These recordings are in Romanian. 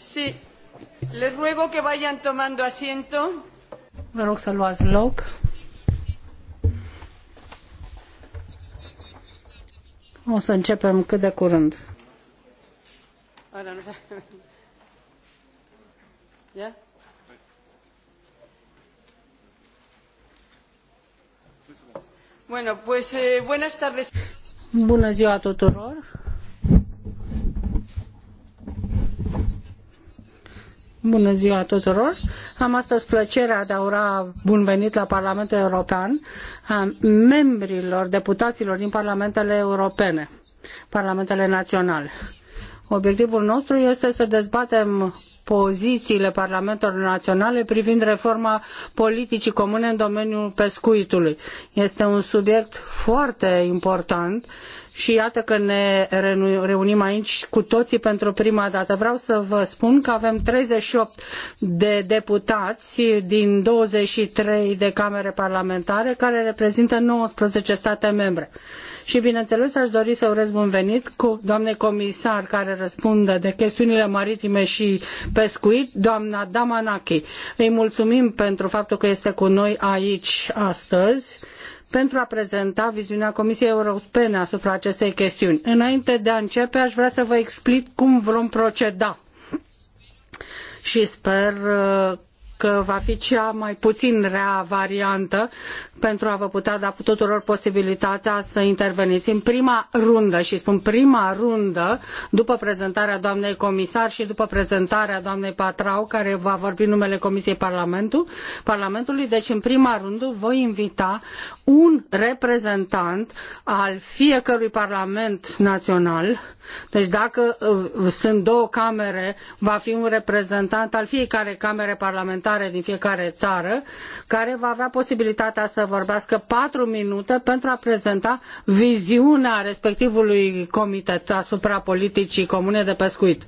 Sí. Les ruego que vayan tomando asiento. Vă rog să luați loc. O să începem cât de curând. Eh, Bună ziua tuturor. Bună ziua tuturor! Am astăzi plăcerea de a ura bun venit la Parlamentul European a membrilor, deputaților din Parlamentele Europene, Parlamentele Naționale. Obiectivul nostru este să dezbatem pozițiile parlamentelor naționale privind reforma politicii comune în domeniul pescuitului. Este un subiect foarte important și iată că ne reunim aici cu toții pentru prima dată. Vreau să vă spun că avem 38 de deputați din 23 de camere parlamentare care reprezintă 19 state membre. Și bineînțeles aș dori să urez bun venit cu doamnei comisar care răspunde de chestiunile maritime și pescuit, doamna Damanaki. Îi mulțumim pentru faptul că este cu noi aici astăzi pentru a prezenta viziunea Comisiei Europene asupra acestei chestiuni. Înainte de a începe, aș vrea să vă explic cum vom proceda și sper uh, că va fi cea mai puțin rea variantă pentru a vă putea da tuturor posibilitatea să interveniți. În prima rundă, și spun prima rundă, după prezentarea doamnei comisar și după prezentarea doamnei Patrau, care va vorbi numele Comisiei Parlamentul, Parlamentului, deci în prima rundă voi invita un reprezentant al fiecărui Parlament național, deci dacă uh, sunt două camere, va fi un reprezentant al fiecare camere parlamentare din fiecare țară, care va avea posibilitatea să vorbească patru minute pentru a prezenta viziunea respectivului comitet asupra politicii comune de pescuit.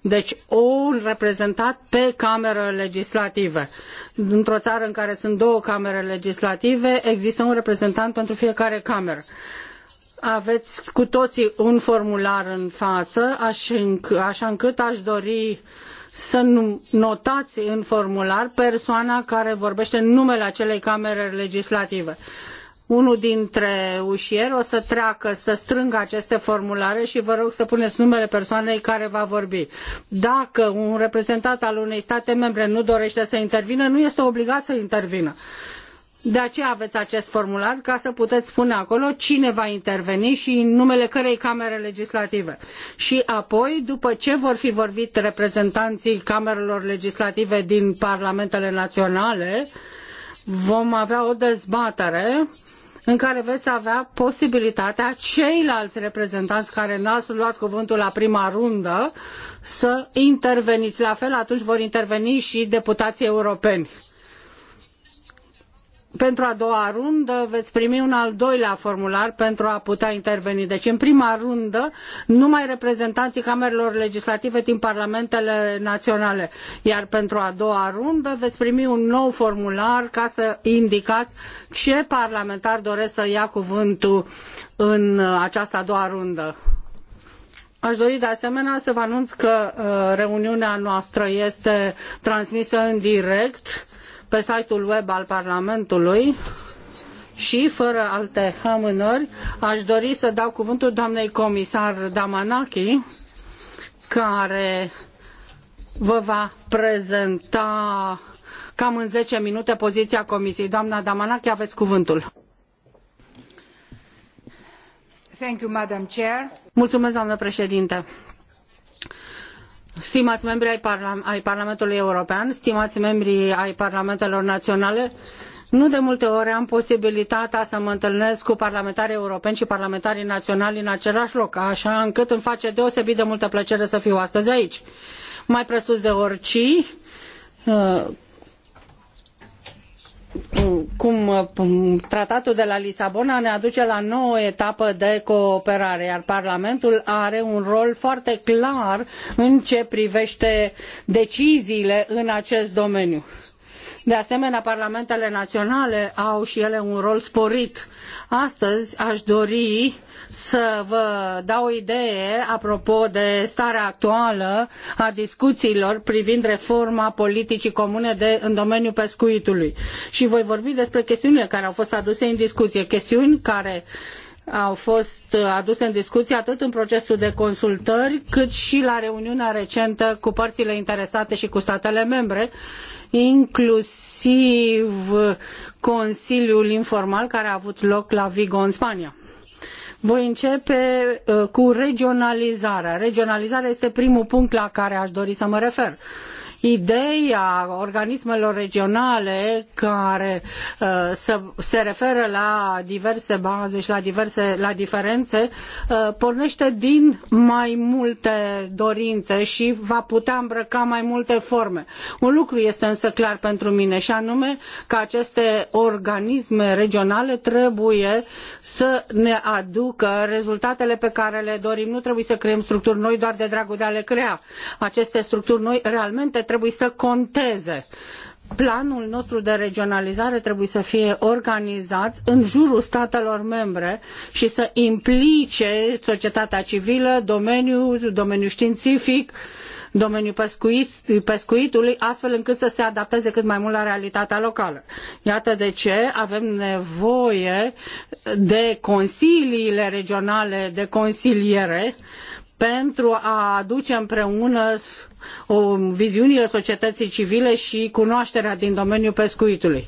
Deci un reprezentat pe cameră legislative. Într-o țară în care sunt două camere legislative, există un reprezentant pentru fiecare cameră aveți cu toții un formular în față, așa încât aș dori să notați în formular persoana care vorbește în numele acelei camere legislative. Unul dintre ușieri o să treacă să strângă aceste formulare și vă rog să puneți numele persoanei care va vorbi. Dacă un reprezentant al unei state membre nu dorește să intervină, nu este obligat să intervină. De aceea aveți acest formular ca să puteți spune acolo cine va interveni și în numele cărei camere legislative. Și apoi, după ce vor fi vorbit reprezentanții camerelor legislative din parlamentele naționale, vom avea o dezbatere în care veți avea posibilitatea ceilalți reprezentanți care n-ați luat cuvântul la prima rundă să interveniți. La fel atunci vor interveni și deputații europeni pentru a doua rundă veți primi un al doilea formular pentru a putea interveni. Deci în prima rundă numai reprezentanții camerelor legislative din parlamentele naționale, iar pentru a doua rundă veți primi un nou formular ca să indicați ce parlamentar doresc să ia cuvântul în această a doua rundă. Aș dori de asemenea să vă anunț că uh, reuniunea noastră este transmisă în direct pe site-ul web al Parlamentului și, fără alte amânări, aș dori să dau cuvântul doamnei comisar Damanaki, care vă va prezenta cam în zece minute poziția Comisiei. Doamna Damanaki, aveți cuvântul. Thank you, Madam Chair. Mulțumesc, doamnă președinte Stimați membri ai, ai Parlamentului European, stimați membri ai Parlamentelor Naționale, nu de multe ori am posibilitatea să mă întâlnesc cu parlamentarii europeni și parlamentarii naționali în același loc, așa încât îmi face deosebit de multă plăcere să fiu astăzi aici. Mai presus de orice, uh, cum tratatul de la Lisabona ne aduce la nouă etapă de cooperare, iar Parlamentul are un rol foarte clar în ce privește deciziile în acest domeniu. De asemenea, parlamentele naționale au și ele un rol sporit. Astăzi aș dori să vă dau o idee apropo de starea actuală a discuțiilor privind reforma politicii comune de, în domeniul pescuitului. Și voi vorbi despre chestiunile care au fost aduse în discuție, chestiuni care au fost aduse în discuție atât în procesul de consultări, cât și la reuniunea recentă cu părțile interesate și cu statele membre, inclusiv Consiliul Informal care a avut loc la Vigo în Spania. Voi începe uh, cu regionalizarea. Regionalizarea este primul punct la care aș dori să mă refer ideea organismelor regionale care uh, să, se referă la diverse baze și la, diverse, la diferențe uh, pornește din mai multe dorințe și va putea îmbrăca mai multe forme. Un lucru este însă clar pentru mine și anume că aceste organisme regionale trebuie să ne aducă rezultatele pe care le dorim. Nu trebuie să creăm structuri noi doar de dragul de a le crea. Aceste structuri noi realmente trebuie să conteze. Planul nostru de regionalizare trebuie să fie organizat în jurul statelor membre și să implice societatea civilă, domeniul, domeniul științific, domeniul pescuit, pescuitului, astfel încât să se adapteze cât mai mult la realitatea locală. Iată de ce avem nevoie de consiliile regionale de consiliere pentru a aduce împreună o, viziunile societății civile și cunoașterea din domeniul pescuitului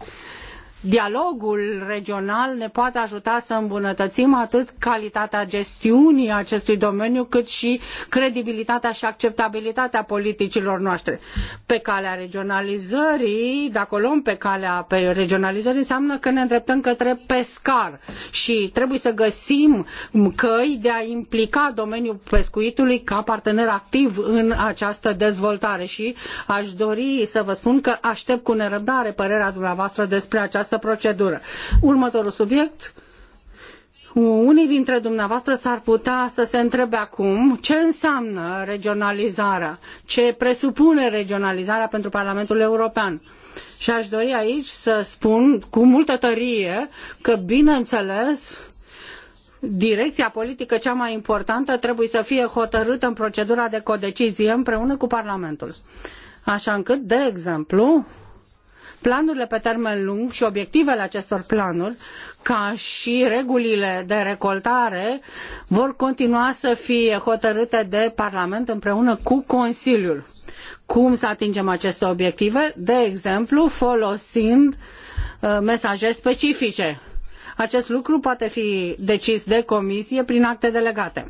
dialogul regional ne poate ajuta să îmbunătățim atât calitatea gestiunii acestui domeniu, cât și credibilitatea și acceptabilitatea politicilor noastre. Pe calea regionalizării, dacă o luăm pe calea pe regionalizării, înseamnă că ne îndreptăm către pescar și trebuie să găsim căi de a implica domeniul pescuitului ca partener activ în această dezvoltare și aș dori să vă spun că aștept cu nerăbdare părerea dumneavoastră despre această această procedură. Următorul subiect. Unii dintre dumneavoastră s-ar putea să se întrebe acum ce înseamnă regionalizarea, ce presupune regionalizarea pentru Parlamentul European. Și aș dori aici să spun cu multă tărie că, bineînțeles, direcția politică cea mai importantă trebuie să fie hotărâtă în procedura de codecizie împreună cu Parlamentul. Așa încât, de exemplu, planurile pe termen lung și obiectivele acestor planuri, ca și regulile de recoltare, vor continua să fie hotărâte de Parlament împreună cu Consiliul. Cum să atingem aceste obiective? De exemplu, folosind uh, mesaje specifice. Acest lucru poate fi decis de comisie prin acte delegate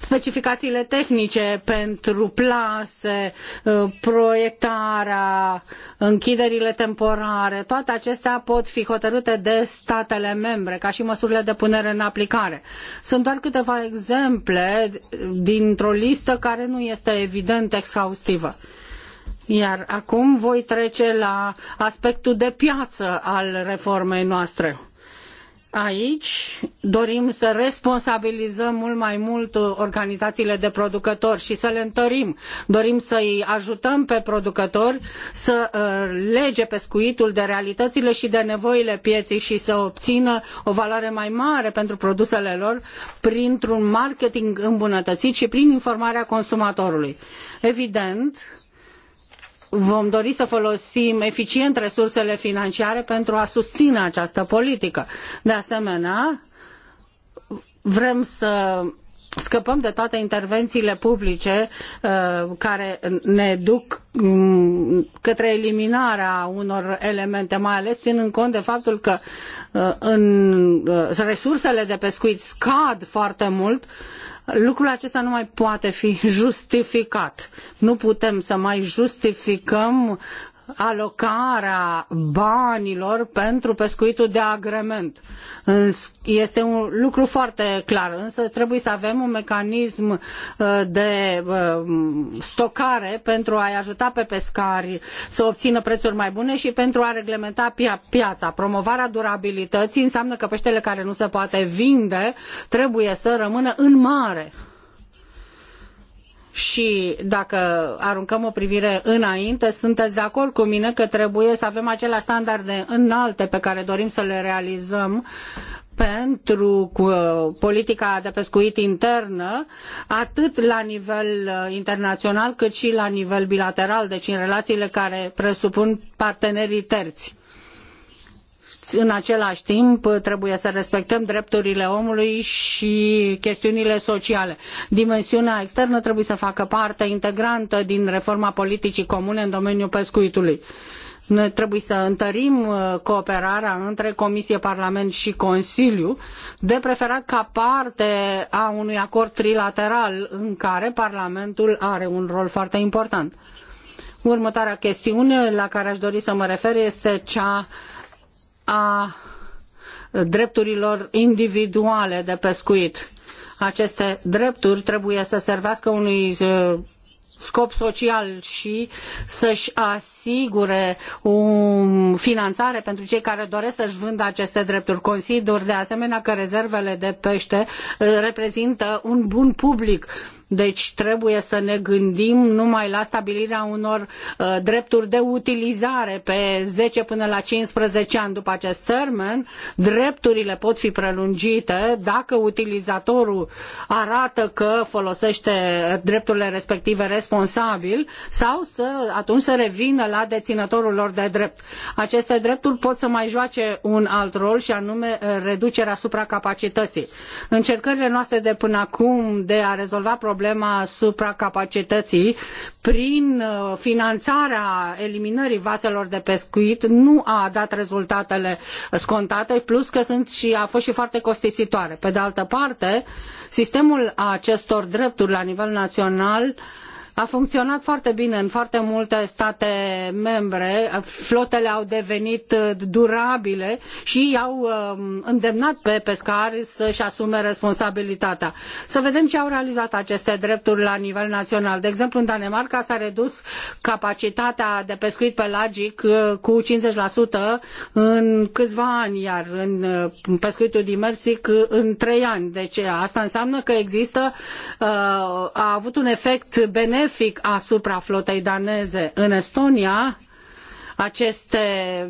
specificațiile tehnice pentru plase, uh, proiectarea, închiderile temporare, toate acestea pot fi hotărâte de statele membre, ca și măsurile de punere în aplicare. Sunt doar câteva exemple dintr-o listă care nu este evident exhaustivă. Iar acum voi trece la aspectul de piață al reformei noastre. Aici dorim să responsabilizăm mult mai mult organizațiile de producători și să le întărim. Dorim să îi ajutăm pe producători să uh, lege pescuitul de realitățile și de nevoile pieței și să obțină o valoare mai mare pentru produsele lor printr-un marketing îmbunătățit și prin informarea consumatorului. Evident, vom dori să folosim eficient resursele financiare pentru a susține această politică. De asemenea, vrem să scăpăm de toate intervențiile publice uh, care ne duc um, către eliminarea unor elemente, mai ales ținând cont de faptul că uh, în, uh, resursele de pescuit scad foarte mult uh, Lucrul acesta nu mai poate fi justificat. Nu putem să mai justificăm alocarea banilor pentru pescuitul de agrement. Este un lucru foarte clar, însă trebuie să avem un mecanism uh, de uh, stocare pentru a-i ajuta pe pescari să obțină prețuri mai bune și pentru a reglementa piața. Promovarea durabilității înseamnă că peștele care nu se poate vinde trebuie să rămână în mare și dacă aruncăm o privire înainte, sunteți de acord cu mine că trebuie să avem aceleași standarde înalte pe care dorim să le realizăm pentru uh, politica de pescuit internă, atât la nivel uh, internațional cât și la nivel bilateral, deci în relațiile care presupun partenerii terți. Deci, în același timp trebuie să respectăm drepturile omului și chestiunile sociale. Dimensiunea externă trebuie să facă parte integrantă din reforma politicii comune în domeniul pescuitului. Noi trebuie să întărim uh, cooperarea între Comisie, Parlament și Consiliu, de preferat ca parte a unui acord trilateral în care Parlamentul are un rol foarte important. Următoarea chestiune la care aș dori să mă refer este cea a drepturilor individuale de pescuit. Aceste drepturi trebuie să servească unui uh, scop social și să-și asigure o finanțare pentru cei care doresc să-și vândă aceste drepturi. Consider de asemenea că rezervele de pește uh, reprezintă un bun public deci trebuie să ne gândim numai la stabilirea unor uh, drepturi de utilizare pe 10 până la 15 ani după acest termen. Drepturile pot fi prelungite dacă utilizatorul arată că folosește drepturile respective responsabil sau să atunci să revină la deținătorul lor de drept. Aceste drepturi pot să mai joace un alt rol și anume uh, reducerea supracapacității. Încercările noastre de până acum de a rezolva problema problema supracapacității prin uh, finanțarea eliminării vaselor de pescuit nu a dat rezultatele scontate, plus că sunt și, a fost și foarte costisitoare. Pe de altă parte, sistemul acestor drepturi la nivel național uh, a funcționat foarte bine în foarte multe state membre. Flotele au devenit uh, durabile și au um, îndemnat pe pescari să-și asume responsabilitatea. Să vedem ce au realizat aceste drepturi la nivel național. De exemplu, în Danemarca s-a redus capacitatea de pescuit pelagic uh, cu 50% în câțiva ani, iar în uh, pescuitul dimersic în trei ani. Deci asta înseamnă că există, a avut un efect benefic benefic asupra flotei daneze. În Estonia, aceste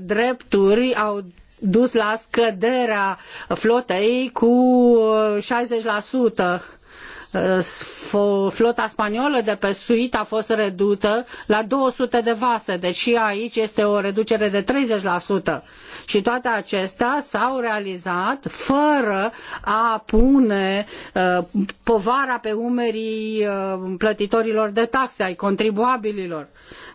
drepturi au dus la scăderea flotei cu 60% uh, flota spaniolă de pescuit a fost redusă la 200 de vase, deci și aici este o reducere de 30%. Și toate acestea s-au realizat fără a pune uh, povara pe umerii uh, plătitorilor de taxe, ai contribuabililor.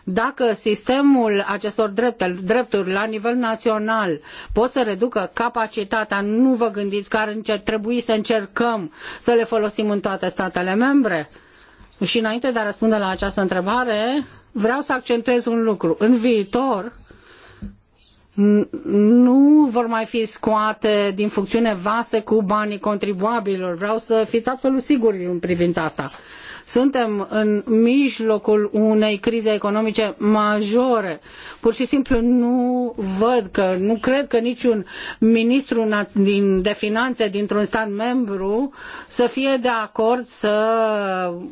Dacă sistemul acestor drepte, drepturi la nivel național pot să reducă capacitatea, nu vă gândiți că ar trebui să încercăm să le folosim în toate toate statele membre. Și înainte de a răspunde la această întrebare, vreau să accentuez un lucru. În viitor, nu vor mai fi scoate din funcțiune vase cu banii contribuabililor. Vreau să fiți absolut siguri în privința asta. Suntem în mijlocul unei crize economice majore. Pur și simplu nu văd că, nu cred că niciun ministru de finanțe dintr-un stat membru să fie de acord să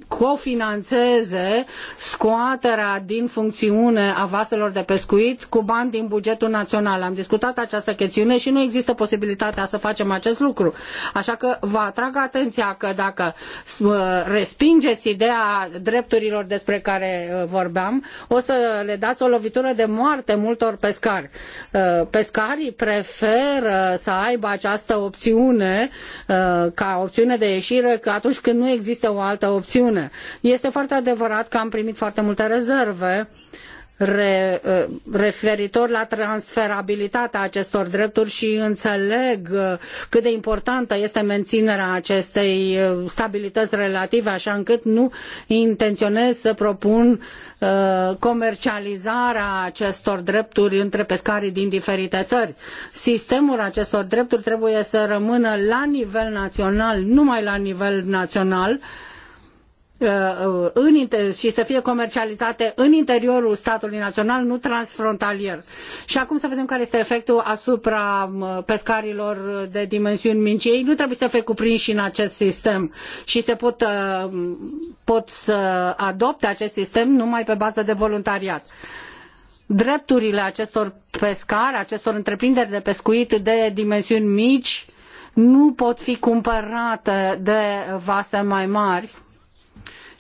cofinanțeze scoaterea din funcțiune a vaselor de pescuit cu bani din bugetul național. Am discutat această chestiune și nu există posibilitatea să facem acest lucru. Așa că vă atrag atenția că dacă uh, respingeți veți ideea drepturilor despre care uh, vorbeam, o să le dați o lovitură de moarte multor pescari. Uh, pescarii preferă să aibă această opțiune uh, ca opțiune de ieșire că atunci când nu există o altă opțiune. Este foarte adevărat că am primit foarte multe rezerve re, uh, referitor la transferabilitatea acestor drepturi și înțeleg uh, cât de importantă este menținerea acestei uh, stabilități relative, așa încât nu intenționez să propun comercializarea acestor drepturi între pescarii din diferite țări. Sistemul acestor drepturi trebuie să rămână la nivel național, numai la nivel național, Uh, uh, în și să fie comercializate în interiorul statului național, nu transfrontalier. Și acum să vedem care este efectul asupra uh, pescarilor de dimensiuni mici. Ei nu trebuie să fie cuprinși în acest sistem și se pot, pot să adopte acest sistem numai pe bază de voluntariat drepturile acestor pescari, acestor întreprinderi de pescuit de dimensiuni mici nu pot fi cumpărate de vase mai mari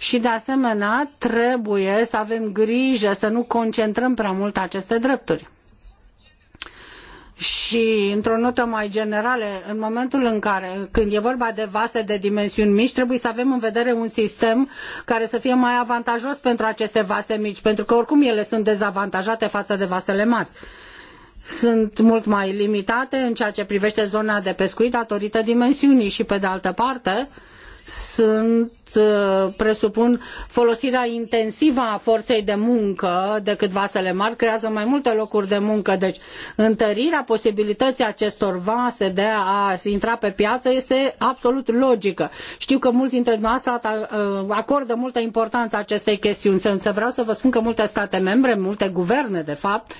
și de asemenea trebuie să avem grijă să nu concentrăm prea mult aceste drepturi. Și într-o notă mai generală, în momentul în care, când e vorba de vase de dimensiuni mici, trebuie să avem în vedere un sistem care să fie mai avantajos pentru aceste vase mici, pentru că oricum ele sunt dezavantajate față de vasele mari sunt mult mai limitate în ceea ce privește zona de pescuit datorită dimensiunii și pe de altă parte uh, sunt, uh, presupun, folosirea intensivă a forței de muncă de vasele mari creează mai multe locuri de muncă. Deci întărirea posibilității acestor vase de a intra pe piață este absolut logică. Știu că mulți dintre dumneavoastră uh, acordă multă importanță acestei chestiuni, însă vreau să vă spun că multe state membre, multe guverne, de fapt,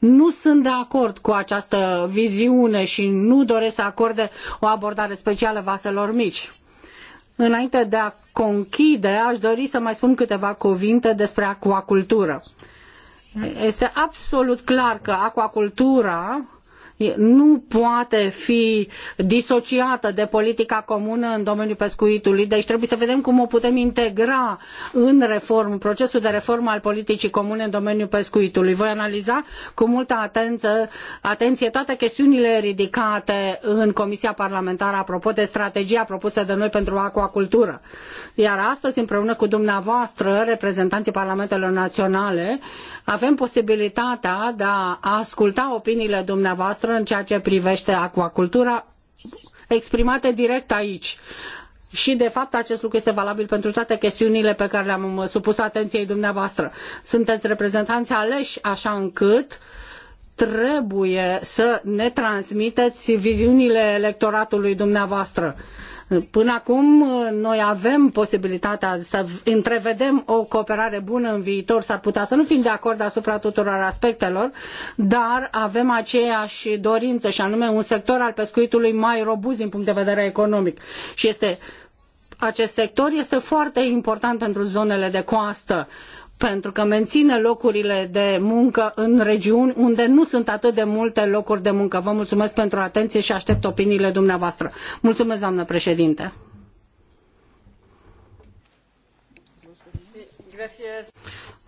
nu sunt de acord cu această viziune și nu doresc să acorde o abordare specială vaselor mici Înainte de a conchide, aș dori să mai spun câteva cuvinte despre acuacultură. Este absolut clar că acuacultura nu poate fi disociată de politica comună în domeniul pescuitului, deci trebuie să vedem cum o putem integra în reform, procesul de reformă al politicii comune în domeniul pescuitului. Voi analiza cu multă atență, atenție toate chestiunile ridicate în Comisia Parlamentară apropo de strategia propusă de noi pentru acuacultură. Iar astăzi, împreună cu dumneavoastră, reprezentanții Parlamentelor Naționale, avem posibilitatea de a asculta opiniile dumneavoastră noastră în ceea ce privește acvacultura exprimate direct aici. Și, de fapt, acest lucru este valabil pentru toate chestiunile pe care le-am uh, supus atenției dumneavoastră. Sunteți reprezentanți aleși așa încât trebuie să ne transmiteți viziunile electoratului dumneavoastră. Uh, Până acum noi avem posibilitatea să întrevedem o cooperare bună în viitor, s-ar putea să nu fim de acord asupra tuturor aspectelor, dar avem aceeași dorință și anume un sector al pescuitului mai robust din punct de vedere economic. Și este acest sector este foarte important pentru zonele de coastă pentru că menține locurile de muncă în regiuni unde nu sunt atât de multe locuri de muncă. Vă mulțumesc pentru atenție și aștept opiniile dumneavoastră. Mulțumesc, doamnă președinte.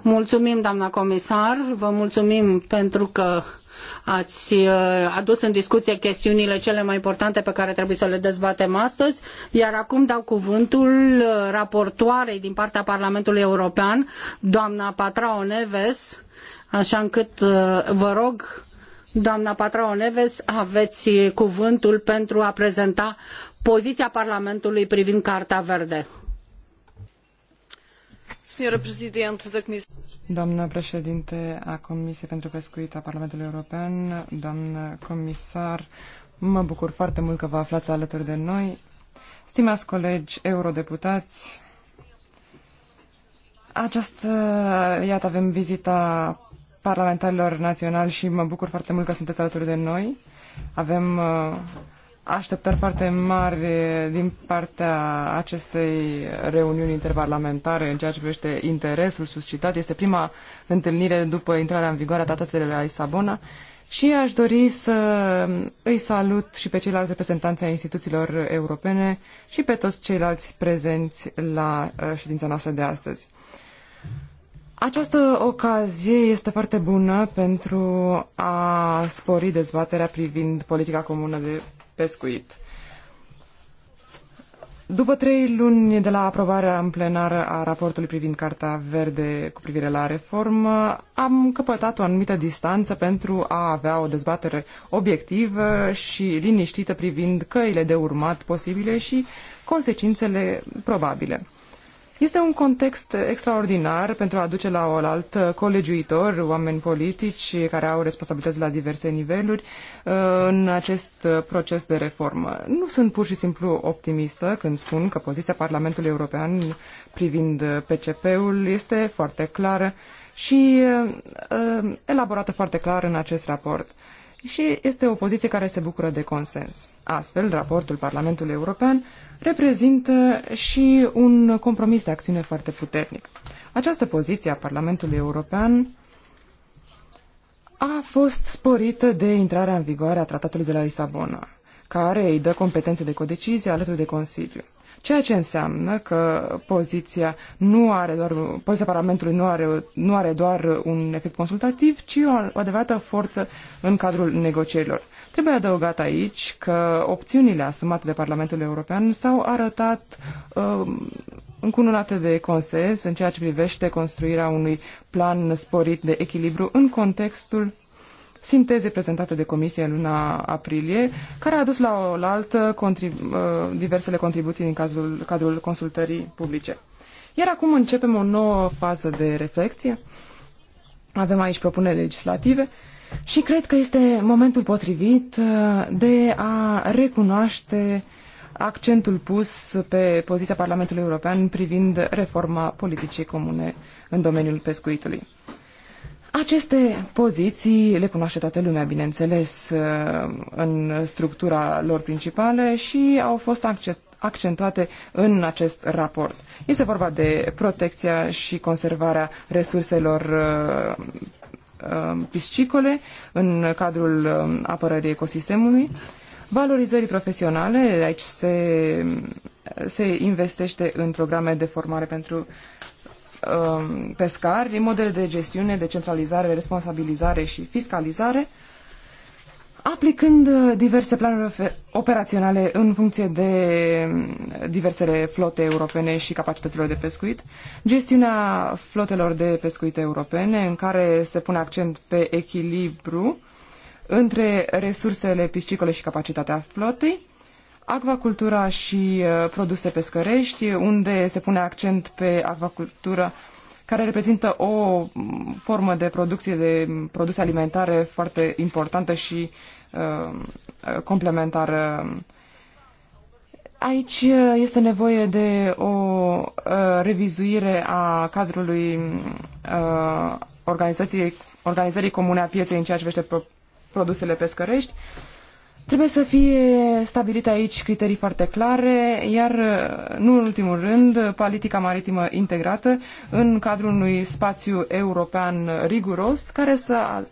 Mulțumim, doamna comisar, vă mulțumim pentru că ați uh, adus în discuție chestiunile cele mai importante pe care trebuie să le dezbatem astăzi, iar acum dau cuvântul uh, raportoarei din partea Parlamentului European, doamna Patrao Neves, așa încât uh, vă rog, doamna Patrao Neves, aveți cuvântul pentru a prezenta poziția Parlamentului privind Carta Verde. Da doamnă președinte a Comisiei pentru Pescuit a Parlamentului European, doamnă comisar, mă bucur foarte mult că vă aflați alături de noi. Stimați colegi eurodeputați, această, iată, avem vizita parlamentarilor naționali și mă bucur foarte mult că sunteți alături de noi. Avem uh, așteptări foarte mari eh, din partea acestei reuniuni interparlamentare în ceea ce privește interesul suscitat. Este prima întâlnire după intrarea în vigoare a tratatului de la Lisabona și aș dori să îi salut și pe ceilalți reprezentanți ai instituțiilor europene și pe toți ceilalți prezenți la eh, ședința noastră de astăzi. Această ocazie este foarte bună pentru a spori dezbaterea privind politica comună de pescuit. După trei luni de la aprobarea în plenară a raportului privind Carta Verde cu privire la reformă, am căpătat o anumită distanță pentru a avea o dezbatere obiectivă și liniștită privind căile de urmat posibile și consecințele probabile. Este un context extraordinar pentru a aduce la oalt colegiuitor, oameni politici care au responsabilități la diverse niveluri uh, în acest proces de reformă. Nu sunt pur și simplu optimistă când spun că poziția Parlamentului European privind PCP-ul este foarte clară și uh, uh, elaborată foarte clar în acest raport și este o poziție care se bucură de consens. Astfel, raportul Parlamentului European reprezintă și un compromis de acțiune foarte puternic. Această poziție a Parlamentului European a fost sporită de intrarea în vigoare a Tratatului de la Lisabona, care îi dă competențe de codecizie alături de Consiliu. Ceea ce înseamnă că poziția nu are doar, poziția Parlamentului nu are, nu are doar un efect consultativ, ci o, o adevărată forță în cadrul negocierilor. Trebuie adăugat aici că opțiunile asumate de Parlamentul European s-au arătat uh, încununate de consens în ceea ce privește construirea unui plan sporit de echilibru în contextul sinteze prezentate de comisie în luna aprilie, care a adus la oaltă contrib- uh, diversele contribuții din cazul, cadrul consultării publice. Iar acum începem o nouă fază de reflexie. Avem aici propuneri legislative și cred că este momentul potrivit uh, de a recunoaște accentul pus pe poziția Parlamentului European privind reforma politicii comune în domeniul pescuitului. Aceste poziții le cunoaște toată lumea, bineînțeles, uh, în structura lor principală și au fost accentuate în acest raport. Este vorba de protecția și conservarea resurselor uh, uh, piscicole în cadrul apărării ecosistemului, valorizării profesionale, aici se, se investește în programe de formare pentru Um, pescari, modele de gestiune, de centralizare, responsabilizare și fiscalizare, aplicând uh, diverse planuri operaționale în funcție de um, diversele flote europene și capacităților de pescuit, gestiunea flotelor de pescuit europene, în care se pune accent pe echilibru între resursele piscicole și capacitatea flotei, acvacultura și uh, produse pescărești, unde se pune accent pe acvacultură care reprezintă o mm, formă de producție de produse alimentare foarte importantă și uh, complementară. Aici uh, este nevoie de o uh, revizuire a cadrului uh, organizației, organizării comune a pieței în ceea ce privește produsele pescărești. Uh, Trebuie să fie stabilite aici criterii foarte clare, iar, uh, nu în ultimul rând, politica maritimă integrată în cadrul unui spațiu european riguros care să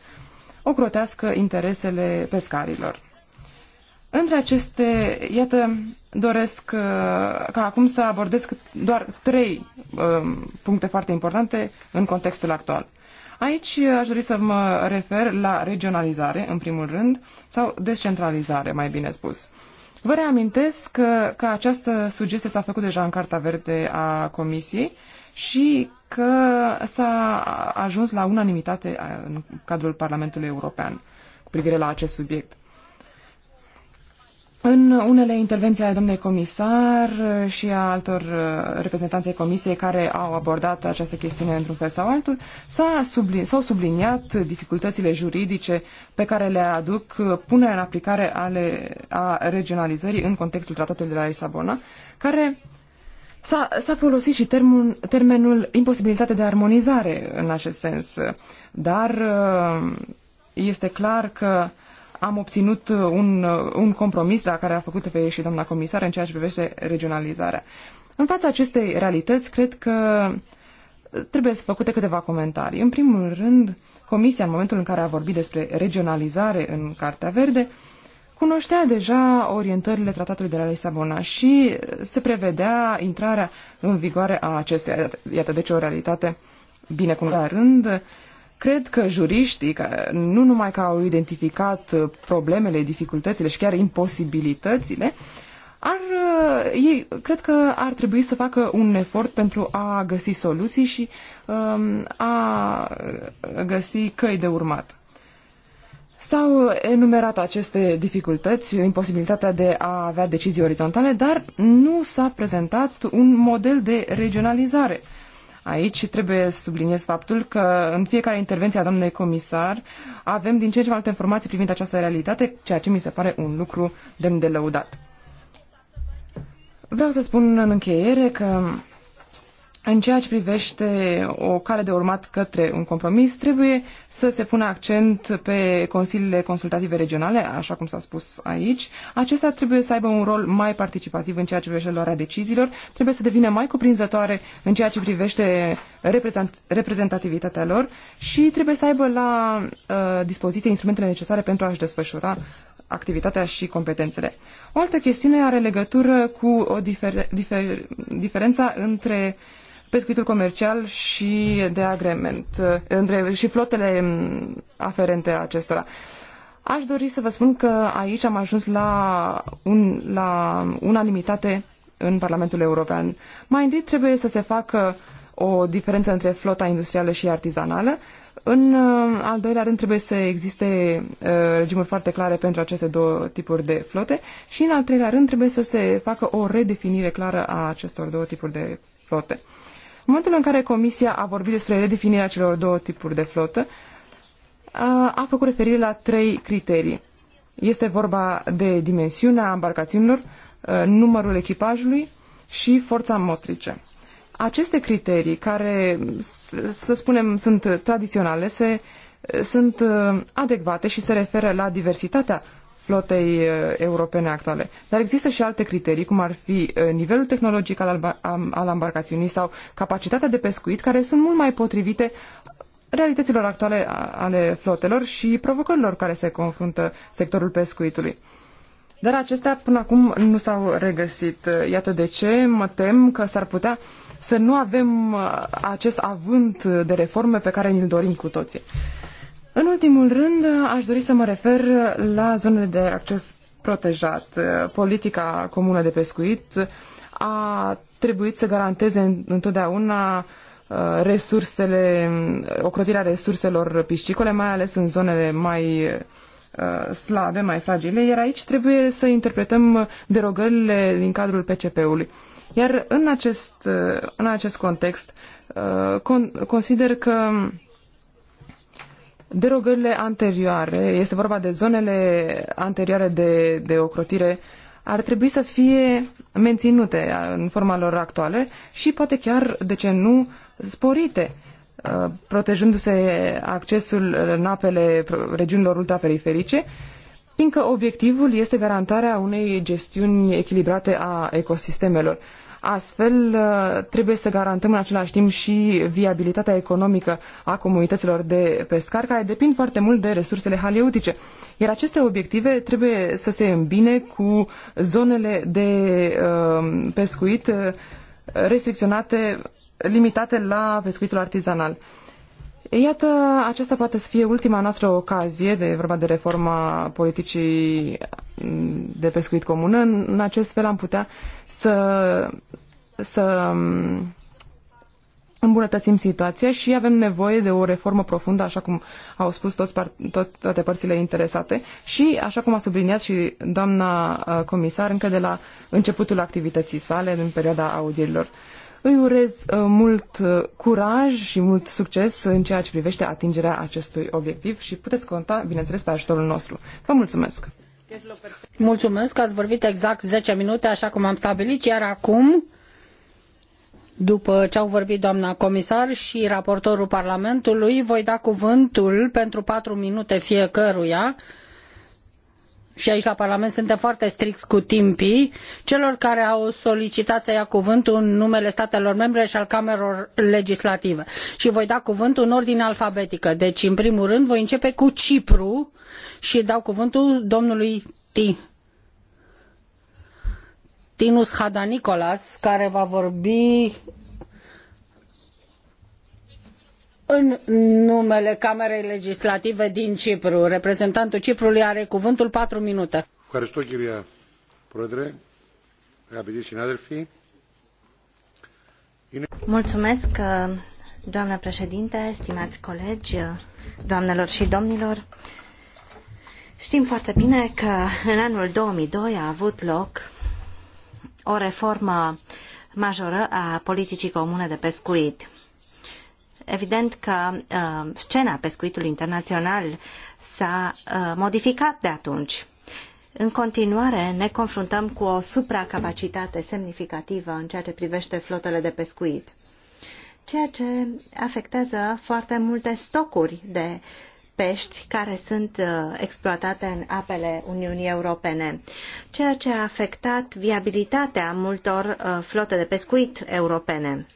ocrotească interesele pescarilor. Între aceste, iată, doresc uh, ca acum să abordez doar trei um, puncte foarte importante în contextul actual. Aici aș dori să mă refer la regionalizare, în primul rând, sau descentralizare, mai bine spus. Vă reamintesc că, că această sugestie s-a făcut deja în Carta Verde a Comisiei și că s-a ajuns la unanimitate în cadrul Parlamentului European cu privire la acest subiect. În unele intervenții ale domnului comisar uh, și a altor uh, reprezentanței comisiei care au abordat această chestiune într-un fel sau altul, s-au sublin, subliniat dificultățile juridice pe care le aduc uh, punerea în aplicare ale, a regionalizării în contextul tratatului de la Lisabona, care S-a, folosit și termen, termenul imposibilitate de armonizare în acest sens, dar este clar că am obținut uh, un, uh, un compromis la care a făcut referire și doamna comisar în ceea ce privește regionalizarea. În fața acestei realități, cred că uh, trebuie să făcute câteva comentarii. În primul rând, Comisia, în momentul în care a vorbit despre regionalizare în Cartea Verde, cunoștea deja orientările tratatului de la Lisabona și se prevedea intrarea în vigoare a acestuia. Iată, deci o realitate bine cunoscută. rând, Cred că juriștii, nu numai că au identificat uh, problemele, dificultățile și chiar imposibilitățile, ar, uh, ei cred că ar trebui să facă un efort pentru a găsi soluții și um, a uh, găsi căi de urmat. S-au enumerat aceste dificultăți, imposibilitatea de a avea decizii orizontale, dar nu s-a prezentat un model de regionalizare. Uh, Aici trebuie să subliniez faptul că în fiecare intervenție a doamnei comisar avem din ce în ce mai multe informații privind această realitate, ceea ce mi se pare un lucru demn de lăudat. Vreau să spun în încheiere că în ceea ce privește o cale de urmat către un compromis, trebuie să se pună accent pe consiliile consultative regionale, așa cum s-a spus aici. Acestea trebuie să aibă un rol mai participativ în ceea ce privește luarea deciziilor, trebuie să devină mai cuprinzătoare în ceea ce privește reprezentativitatea lor și trebuie să aibă la uh, dispoziție instrumentele necesare pentru a-și desfășura activitatea și competențele. O altă chestiune are legătură cu o difer- difer- diferența între pescuitul comercial și de agrement între, și flotele aferente acestora. Aș dori să vă spun că aici am ajuns la, un, la unanimitate în Parlamentul European. Mai întâi trebuie să se facă o diferență între flota industrială și artizanală. În uh, al doilea rând trebuie să existe uh, regimuri foarte clare pentru aceste două tipuri de flote și în al treilea rând trebuie să se facă o redefinire clară a acestor două tipuri de flote. În momentul în care Comisia a vorbit despre redefinirea celor două tipuri de flotă, a făcut referire la trei criterii. Este vorba de dimensiunea embarcațiunilor, numărul echipajului și forța motrice. Aceste criterii, care, să spunem, sunt tradiționale, se, sunt adecvate și se referă la diversitatea flotei uh, europene actuale. Dar există și alte criterii, cum ar fi uh, nivelul tehnologic al, al embarcațiunii sau capacitatea de pescuit, care sunt mult mai potrivite realităților actuale ale flotelor și provocărilor care se confruntă sectorul pescuitului. Dar acestea până acum nu s-au regăsit. Uh, iată de ce mă tem că s-ar putea să nu avem acest avânt de reforme pe care ni-l dorim cu toții. În ultimul rând, aș dori să mă refer la zonele de acces protejat. Politica comună de pescuit a trebuit să garanteze întotdeauna uh, resursele, ocrotirea resurselor piscicole, mai ales în zonele mai uh, slabe, mai fragile, iar aici trebuie să interpretăm derogările din cadrul PCP-ului. Iar în acest, uh, în acest context, consider că derogările anterioare, este vorba de zonele anterioare de, de ocrotire, ar trebui să fie menținute în forma lor actuale și poate chiar, de ce nu, sporite, protejându-se accesul în apele regiunilor ultraperiferice, fiindcă obiectivul este garantarea unei gestiuni echilibrate a ecosistemelor. Astfel, uh, trebuie să garantăm în același timp și viabilitatea economică a comunităților de pescar, care depind foarte mult de resursele haleutice. Iar aceste obiective trebuie să se îmbine cu zonele de uh, pescuit uh, restricționate, limitate la pescuitul artizanal. Iată, aceasta poate să fie ultima noastră ocazie, de vorba de reforma politicii de pescuit comun. În, acest fel am putea să, să um, îmbunătățim situația și avem nevoie de o reformă profundă, așa cum au spus toți tot, toate părțile interesate și, așa cum a subliniat și doamna uh, comisar încă de la începutul activității sale, în perioada audierilor. Îi urez uh, mult uh, curaj și mult succes în ceea ce privește atingerea acestui obiectiv și puteți conta, bineînțeles, pe ajutorul nostru. Vă mulțumesc! Mulțumesc că ați vorbit exact 10 minute, așa cum am stabilit, iar acum, după ce au vorbit doamna comisar și raportorul Parlamentului, voi da cuvântul pentru patru minute fiecăruia și aici la Parlament suntem foarte stricți cu timpii, celor care au solicitat să ia cuvântul în numele statelor membre și al camerelor legislative. Și voi da cuvântul în ordine alfabetică. Deci, în primul rând, voi începe cu Cipru și dau cuvântul domnului T. Tinus Hadanicolas, care va vorbi În numele Camerei Legislative din Cipru, reprezentantul Ciprului are cuvântul patru minute. Mulțumesc, uh, doamnă președinte, stimați colegi, uh, doamnelor și domnilor. Știm foarte bine că în anul 2002 a avut loc o reformă majoră a politicii comune de pescuit. Evident că uh, scena pescuitului internațional s-a uh, modificat de atunci. În continuare, ne confruntăm cu o supracapacitate semnificativă în ceea ce privește flotele de pescuit, ceea ce afectează foarte multe stocuri de pești care sunt uh, exploatate în apele Uniunii Europene, ceea ce a afectat viabilitatea multor uh, flote de pescuit europene.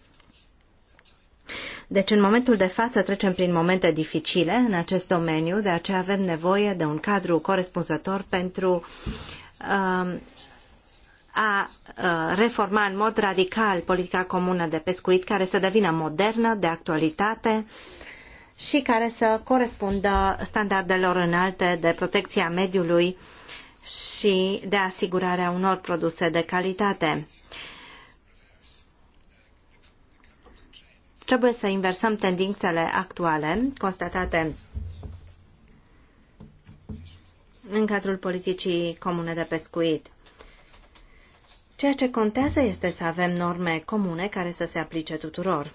Deci, în momentul de față, trecem prin momente dificile în acest domeniu, de aceea avem nevoie de un cadru corespunzător pentru um, uh, a reforma în mod radical politica comună de pescuit, care să devină modernă, de actualitate și care să corespundă standardelor înalte de protecția mediului și de asigurarea unor produse de calitate. trebuie să inversăm tendințele actuale constatate în cadrul politicii comune de pescuit. Ceea ce contează este să avem norme comune care să se aplice tuturor.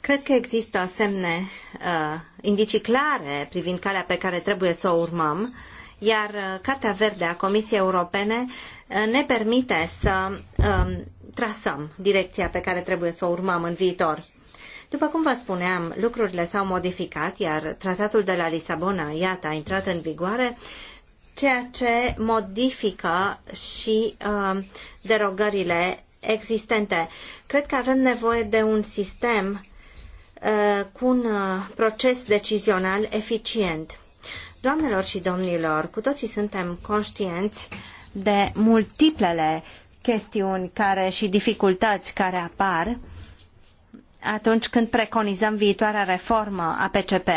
Cred că există semne, uh, indicii clare privind calea pe care trebuie să o urmăm, iar uh, Cartea Verde a Comisiei Europene ne permite să um, trasăm direcția pe care trebuie să o urmăm în viitor. După cum vă spuneam, lucrurile s-au modificat, iar tratatul de la Lisabona, iată, a intrat în vigoare, ceea ce modifică și uh, derogările existente. Cred că avem nevoie de un sistem uh, cu un uh, proces decizional eficient. Doamnelor și domnilor, cu toții suntem conștienți de multiplele chestiuni care și dificultăți care apar atunci când preconizăm viitoarea reformă a PCP.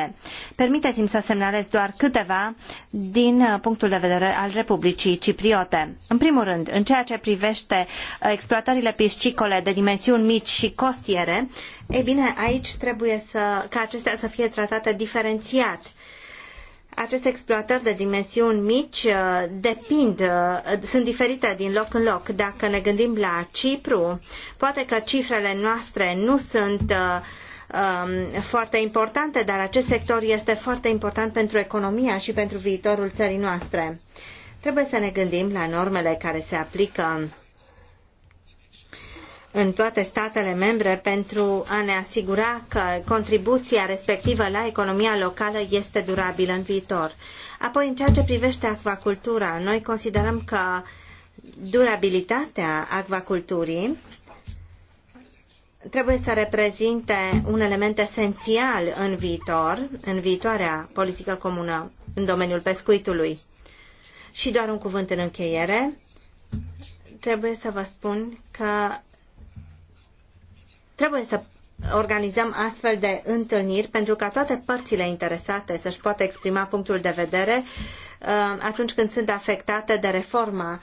Permiteți-mi să semnalez doar câteva din uh, punctul de vedere al Republicii Cipriote. În primul rând, în ceea ce privește uh, exploatările piscicole de dimensiuni mici și costiere, e bine, aici trebuie să, ca acestea să fie tratate diferențiat aceste exploatări de dimensiuni mici uh, depind, uh, sunt diferite din loc în loc. Dacă ne gândim la Cipru, poate că cifrele noastre nu sunt uh, um, foarte importante, dar acest sector este foarte important pentru economia și pentru viitorul țării noastre. Trebuie să ne gândim la normele care se aplică în toate statele membre pentru a ne asigura că contribuția respectivă la economia locală este durabilă în viitor. Apoi, în ceea ce privește acvacultura, noi considerăm că durabilitatea acvaculturii trebuie să reprezinte un element esențial în viitor, în viitoarea politică comună în domeniul pescuitului. Și doar un cuvânt în încheiere. Trebuie să vă spun că Trebuie să organizăm astfel de întâlniri pentru ca toate părțile interesate să-și poată exprima punctul de vedere uh, atunci când sunt afectate de reforma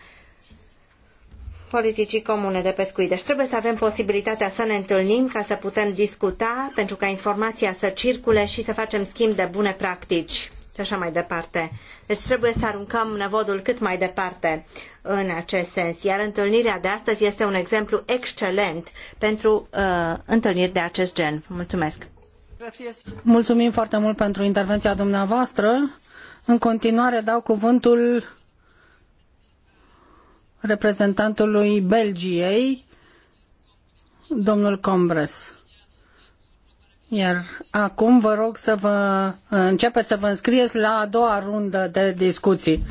politicii comune de pescuit. Deci trebuie să avem posibilitatea să ne întâlnim ca să putem discuta, pentru ca informația să circule și să facem schimb de bune practici și așa mai departe. Deci trebuie să aruncăm nevodul cât mai departe în acest sens. Iar întâlnirea de astăzi este un exemplu excelent pentru uh, întâlniri de acest gen. Mulțumesc! Mulțumim foarte mult pentru intervenția dumneavoastră. În continuare dau cuvântul reprezentantului Belgiei, domnul Combres. Iar acum vă rog să vă începeți să vă înscrieți la a doua rundă de discuții.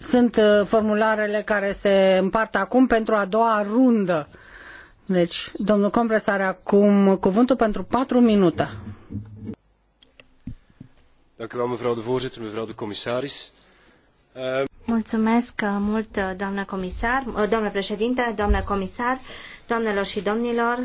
Sunt uh, formularele care se împart acum pentru a doua rundă. Deci, domnul Compres are acum cuvântul pentru patru minute. Uh, Mulțumesc uh, mult, doamnă comisar, doamnă președinte, doamnă comisar, doamnelor și domnilor.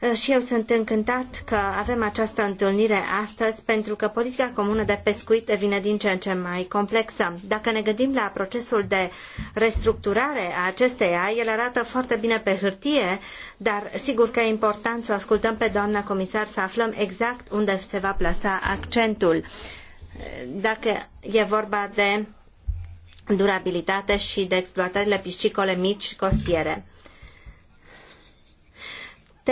Uh, și eu sunt încântat că avem această întâlnire astăzi pentru că politica comună de pescuit devine din ce în ce mai complexă. Dacă ne gândim la procesul de restructurare a acesteia, el arată foarte bine pe hârtie, dar sigur că e important să ascultăm pe doamna comisar să aflăm exact unde se va plasa accentul. Uh, dacă e vorba de durabilitate și de exploatările piscicole mici costiere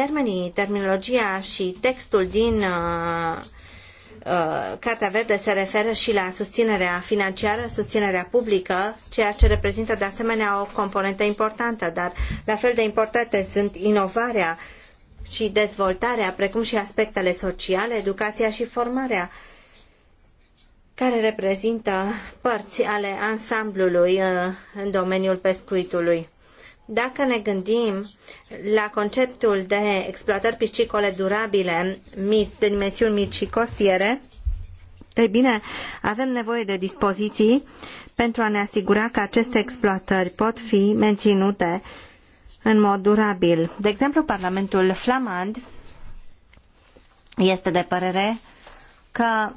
termenii, terminologia și textul din uh, uh, Cartea Verde se referă și la susținerea financiară, susținerea publică, ceea ce reprezintă de asemenea o componentă importantă, dar la fel de importante sunt inovarea și dezvoltarea, precum și aspectele sociale, educația și formarea care reprezintă părți ale ansamblului uh, în domeniul pescuitului. Dacă ne gândim la conceptul de exploatări piscicole durabile de dimensiuni mici și costiere, ei bine, avem nevoie de dispoziții pentru a ne asigura că aceste exploatări pot fi menținute în mod durabil. De exemplu, Parlamentul flamand este de părere că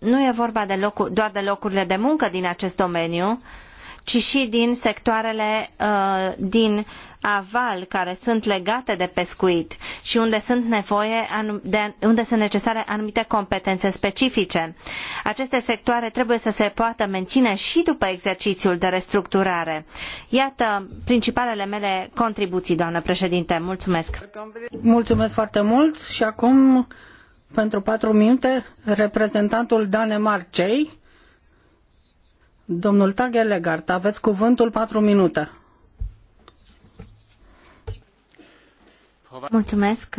nu e vorba de locuri, doar de locurile de muncă din acest domeniu, ci și din sectoarele uh, din aval care sunt legate de pescuit și unde sunt nevoie de, unde sunt necesare anumite competențe specifice. Aceste sectoare trebuie să se poată menține și după exercițiul de restructurare. Iată principalele mele contribuții, doamnă președinte. Mulțumesc. Mulțumesc foarte mult și acum pentru patru minute reprezentantul Danemarcei Domnul Tagelegart, aveți cuvântul patru minute. Mulțumesc.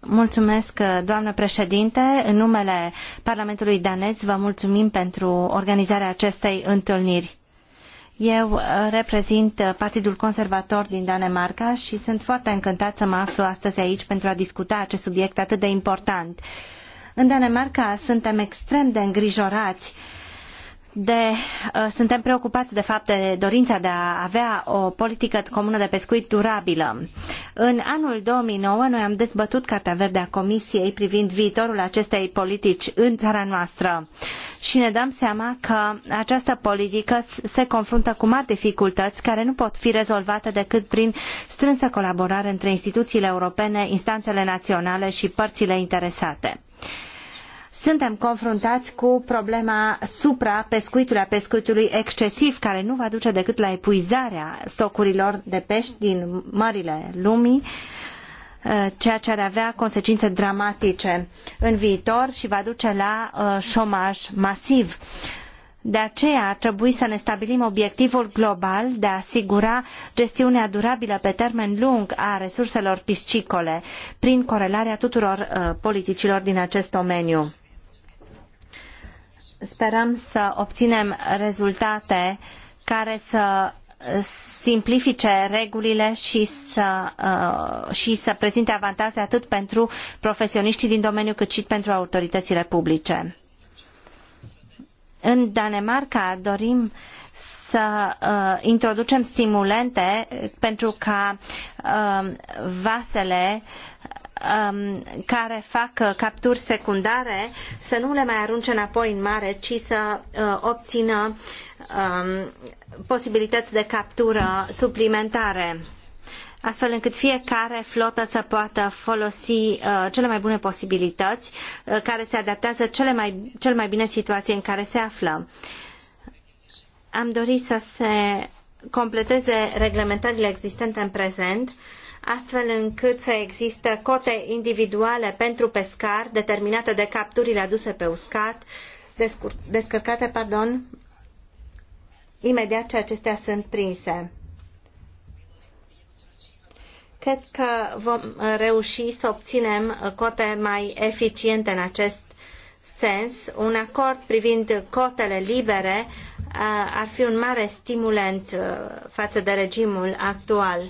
Mulțumesc, doamnă președinte. În numele Parlamentului danez vă mulțumim pentru organizarea acestei întâlniri. Eu reprezint Partidul Conservator din Danemarca și sunt foarte încântat să mă aflu astăzi aici pentru a discuta acest subiect atât de important. În Danemarca suntem extrem de îngrijorați uh, de, uh, suntem preocupați de fapt de dorința de a avea o politică comună de pescuit durabilă. În anul 2009 noi am dezbătut Cartea Verde a Comisiei privind viitorul acestei politici în țara noastră și ne dăm seama că această politică se confruntă cu mari dificultăți care nu pot fi rezolvate decât prin strânsă colaborare între instituțiile europene, instanțele naționale și părțile interesate suntem confruntați cu problema suprapescuitului, a pescuitului excesiv, care nu va duce decât la epuizarea stocurilor de pești din mările lumii, eh, ceea ce ar avea consecințe dramatice în viitor și va duce la eh, șomaj masiv. De aceea ar trebui să ne stabilim obiectivul global de a asigura gestiunea durabilă pe termen lung a resurselor piscicole prin corelarea tuturor uh, politicilor din acest domeniu sperăm să obținem rezultate care să simplifice regulile și să, uh, și să prezinte avantaje atât pentru profesioniștii din domeniu cât și pentru autoritățile publice. În Danemarca dorim să uh, introducem stimulente pentru ca uh, vasele uh, um, care fac uh, capturi secundare să nu le mai arunce înapoi în mare, ci să uh, obțină um, posibilități de captură suplimentare astfel încât fiecare flotă să poată folosi uh, cele mai bune posibilități uh, care se adaptează cele mai, cel mai bine situației în care se află. Am dorit să se completeze reglementările existente în prezent uh, astfel încât să existe cote individuale pentru pescar determinate de capturile aduse pe uscat, descărcate, pardon, imediat ce acestea sunt prinse. Cred că vom reuși să obținem cote mai eficiente în acest sens. Un acord privind cotele libere uh, ar fi un mare stimulant uh, față de regimul actual.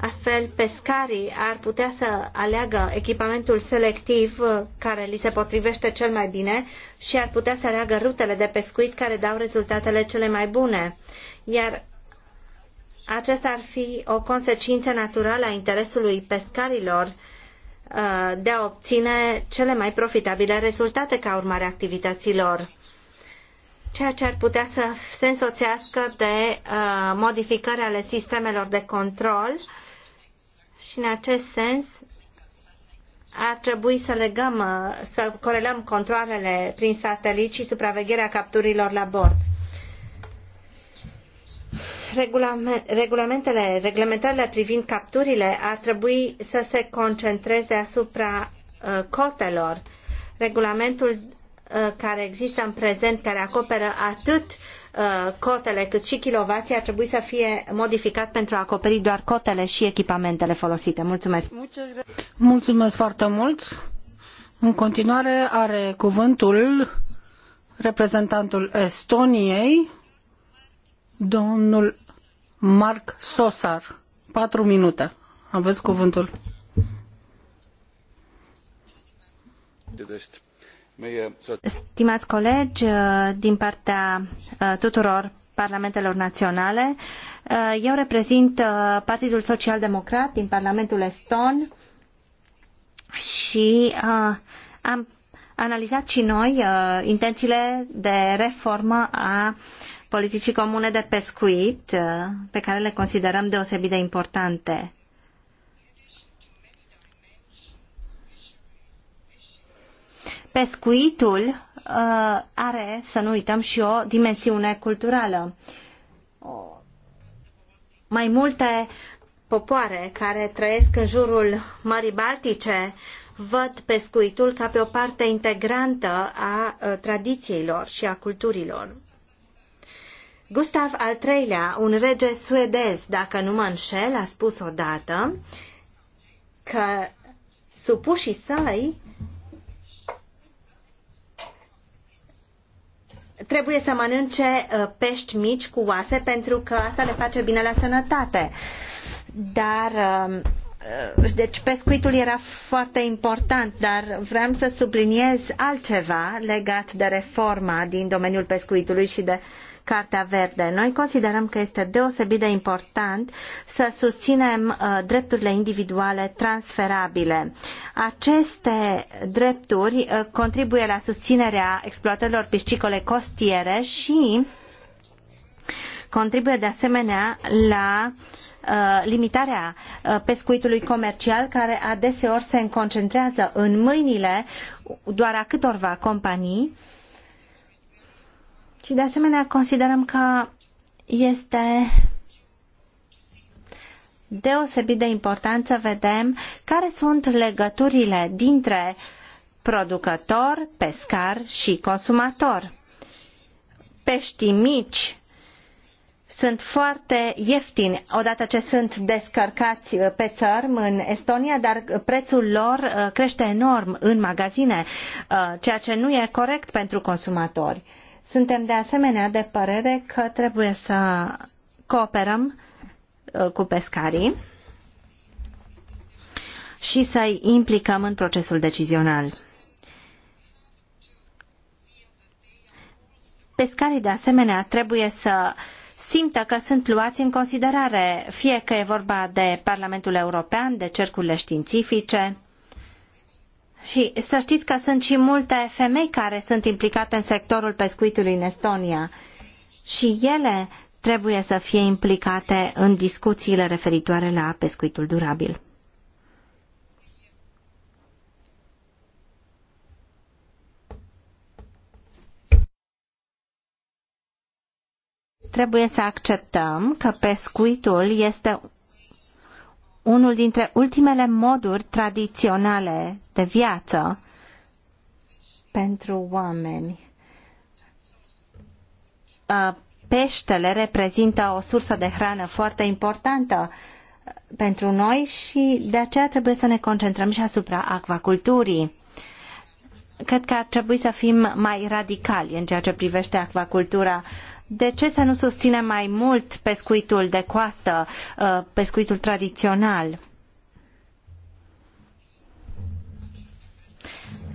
Astfel, pescarii ar putea să aleagă echipamentul selectiv uh, care li se potrivește cel mai bine și ar putea să aleagă rutele de pescuit care dau rezultatele cele mai bune. Iar aceasta ar fi o consecință naturală a interesului pescarilor uh, de a obține cele mai profitabile rezultate ca urmare a activităților ceea ce ar putea să se însoțească de uh, modificări ale sistemelor de control și în acest sens ar trebui să legăm, uh, să corelăm controlele prin satelit și supravegherea capturilor la bord. Regulamentele, reglementările privind capturile ar trebui să se concentreze asupra uh, cotelor. Regulamentul Uh, care există în prezent, care acoperă atât uh, cotele cât și kilovații, ar trebui să fie modificat pentru a acoperi doar cotele și echipamentele folosite. Mulțumesc! Mulțumesc foarte mult! În continuare are cuvântul reprezentantul Estoniei, domnul Marc Sosar. Patru minute. Aveți cuvântul. Uh, Stimați colegi, uh, din partea uh, tuturor parlamentelor naționale, eu reprezint Partidul Social Democrat din Parlamentul Eston și am analizat și noi intențiile de reformă a politicii comune de pescuit, pe care le considerăm deosebit de importante. Pescuitul uh, are, să nu uităm, și o dimensiune culturală. Mai multe popoare care trăiesc în jurul Mării Baltice văd pescuitul ca pe o parte integrantă a uh, tradițiilor și a culturilor. Gustav al III-lea, un rege suedez, dacă nu mă înșel, a spus odată că supușii săi trebuie să mănânce uh, pești mici cu oase pentru că asta le face bine la sănătate. Dar um, uh, deci pescuitul era foarte important, dar vreau să subliniez altceva legat de reforma din domeniul pescuitului și de uh, Cartea Verde. Noi considerăm că este deosebit de important să susținem uh, drepturile individuale transferabile. Aceste drepturi uh, contribuie la susținerea exploatărilor piscicole costiere și contribuie de asemenea la uh, limitarea pescuitului comercial care adeseori se concentrează în mâinile doar a câtorva companii uh, și de asemenea considerăm că este deosebit de important să vedem care sunt legăturile dintre producător, pescar și consumator. Peștii mici sunt foarte ieftini odată ce sunt descărcați uh, pe țărm în Estonia, dar prețul lor uh, crește enorm în magazine, uh, ceea ce nu e corect pentru consumatori. Suntem de asemenea de părere că trebuie să cooperăm uh, cu pescarii și să-i implicăm în procesul decizional. Pescarii, de asemenea, trebuie să simtă că sunt luați în considerare, fie că e vorba de Parlamentul European, de cercurile științifice, și să știți că sunt și multe femei care sunt implicate în sectorul pescuitului în Estonia și ele trebuie să fie implicate în discuțiile referitoare la pescuitul durabil. Trebuie să acceptăm că pescuitul este unul dintre ultimele moduri tradiționale de viață pentru oameni. Peștele reprezintă o sursă de hrană foarte importantă pentru noi și de aceea trebuie să ne concentrăm și asupra acvaculturii. Cred că ar trebui să fim mai radicali în ceea ce privește acvacultura uh, de ce să nu susținem mai mult pescuitul de coastă, uh, pescuitul tradițional?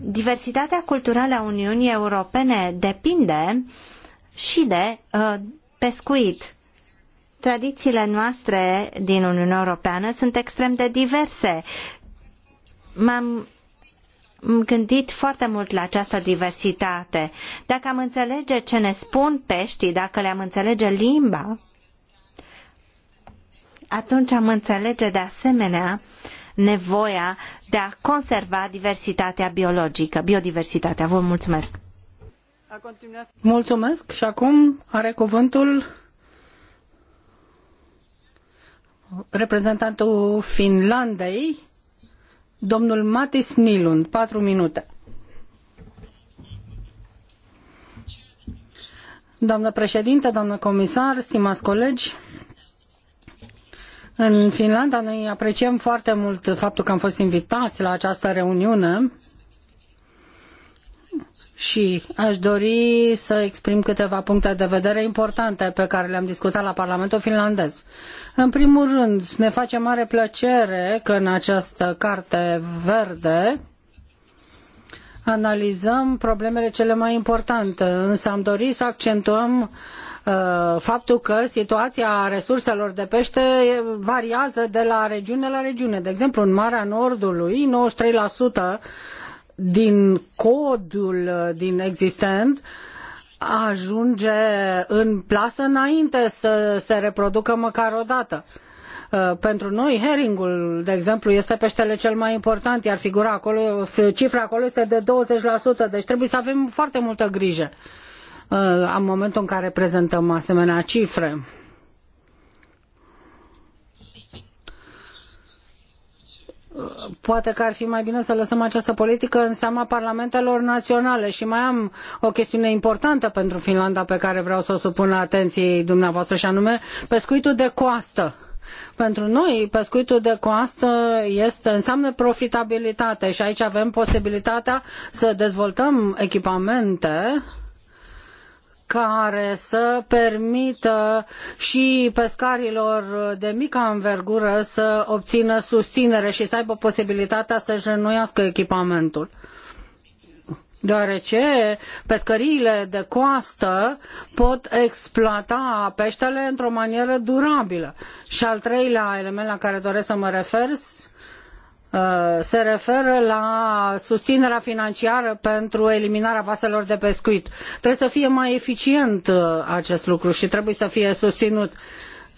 Diversitatea culturală a Uniunii Europene depinde și de uh, pescuit. Tradițiile noastre din Uniunea Europeană sunt extrem de diverse. M-am gândit foarte mult la această diversitate. Dacă am înțelege ce ne spun peștii, dacă le-am înțelege limba, atunci am înțelege de asemenea nevoia de a conserva diversitatea biologică, biodiversitatea. Vă mulțumesc! Mulțumesc și acum are cuvântul reprezentantul Finlandei, Domnul Matis Nilund, patru minute. Doamnă Președintă, doamnă comisar, stimați colegi, în Finlanda noi apreciem foarte mult faptul că am fost invitați la această reuniune și aș dori să exprim câteva puncte de vedere importante pe care le-am discutat la Parlamentul finlandez. În primul rând, ne face mare plăcere că în această carte verde analizăm problemele cele mai importante, însă am dori să accentuăm uh, faptul că situația resurselor de pește variază de la regiune la regiune. De exemplu, în Marea Nordului, 93% din codul uh, din existent ajunge în plasă înainte să se reproducă măcar o dată. Uh, pentru noi, heringul, de exemplu, este peștele cel mai important, iar figura acolo, cifra acolo este de 20%, deci trebuie să avem foarte multă grijă uh, în momentul în care prezentăm asemenea cifre. poate că ar fi mai bine să lăsăm această politică în seama parlamentelor naționale. Și mai am o chestiune importantă pentru Finlanda pe care vreau să o supun atenției dumneavoastră și anume pescuitul de coastă. Pentru noi, pescuitul de coastă este, înseamnă profitabilitate și aici avem posibilitatea să dezvoltăm echipamente uh, care să permită și pescarilor de mică învergură să obțină susținere și să aibă posibilitatea să jenuiască echipamentul deoarece pescăriile de coastă pot exploata peștele într-o manieră durabilă. Și al treilea element la care doresc să mă refer Uh, se referă la susținerea financiară pentru eliminarea vaselor de pescuit. Trebuie să fie mai eficient uh, acest lucru și trebuie să fie susținut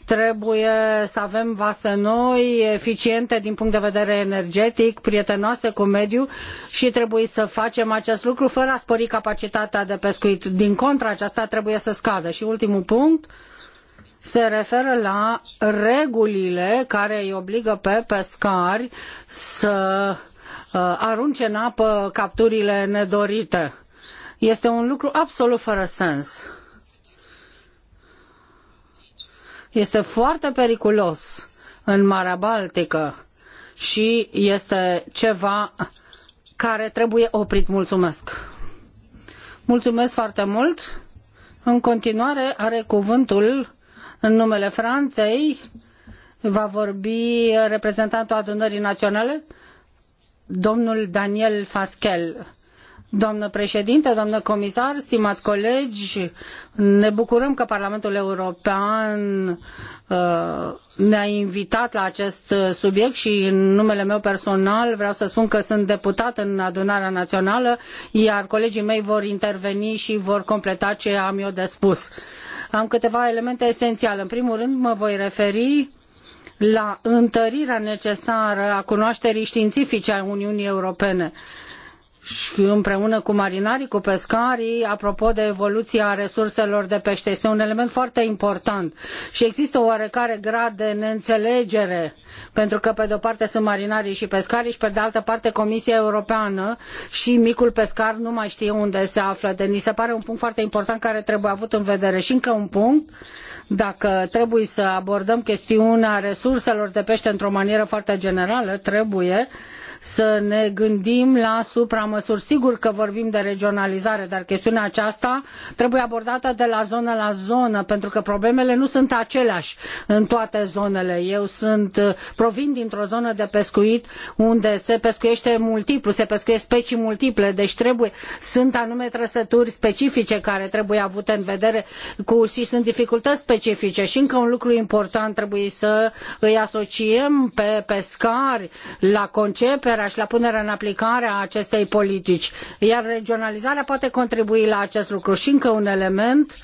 trebuie să avem vase noi, eficiente din punct de vedere energetic, prietenoase cu mediul și trebuie să facem acest lucru fără a spori capacitatea de pescuit. Din contră, aceasta trebuie să scadă. Și ultimul punct, uh, se referă la regulile care îi obligă pe pescari să uh, arunce în apă capturile nedorite. Este un lucru absolut fără sens. Este foarte periculos în Marea Baltică și este ceva care trebuie oprit. Mulțumesc! Mulțumesc foarte mult! În continuare are cuvântul în numele Franței va vorbi reprezentantul adunării naționale, domnul Daniel Fasquel. Doamnă președinte, doamnă comisar, stimați colegi, ne bucurăm că Parlamentul European uh, ne-a invitat la acest subiect și în numele meu personal vreau să spun că sunt deputat în adunarea națională, iar colegii mei vor interveni și vor completa ce am eu de spus. Am câteva elemente esențiale. În primul rând mă voi referi la întărirea necesară a cunoașterii științifice a Uniunii Europene și împreună cu marinarii, cu pescarii, apropo de evoluția resurselor de pește. Este un element foarte important și există oarecare grad de neînțelegere, pentru că pe de-o parte sunt marinarii și pescarii și pe de altă parte Comisia Europeană și micul pescar nu mai știe unde se află. Deci mi se pare un punct foarte important care trebuie avut în vedere. Și încă un punct, dacă trebuie să abordăm chestiunea resurselor de pește într-o manieră foarte generală, trebuie să ne gândim la supramăsuri. Sigur că vorbim de regionalizare, dar chestiunea aceasta trebuie abordată de la zonă la zonă, pentru că problemele nu sunt aceleași în toate zonele. Eu sunt, provin dintr-o zonă de pescuit unde se pescuiește multiplu, se pescuiește specii multiple, deci trebuie, sunt anume trăsături specifice care trebuie avute în vedere cu, și sunt dificultăți specifice. Și încă un lucru important, trebuie să îi asociem pe pescari la concepe traducerea și la punerea în aplicare a acestei politici. Iar regionalizarea poate contribui la acest lucru. Și încă un element,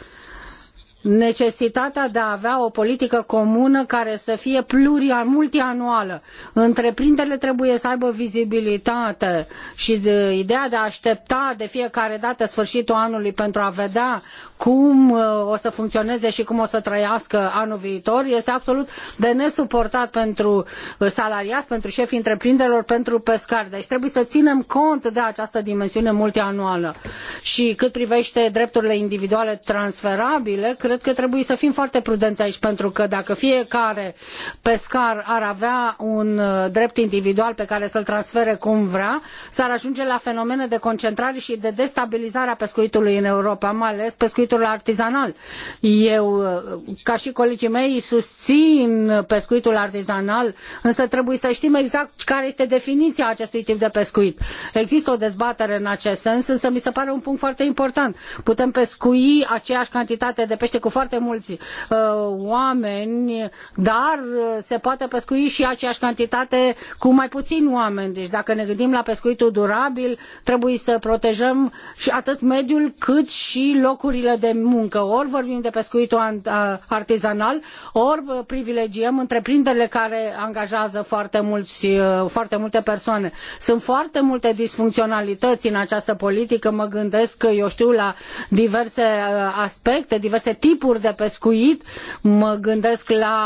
necesitatea de a avea o politică comună care să fie pluria, multianuală. Întreprinderile trebuie să aibă vizibilitate și ideea de a aștepta de fiecare dată sfârșitul anului pentru a vedea cum uh, o să funcționeze și cum o să trăiască anul viitor este absolut de nesuportat pentru uh, salariați, pentru șefii întreprinderilor, pentru pescari. Deci trebuie să ținem cont de această dimensiune multianuală. Și cât privește drepturile individuale transferabile, cred că trebuie să fim foarte prudenți aici, pentru că dacă fiecare pescar ar avea un uh, drept individual pe care să-l transfere cum vrea, s-ar ajunge la fenomene de concentrare și de destabilizare a pescuitului în Europa, mai ales pescuitul pescuitul artizanal. Eu, ca și colegii mei, susțin pescuitul artizanal, însă trebuie să știm exact care este definiția acestui tip de pescuit. Există o dezbatere în acest sens, însă mi se pare un punct foarte important. Putem pescui aceeași cantitate de pește cu foarte mulți uh, oameni, dar se poate pescui și aceeași cantitate cu mai puțini oameni. Deci dacă ne gândim la pescuitul durabil, trebuie să protejăm și atât mediul cât și locurile de muncă. Ori vorbim de pescuitul artizanal, ori uh, privilegiem întreprinderile care angajează foarte, mulți, uh, foarte multe persoane. Sunt foarte multe disfuncționalități în această politică, mă gândesc, eu știu, la diverse uh, aspecte, diverse tipuri de pescuit, mă gândesc la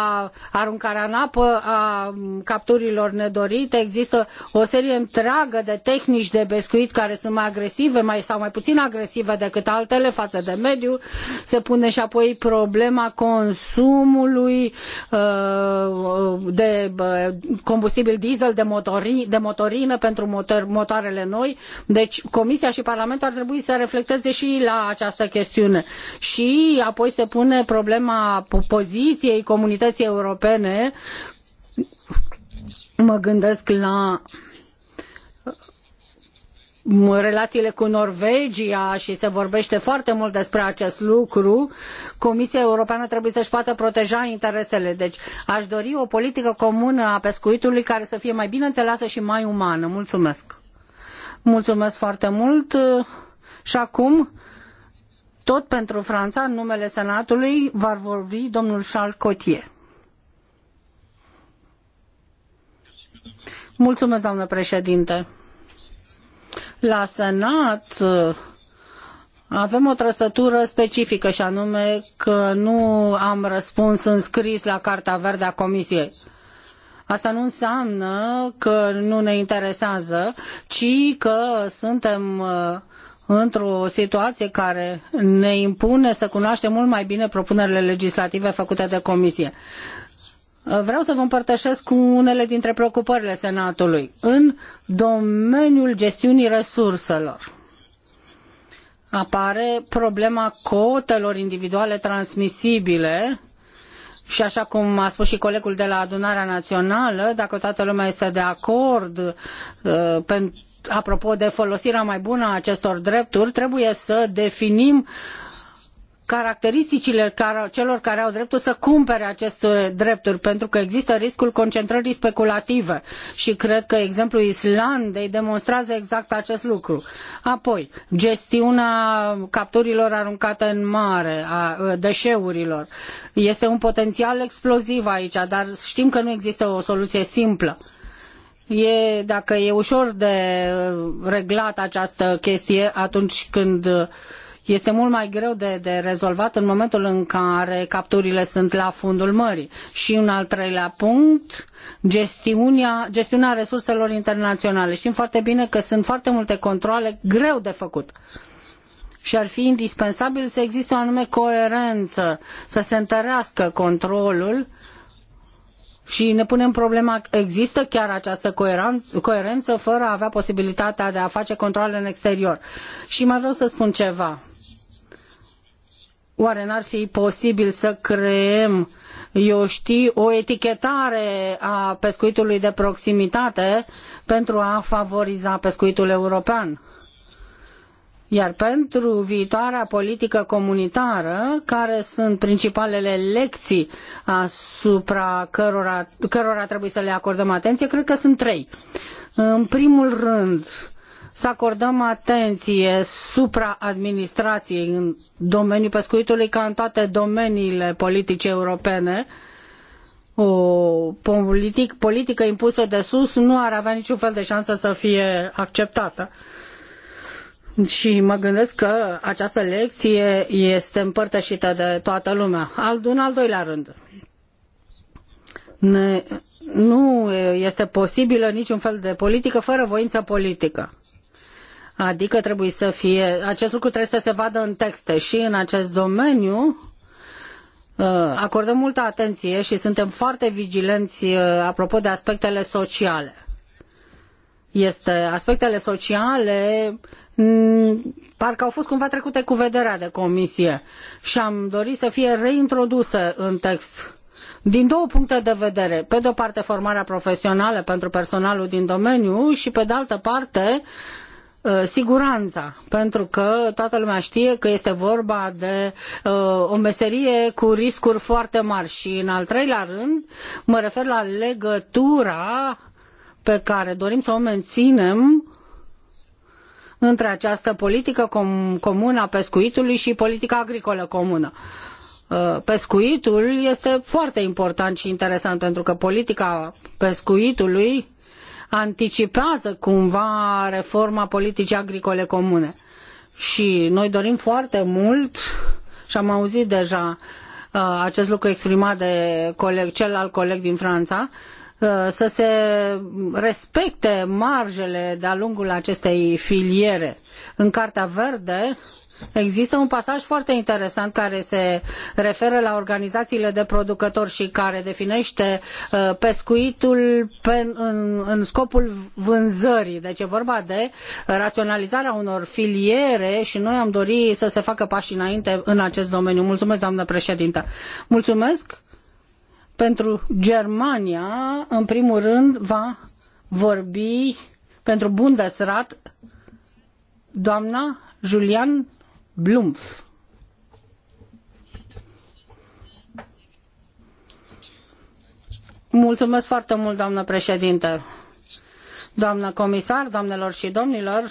aruncarea în apă a mm, capturilor nedorite, există o serie întreagă de tehnici de pescuit care sunt mai agresive mai, sau mai puțin agresive decât altele față de mediu, mediu, se pune și apoi problema consumului uh, de uh, combustibil diesel, de, motori, de motorină pentru motor, motoarele noi. Deci Comisia și Parlamentul ar trebui să reflecteze și la această chestiune. Și apoi se pune problema poziției comunității europene. Mă gândesc la relațiile cu Norvegia și se vorbește foarte mult despre acest lucru, Comisia Europeană trebuie să-și poată proteja interesele. Deci aș dori o politică comună a pescuitului care să fie mai bine înțeleasă și mai umană. Mulțumesc! Mulțumesc foarte mult și acum tot pentru Franța, în numele Senatului, va vorbi domnul Charles Cotier. Mulțumesc, doamnă președinte. La Senat uh, avem o trăsătură specifică și anume că nu am răspuns în scris la Carta Verde a Comisiei. Asta nu înseamnă că nu ne interesează, ci că suntem uh, într-o situație care ne impune să cunoaștem mult mai bine propunerile legislative făcute de comisie. Vreau să vă împărtășesc cu unele dintre preocupările Senatului în domeniul gestiunii resurselor. Apare problema cotelor individuale transmisibile și așa cum a spus și colegul de la adunarea națională, dacă toată lumea este de acord uh, pentru apropo de folosirea mai bună a acestor drepturi, trebuie să definim caracteristicile celor care au dreptul să cumpere aceste drepturi, pentru că există riscul concentrării speculative și cred că exemplul Islandei demonstrează exact acest lucru. Apoi, gestiunea capturilor aruncate în mare, a deșeurilor, este un potențial exploziv aici, dar știm că nu există o soluție simplă. E, dacă e ușor de uh, reglat această chestie atunci când uh, este mult mai greu de, de rezolvat în momentul în care capturile sunt la fundul mării. Și un al treilea punct, gestiunea, gestiunea resurselor internaționale. Știm foarte bine că sunt foarte multe controle greu de făcut și ar fi indispensabil să existe o anume coerență, să se întărească controlul și ne punem problema, există chiar această coerență, coerență fără a avea posibilitatea de a face controle în exterior. Și mai vreau să spun ceva. Oare n-ar fi posibil să creăm, eu știu, o etichetare a pescuitului de proximitate pentru a favoriza pescuitul european? Iar pentru viitoarea politică comunitară, care sunt principalele lecții asupra cărora, cărora trebuie să le acordăm atenție, cred că sunt trei. În primul rând, să acordăm atenție supraadministrației în domeniul pescuitului ca în toate domeniile politice europene. O politic, politică impusă de sus nu ar avea niciun fel de șansă să fie acceptată. Și mă gândesc că această lecție este împărtășită de toată lumea. Al, în al doilea rând, ne, nu este posibilă niciun fel de politică fără voință politică. Adică trebuie să fie, acest lucru trebuie să se vadă în texte și în acest domeniu uh, acordăm multă atenție și suntem foarte vigilenți uh, apropo de aspectele sociale. Este aspectele sociale mm, parcă au fost cumva trecute cu vederea de comisie și am dorit să fie reintroduse în text din două puncte de vedere. Pe de o parte formarea profesională pentru personalul din domeniu și pe de altă parte Uh, siguranța, pentru că toată lumea știe că este vorba de uh, o meserie cu riscuri foarte mari și în al treilea rând mă refer la legătura pe care dorim să o menținem între această politică comună a pescuitului și politica agricolă comună uh, pescuitul este foarte important și interesant pentru că politica pescuitului anticipează cumva reforma politicii agricole comune. Și noi dorim foarte mult și am auzit deja uh, acest lucru exprimat de coleg, celălalt coleg din Franța, uh, să se respecte marjele de-a lungul acestei filiere în Cartea Verde, Există un pasaj foarte interesant care se referă la organizațiile de producători și care definește uh, pescuitul în, scopul vânzării. Deci e vorba de raționalizarea unor filiere și noi am dori să se facă pași înainte în acest domeniu. Mulțumesc, doamnă președintă. Mulțumesc pentru Germania, în primul rând, va vorbi pentru Bundesrat Doamna Julian Blumf. Mulțumesc foarte mult, doamnă președinte. Doamnă comisar, doamnelor și domnilor,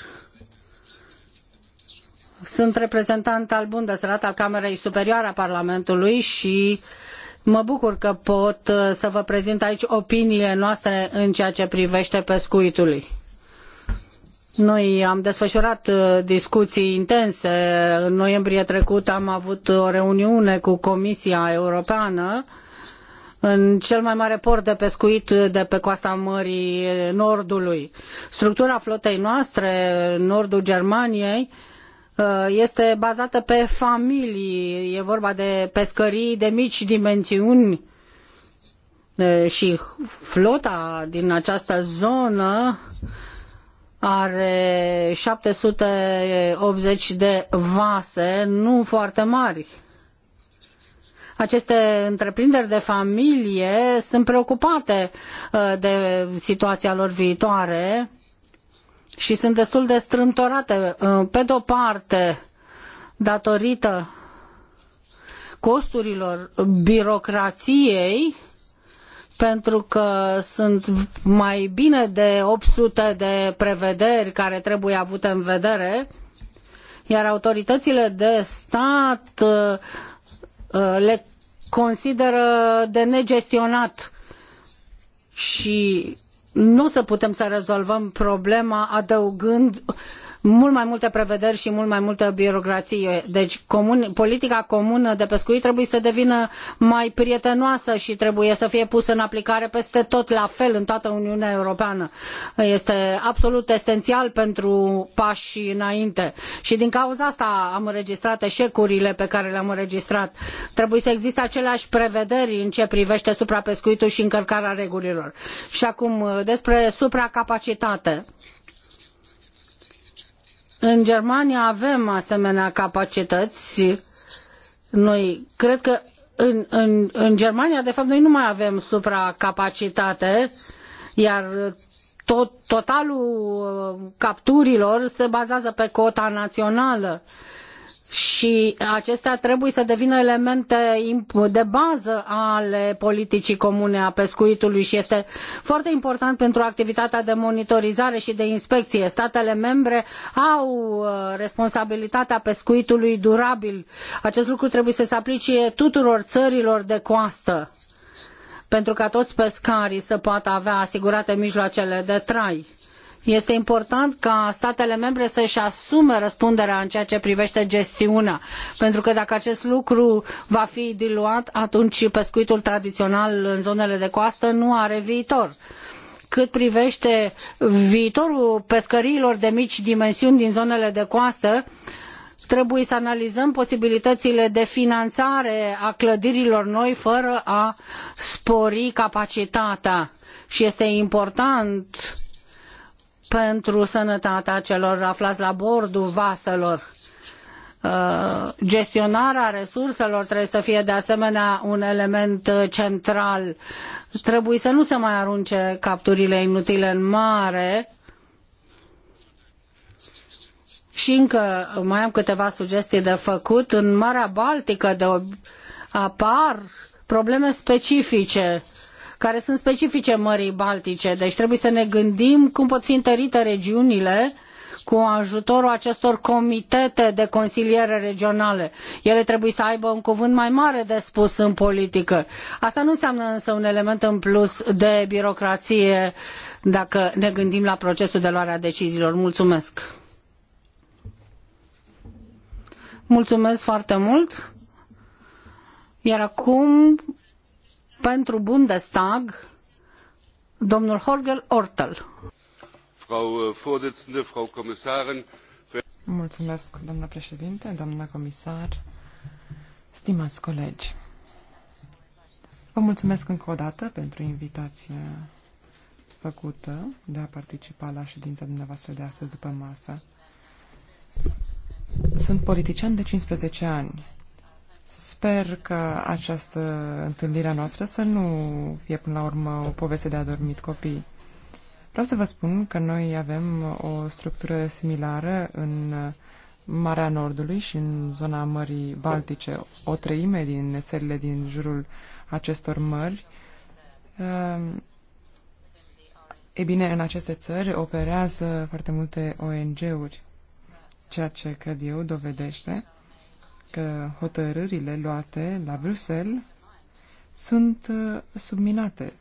sunt reprezentant al Bundesrat, al Camerei Superioare a Parlamentului și mă bucur că pot să vă prezint aici opiniile noastre în ceea ce privește pescuitul. Noi am desfășurat uh, discuții intense. În noiembrie trecut am avut o reuniune cu Comisia Europeană în cel mai mare port de pescuit de pe coasta Mării Nordului. Structura flotei noastre, nordul Germaniei, uh, este bazată pe familii. E vorba de pescării de mici dimensiuni uh, și flota din această zonă are 780 de vase, nu foarte mari. Aceste întreprinderi de familie sunt preocupate uh, de situația lor viitoare și sunt destul de strâmtorate. Uh, pe de-o parte, datorită costurilor birocrației, pentru că sunt mai bine de 800 de prevederi care trebuie avute în vedere, iar autoritățile de stat uh, uh, le consideră de negestionat și nu o să putem să rezolvăm problema adăugând mult mai multe prevederi și mult mai multă birocrație. Deci comun, politica comună de pescuit trebuie să devină mai prietenoasă și trebuie să fie pusă în aplicare peste tot la fel în toată Uniunea Europeană. Este absolut esențial pentru pași înainte. Și din cauza asta am înregistrat eșecurile pe care le-am înregistrat. Trebuie să existe aceleași prevederi în ce privește suprapescuitul și încărcarea regulilor. Și acum despre supracapacitate în Germania avem asemenea capacități. Noi cred că în, în, în Germania, de fapt, noi nu mai avem supracapacitate, iar tot, totalul uh, capturilor se bazează pe cota națională și acestea trebuie să devină elemente de bază ale politicii comune a pescuitului și este foarte important pentru activitatea de monitorizare și de inspecție. Statele membre au uh, responsabilitatea pescuitului durabil. Acest lucru trebuie să se aplice tuturor țărilor de coastă pentru ca toți pescarii să poată avea asigurate mijloacele de trai este important ca statele membre să-și asume răspunderea în ceea ce privește gestiunea, pentru că dacă acest lucru va fi diluat, atunci pescuitul tradițional în zonele de coastă nu are viitor cât privește viitorul pescăriilor de mici dimensiuni din zonele de coastă, trebuie să analizăm posibilitățile de finanțare a clădirilor noi fără a spori capacitatea. Și este important pentru sănătatea celor aflați la bordul vaselor. Uh, gestionarea resurselor trebuie să fie de asemenea un element uh, central. Trebuie să nu se mai arunce capturile inutile în mare. Și încă mai am câteva sugestii de făcut. În Marea Baltică de apar probleme specifice uh, care sunt specifice Mării Baltice. Deci trebuie să ne gândim cum pot fi întărite regiunile cu ajutorul acestor comitete de consiliere regionale. Ele trebuie să aibă un cuvânt mai mare de spus în politică. Asta nu înseamnă însă un element în plus de birocrație dacă ne gândim la procesul de luare a deciziilor. Mulțumesc! Mulțumesc foarte mult! Iar acum pentru Bundestag, domnul Holger Ortel. Frau äh, Vorsitzende, Frau Kommissarin. Mulțumesc, doamnă președinte, doamnă comisar, stimați colegi. Vă mulțumesc încă o dată pentru invitația făcută de a participa la ședința dumneavoastră de astăzi după masă. Sunt politician de 15 ani Sper că această întâlnire a noastră să nu fie până la urmă o poveste de adormit copii. Vreau să vă spun că noi avem o structură similară în Marea Nordului și în zona Mării Baltice. O treime din țările din jurul acestor mări. Ehm, e bine, în aceste țări operează foarte multe ONG-uri, ceea ce cred eu dovedește că hotărârile luate la Bruxelles sunt uh, subminate.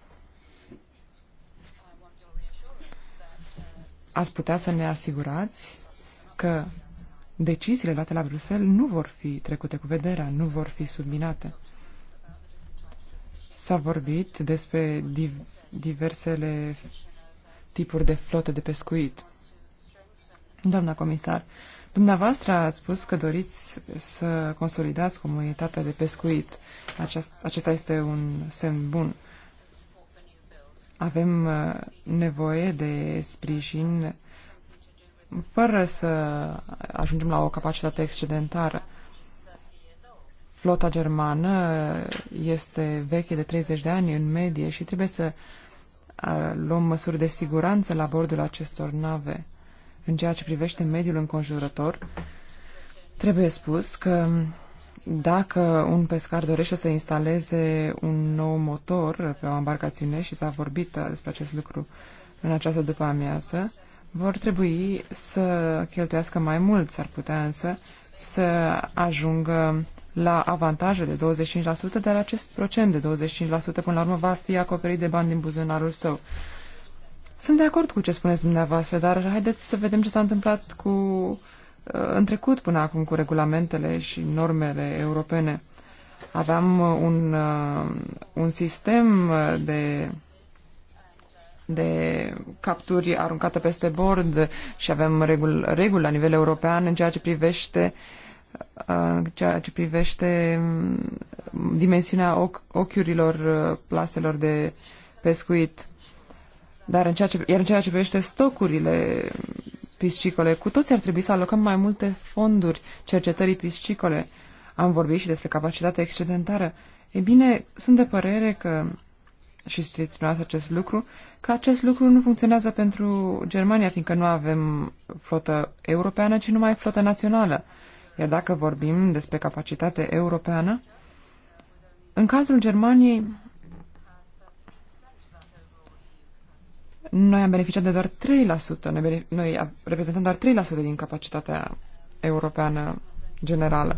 Ați putea să ne asigurați că deciziile luate la Bruxelles nu vor fi trecute cu vederea, nu vor fi subminate. S-a vorbit despre div- diversele tipuri de flote de pescuit. Doamna comisar, Dumneavoastră ați spus că doriți să consolidați comunitatea de pescuit. Aceast, acesta este un semn bun. Avem uh, nevoie de sprijin fără să ajungem la o capacitate excedentară. Flota germană este veche de 30 de ani în medie și trebuie să uh, luăm măsuri de siguranță la bordul acestor nave în ceea ce privește mediul înconjurător, trebuie spus că dacă un pescar dorește să instaleze un nou motor pe o embarcațiune și s-a vorbit uh, despre acest lucru în această după amiază, vor trebui să cheltuiască mai mult, s-ar putea însă să ajungă la avantaje de 25%, dar acest procent de 25% până la urmă va fi acoperit de bani din buzunarul său. Sunt de acord cu ce spuneți dumneavoastră, dar haideți să vedem ce s-a întâmplat cu, uh, în trecut până acum cu regulamentele și normele europene. Aveam uh, un, uh, un sistem de de capturi aruncate peste bord și avem reguli, reguli la nivel european în ceea ce privește în ceea ce privește mm, dimensiunea ochiurilor plaselor de pescuit. Dar în ceea ce, iar în ceea ce privește stocurile piscicole, cu toți ar trebui să alocăm mai multe fonduri cercetării piscicole. Am vorbit și despre capacitatea excedentară. E bine, sunt de părere că, și știți dumneavoastră acest lucru, că acest lucru nu funcționează pentru Germania, fiindcă nu avem flotă europeană, ci numai flotă națională. Iar dacă vorbim despre capacitate europeană, în cazul Germaniei, Noi am beneficiat de doar 3%, noi, noi reprezentăm doar 3% din capacitatea europeană generală.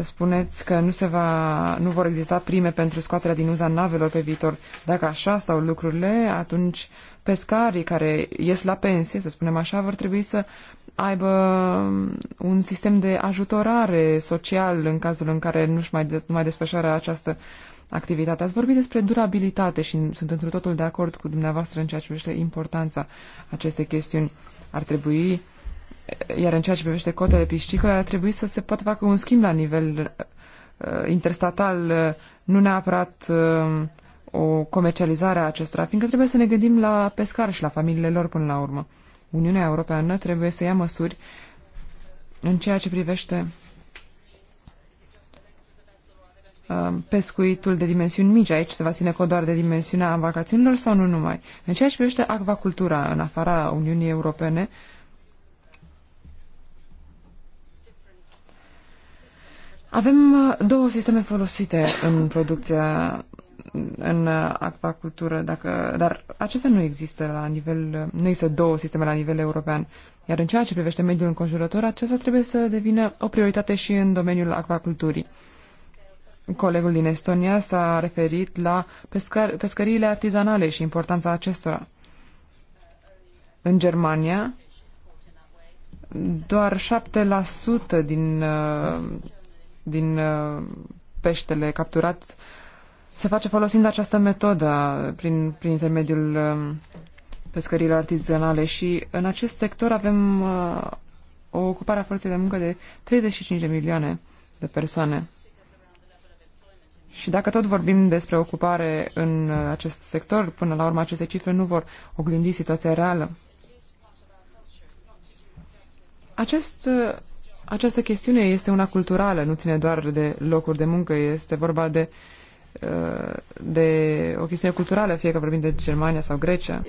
Spuneți că nu, se va, nu vor exista prime pentru scoaterea din uza navelor pe viitor. Dacă așa stau lucrurile, atunci pescarii care ies la pensie, să spunem așa, vor trebui să aibă un sistem de ajutorare social în cazul în care nu-și mai, de, nu mai desfășoară această uh, activitatea. Ați vorbit despre durabilitate și sunt într totul de acord cu dumneavoastră în ceea ce privește importanța acestei chestiuni. Ar trebui, iar în ceea ce privește cotele piscicole, ar trebui să se poată face un schimb la nivel uh, interstatal, uh, nu neapărat uh, o comercializare a acestora, fiindcă trebuie să ne gândim la pescar și la familiile lor până la urmă. Uniunea Europeană trebuie să ia măsuri în ceea ce privește Um, pescuitul de dimensiuni mici aici se va ține cont doar de dimensiunea embarcațiunilor sau nu numai? În ceea ce privește acvacultura în afara Uniunii Europene, avem uh, două sisteme folosite în producția în uh, acvacultură, dacă, dar acestea nu există la nivel, uh, nu există două sisteme la nivel european. Iar în ceea ce privește mediul înconjurător, acesta trebuie să devină o prioritate și în domeniul acvaculturii. Colegul din Estonia s-a referit la pescar- pescăriile artizanale și importanța acestora. În Germania, doar 7% din, uh, din uh, peștele capturat se face folosind această metodă prin, prin intermediul um, pescărilor artizanale și în acest sector avem uh, o ocupare a forței de muncă de 35 de milioane de persoane. Și dacă tot vorbim despre ocupare în uh, acest sector, până la urmă aceste cifre nu vor oglindi situația reală. Acest, uh, această chestiune este una culturală, nu ține doar de locuri de muncă, este vorba de, uh, de o chestiune culturală, fie că vorbim de Germania sau Grecia.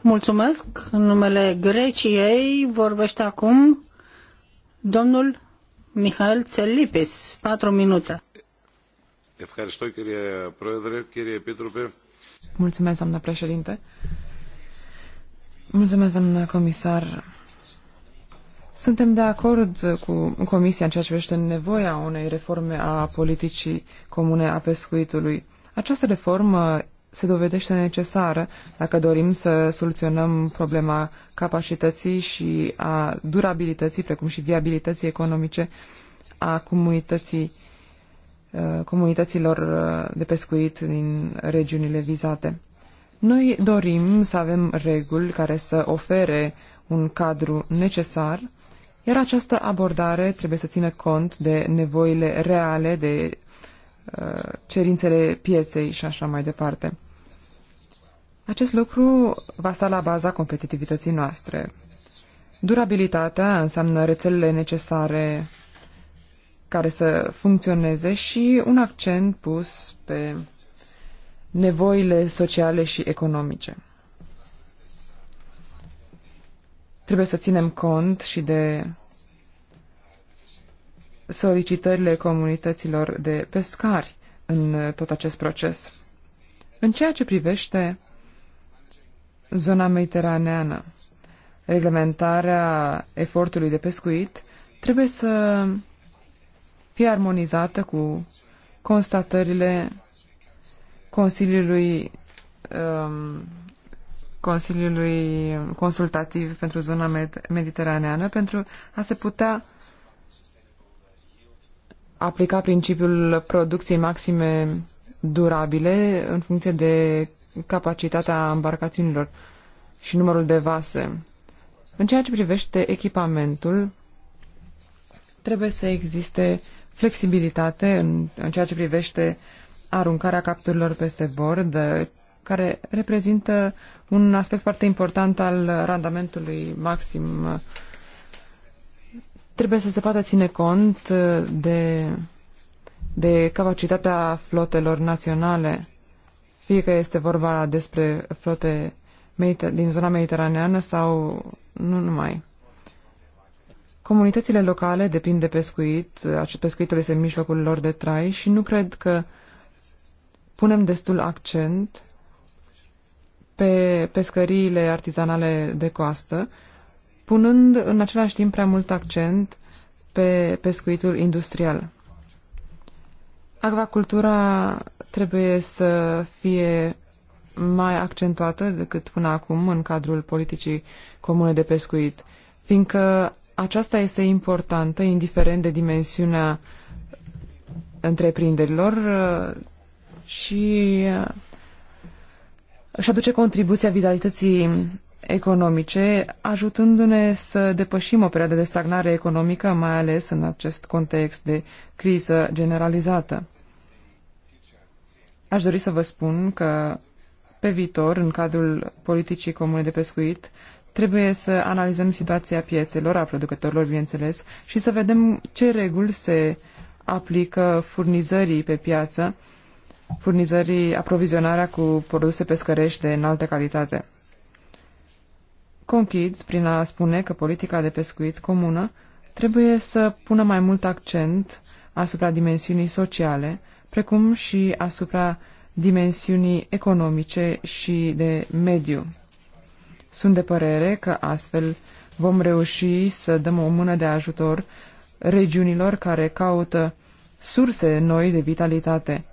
Mulțumesc. În numele Greciei vorbește acum domnul Mihail Tselipis. Patru minute. Mulțumesc, Mulțumesc, comisar. Suntem de acord cu Comisia în ceea ce privește nevoia unei reforme a politicii comune a pescuitului. Această reformă se dovedește necesară dacă dorim să soluționăm problema capacității și a durabilității, precum și viabilității economice a comunității Uh, comunităților uh, de pescuit din regiunile vizate. Noi dorim să avem reguli care să ofere un cadru necesar, iar această abordare trebuie să țină cont de nevoile reale, de uh, cerințele pieței și așa mai departe. Acest lucru va sta la baza competitivității noastre. Durabilitatea înseamnă rețelele necesare care să funcționeze și un accent pus pe nevoile sociale și economice. Trebuie să ținem cont și de solicitările comunităților de pescari în tot acest proces. În ceea ce privește zona mediteraneană, reglementarea efortului de pescuit trebuie să fie armonizată cu constatările Consiliului um, Consiliului Consultativ pentru zona med mediteraneană pentru a se putea aplica principiul producției maxime durabile în funcție de capacitatea embarcațiunilor și numărul de vase. În ceea ce privește echipamentul, trebuie să existe flexibilitate în, în ceea ce privește aruncarea capturilor peste bord, care reprezintă un aspect foarte important al randamentului maxim. Trebuie să se poată ține cont de, de capacitatea flotelor naționale, fie că este vorba despre flote din zona mediteraneană sau nu numai. Comunitățile locale depind de pescuit, pescuitul este în mijlocul lor de trai și nu cred că punem destul accent pe pescăriile artizanale de coastă, punând în același timp prea mult accent pe pescuitul industrial. Acvacultura trebuie să fie mai accentuată decât până acum în cadrul politicii comune de pescuit, fiindcă aceasta este importantă, indiferent de dimensiunea întreprinderilor uh, și uh, își aduce contribuția vitalității economice, ajutându-ne să depășim o perioadă de stagnare economică, mai ales în acest context de criză generalizată. Aș dori să vă spun că pe viitor, în cadrul politicii comune de pescuit, Trebuie să analizăm situația piețelor, a producătorilor, bineînțeles, și să vedem ce reguli se aplică furnizării pe piață, furnizării, aprovizionarea cu produse pescărești de înaltă calitate. Conchid prin a spune că politica de pescuit comună trebuie să pună mai mult accent asupra dimensiunii sociale, precum și asupra dimensiunii economice și de mediu. Sunt de părere că astfel vom reuși să dăm o mână de ajutor regiunilor care caută surse noi de vitalitate.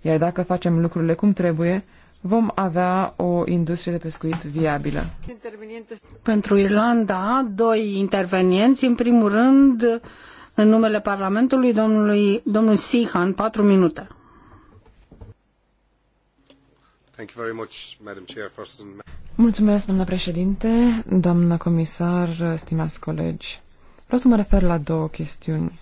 Iar dacă facem lucrurile cum trebuie, vom avea o industrie de pescuit viabilă. Pentru Irlanda, doi intervenienți, în primul rând, în numele Parlamentului, domnului, domnul Sihan, patru minute. Mulțumesc, doamna președinte, doamna comisar, stimați colegi. Vreau să mă refer la două chestiuni.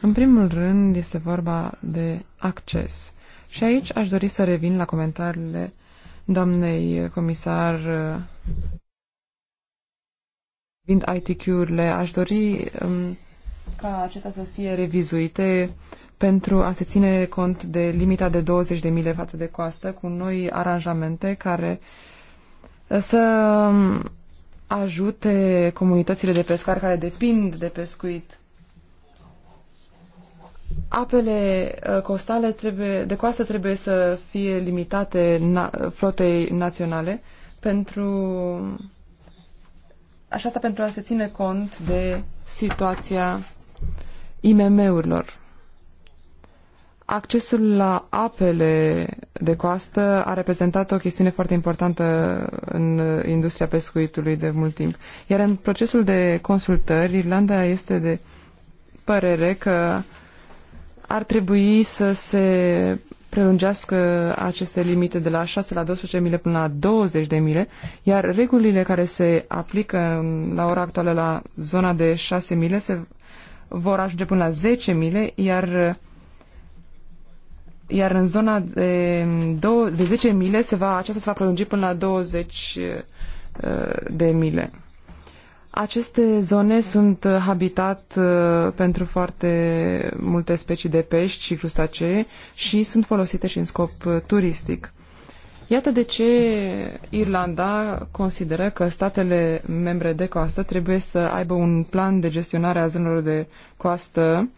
În primul rând este vorba de acces. Și aici aș dori să revin la comentariile doamnei comisar privind IT urile Aș dori um, ca acestea să fie revizuite pentru a se ține cont de limita de 20 de mile față de coastă cu noi aranjamente care uh, să um, ajute comunitățile de pescari care depind de pescuit. Apele uh, costale trebuie, de coastă trebuie să fie limitate na, flotei naționale pentru așa pentru a se ține cont de situația IMM-urilor. Accesul la apele de coastă a reprezentat o chestiune foarte importantă în industria pescuitului de mult timp. Iar în procesul de consultări, Irlanda este de părere că ar trebui să se prelungească aceste limite de la 6 la 12 mile până la 20 de mile, iar regulile care se aplică la ora actuală la zona de 6 mile se vor ajunge până la 10 mile, iar iar în zona de, două, de 10 mile se va, aceasta se va prelungi până la 20 eh, de mile. Aceste zone sunt eh, habitat eh, pentru foarte multe specii de pești și crustacee și sunt folosite și în scop turistic. Iată de ce Irlanda consideră că statele membre de coastă trebuie să aibă un plan de gestionare a zonelor de coastă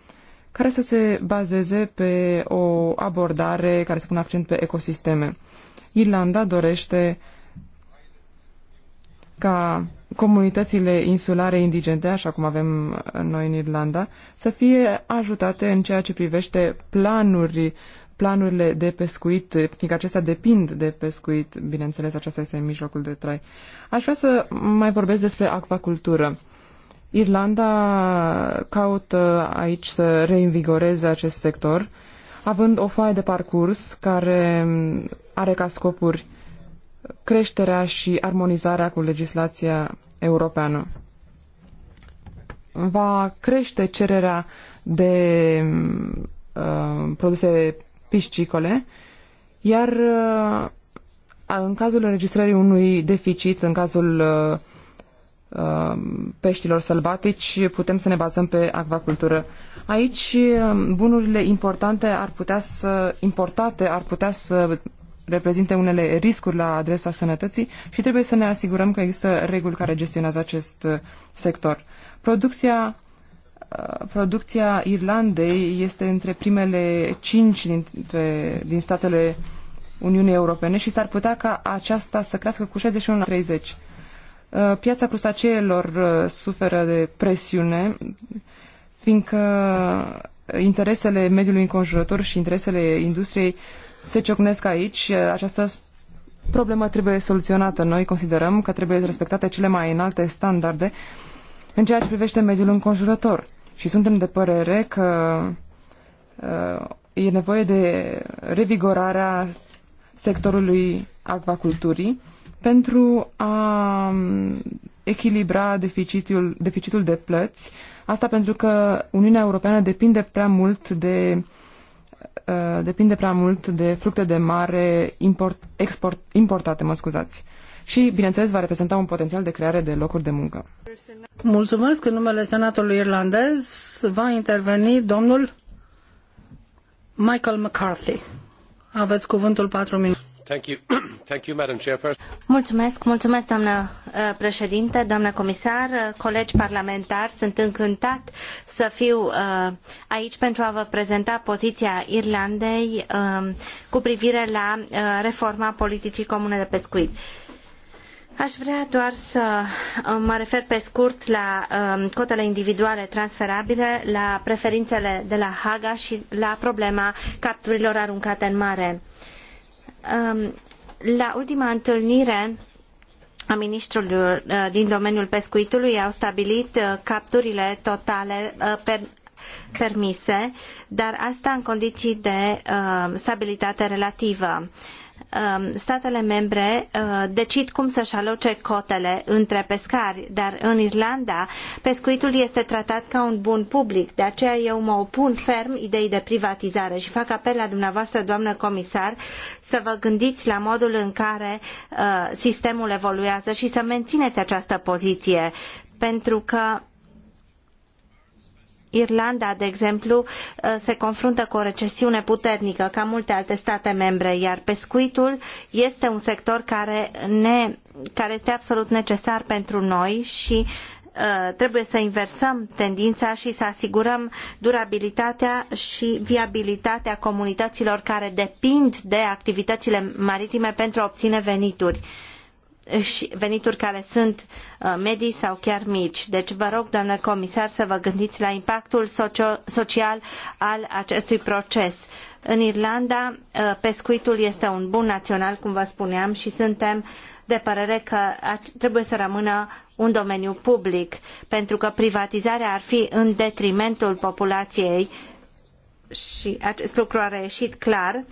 care să se bazeze pe o abordare care să pună accent pe ecosisteme. Irlanda dorește ca comunitățile insulare indigente, așa cum avem noi în Irlanda, să fie ajutate în ceea ce privește planuri, planurile de pescuit, fiindcă acestea depind de pescuit, bineînțeles, aceasta este mijlocul de trai. Aș vrea să mai vorbesc despre acvacultură. Irlanda caută aici să reinvigoreze acest sector, având o foaie de parcurs care are ca scopuri creșterea și armonizarea cu legislația europeană. Va crește cererea de uh, produse piscicole, iar uh, în cazul înregistrării unui deficit, în cazul uh, Um, peștilor sălbatici, putem să ne bazăm pe acvacultură. Aici um, bunurile importante ar putea să, importate ar putea să reprezinte unele riscuri la adresa sănătății și trebuie să ne asigurăm că există reguli care gestionează acest uh, sector. Producția uh, producția Irlandei este între primele cinci dintre, din statele Uniunii Europene și s-ar putea ca aceasta să crească cu 61 la 30. Uh, piața crustaceelor uh, suferă de presiune, fiindcă interesele mediului înconjurător și interesele industriei se ciocnesc aici. Uh, această problemă trebuie soluționată. Noi considerăm că trebuie respectate cele mai înalte standarde în ceea ce privește mediul înconjurător. Și suntem de părere că uh, e nevoie de revigorarea sectorului acvaculturii pentru a um, echilibra deficitul, deficitul de plăți. Asta pentru că Uniunea Europeană depinde prea mult de uh, depinde prea mult de fructe de mare import, export, importate, mă scuzați. Și, bineînțeles, va reprezenta un potențial de creare de locuri de muncă. Mulțumesc. În numele Senatului Irlandez va interveni domnul Michael McCarthy. Aveți cuvântul patru minute. Mulțumesc, mulțumesc doamnă uh, președinte, doamnă comisar, uh, colegi parlamentari, sunt încântat să fiu uh, aici pentru a vă prezenta poziția Irlandei um, cu privire la reforma politicii comune de pescuit. Aș vrea doar să mă refer pe scurt la um, cotele individuale transferabile, la preferințele de la Haga și la problema capturilor aruncate în mare. Uh, Um, la ultima întâlnire a ministrului uh, din domeniul pescuitului au stabilit uh, capturile totale uh, per permise, dar asta în condiții de stabilitate relativă. Um, statele membre uh, decid cum să-și aloce cotele între pescari, dar în Irlanda pescuitul este tratat ca un bun public. De aceea eu mă opun ferm ideii de privatizare și fac apel la dumneavoastră, doamnă comisar, să vă gândiți la modul în care uh, sistemul evoluează și să mențineți această poziție pentru că Irlanda, de exemplu, uh, se confruntă cu o recesiune puternică, ca multe alte state membre, iar pescuitul este un sector care, ne, care este absolut necesar pentru noi și uh, trebuie să inversăm tendința și să asigurăm durabilitatea și viabilitatea comunităților care depind de activitățile maritime pentru a obține venituri. Uh, și venituri care sunt uh, medii sau chiar mici. Deci vă rog, doamnă comisar, să vă gândiți la impactul social al acestui proces. În Irlanda, uh, pescuitul este un bun național, cum vă spuneam, și suntem de părere că trebuie să rămână un domeniu public, pentru că privatizarea ar fi în detrimentul populației și acest lucru a reieșit clar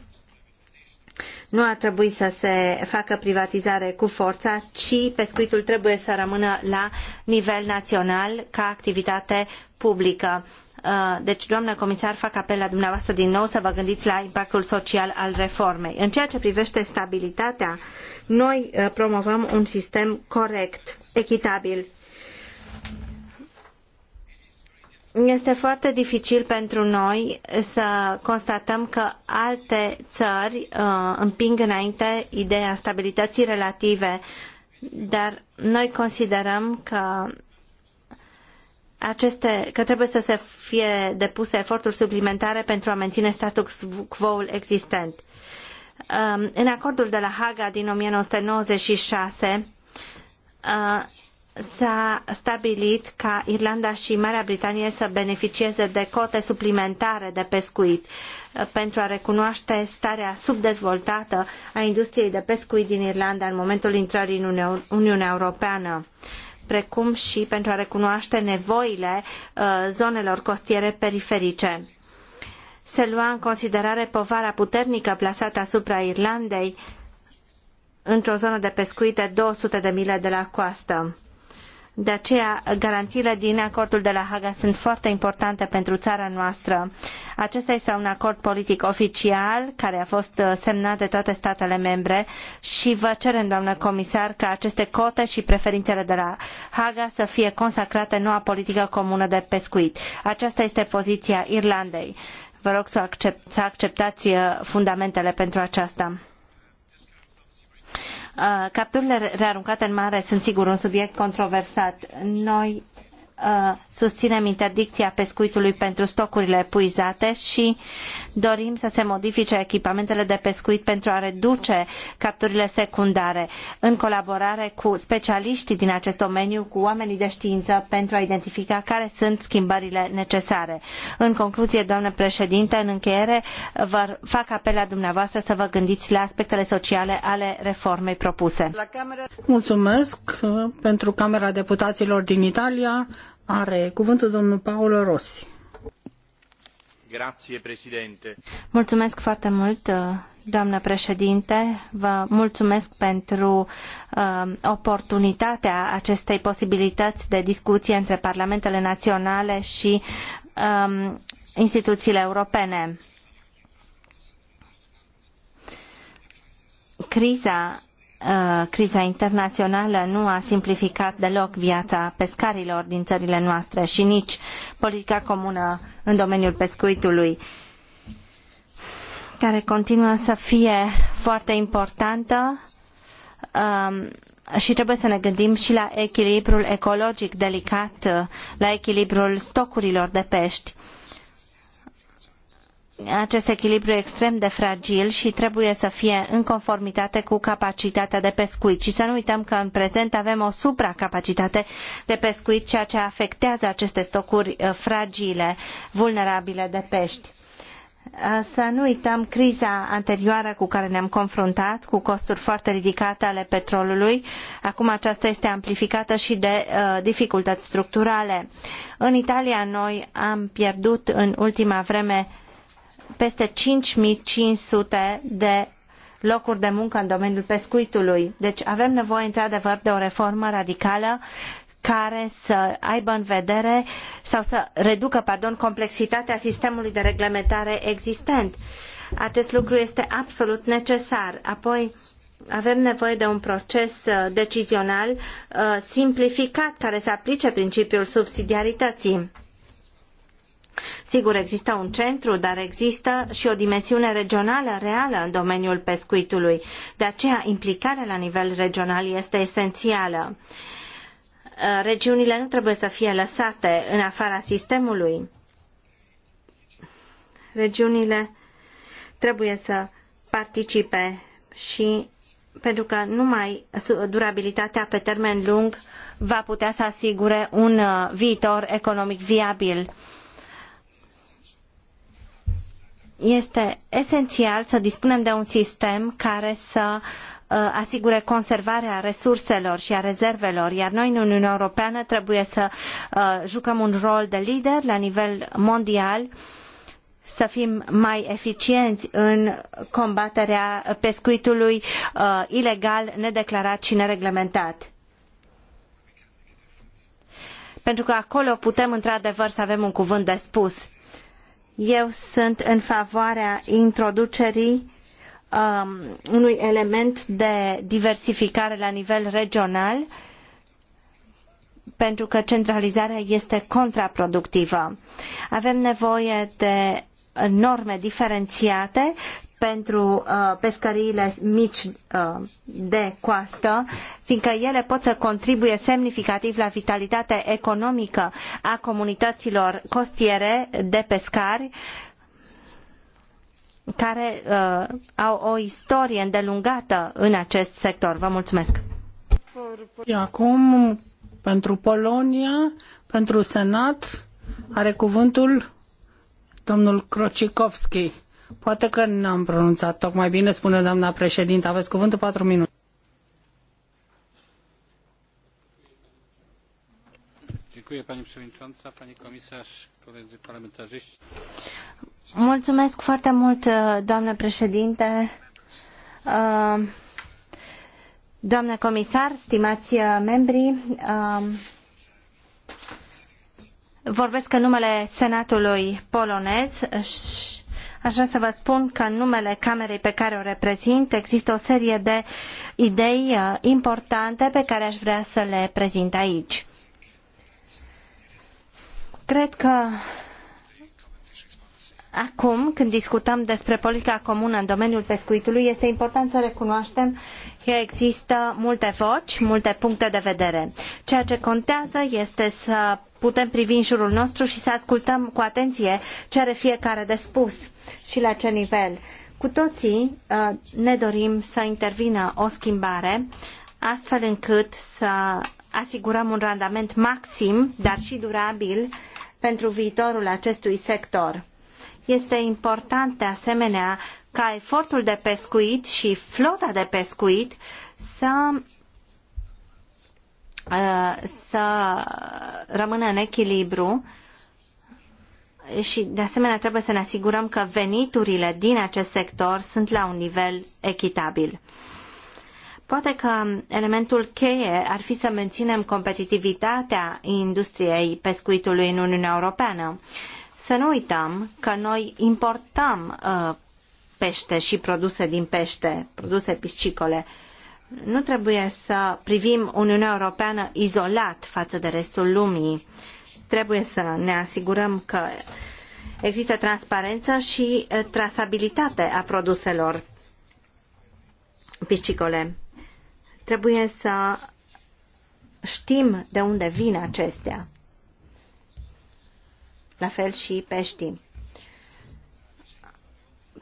nu ar trebui să se facă privatizare cu forța, ci pescuitul trebuie să rămână la nivel național ca activitate publică. Uh, deci, doamnă comisar, fac apel la dumneavoastră din nou să vă gândiți la impactul social al reformei. În ceea ce privește stabilitatea, noi uh, promovăm un sistem corect, echitabil este foarte dificil pentru noi să constatăm că alte țări uh, împing înainte ideea stabilității relative, dar noi considerăm că aceste, că trebuie să se fie depuse eforturi suplimentare pentru a menține status quo-ul existent. Um, în acordul de la Haga din 1996 s-a stabilit ca Irlanda și Marea Britanie să beneficieze de cote suplimentare de pescuit uh, pentru a recunoaște starea subdezvoltată a industriei de pescuit din Irlanda în momentul intrării în Uniunea Europeană precum și pentru a recunoaște nevoile uh, zonelor costiere periferice. Se lua în considerare povara puternică plasată asupra Irlandei într-o zonă de pescuit de 200 de mile de la coastă. De aceea, garanțiile din acordul de la Haga sunt foarte importante pentru țara noastră. Acesta este un acord politic oficial care a fost uh, semnat de toate statele membre și vă cerem, doamnă comisar, ca aceste cote și preferințele de la Haga să fie consacrate în noua politică comună de pescuit. Aceasta este poziția Irlandei. Vă rog să, accept, să acceptați uh, fundamentele pentru aceasta. Capturile rearuncate în mare sunt sigur un subiect controversat. Noi Uh, susținem interdicția pescuitului pentru stocurile epuizate și dorim să se modifice echipamentele de pescuit pentru a reduce capturile secundare în colaborare cu specialiștii din acest domeniu, cu oamenii de știință pentru a identifica care sunt schimbările necesare. În concluzie, doamnă președinte, în încheiere vă fac apel la dumneavoastră să vă gândiți la aspectele sociale ale reformei propuse. Mulțumesc pentru Camera Deputaților din Italia. Are cuvântul domnul Paolo Rossi. Grazie, Mulțumesc foarte mult, uh, doamnă președinte. Vă mulțumesc pentru uh, oportunitatea acestei posibilități de discuție între parlamentele naționale și um, instituțiile europene. Criza Uh, criza internațională nu a simplificat deloc viața pescarilor din țările noastre și nici politica comună în domeniul pescuitului, care continuă să fie foarte importantă um, și trebuie să ne gândim și la echilibrul ecologic delicat, uh, la echilibrul stocurilor de pești. Uh, acest echilibru extrem de fragil și trebuie să fie în conformitate cu capacitatea de pescuit. Și să nu uităm că în prezent avem o supracapacitate de pescuit, ceea ce afectează aceste stocuri uh, fragile, vulnerabile de pești. Uh, să nu uităm criza anterioară cu care ne-am confruntat, cu costuri foarte ridicate ale petrolului. Acum aceasta este amplificată și de uh, dificultăți structurale. În Italia noi am pierdut în ultima vreme peste 5500 de locuri de muncă în domeniul pescuitului. Deci avem nevoie într-adevăr de o reformă radicală care să aibă în vedere sau să reducă, pardon, complexitatea sistemului de reglementare existent. Acest lucru este absolut necesar. Apoi, avem nevoie de un proces uh, decizional uh, simplificat care să aplice principiul subsidiarității. Sigur, există un centru, dar există și o dimensiune regională reală în domeniul pescuitului. De aceea, implicarea la nivel regional este esențială. Uh, regiunile nu trebuie să fie lăsate în afara sistemului. Regiunile trebuie să participe și pentru că numai durabilitatea pe termen lung va putea să asigure un uh, viitor economic viabil este esențial să dispunem de un sistem care să uh, asigure conservarea resurselor și a rezervelor, iar noi în Uniunea Europeană trebuie să uh, jucăm un rol de lider la nivel mondial să fim mai eficienți în combaterea pescuitului uh, ilegal, nedeclarat și nereglementat. Pentru că acolo putem într-adevăr să avem un cuvânt de spus eu sunt în favoarea introducerii um, unui element de diversificare la nivel regional pentru că centralizarea este contraproductivă. Avem nevoie de norme diferențiate pentru uh, pescăriile mici uh, de coastă, fiindcă ele pot să contribuie semnificativ la vitalitatea economică a comunităților costiere de pescari care uh, au o istorie îndelungată în acest sector. Vă mulțumesc! Acum, pentru Polonia, pentru Senat, are cuvântul domnul Krocikovski. Poate că n-am pronunțat tocmai bine, spune doamna președinte. Aveți cuvântul patru minute. Mulțumesc foarte mult, uh, doamnă președinte, uh, doamnă comisar, stimați uh, membri. Vorbesc în numele Senatului polonez și Aș vrea să vă spun că în numele Camerei pe care o reprezint există o serie de idei uh, importante pe care aș vrea să le prezint aici. Cred că Acum, când discutăm despre politica comună în domeniul pescuitului, este important să recunoaștem există multe voci, multe puncte de vedere. Ceea ce contează este să putem privi în jurul nostru și să ascultăm cu atenție ce are fiecare de spus și la ce nivel. Cu toții uh, ne dorim să intervină o schimbare astfel încât să asigurăm un randament maxim, dar și durabil, pentru viitorul acestui sector. Este important, de asemenea, ca efortul de pescuit și flota de pescuit să uh, să rămână în echilibru și de asemenea trebuie să ne asigurăm că veniturile din acest sector sunt la un nivel echitabil. Poate că elementul cheie ar fi să menținem competitivitatea industriei pescuitului în Uniunea Europeană. Să nu uităm că noi importăm uh, pește și produse din pește, produse piscicole. Nu trebuie să privim Uniunea Europeană izolat față de restul lumii. Trebuie să ne asigurăm că există transparență și trasabilitate a produselor piscicole. Trebuie să știm de unde vin acestea. La fel și peștii.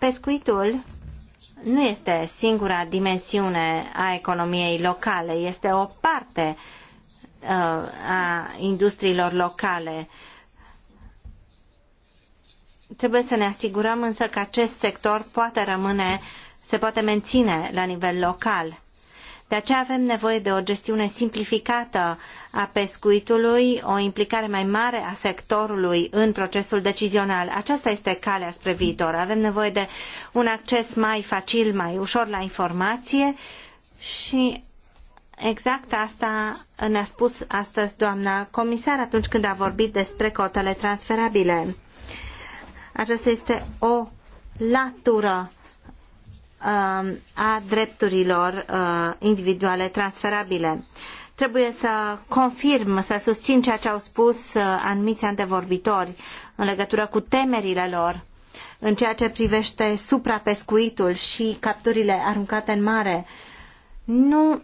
Pescuitul nu este singura dimensiune a economiei locale, este o parte uh, a industriilor locale. Trebuie să ne asigurăm însă că acest sector poate rămâne, se poate menține la nivel local. De aceea avem nevoie de o gestiune simplificată a pescuitului, o implicare mai mare a sectorului în procesul decizional. Aceasta este calea spre viitor. Avem nevoie de un acces mai facil, mai ușor la informație și exact asta ne-a spus astăzi doamna comisar atunci când a vorbit despre cotele transferabile. Aceasta este o latură Um, a drepturilor uh, individuale transferabile. Trebuie să confirm, să susțin ceea ce au spus uh, anumiți antevorbitori în legătură cu temerile lor în ceea ce privește suprapescuitul și capturile aruncate în mare. Nu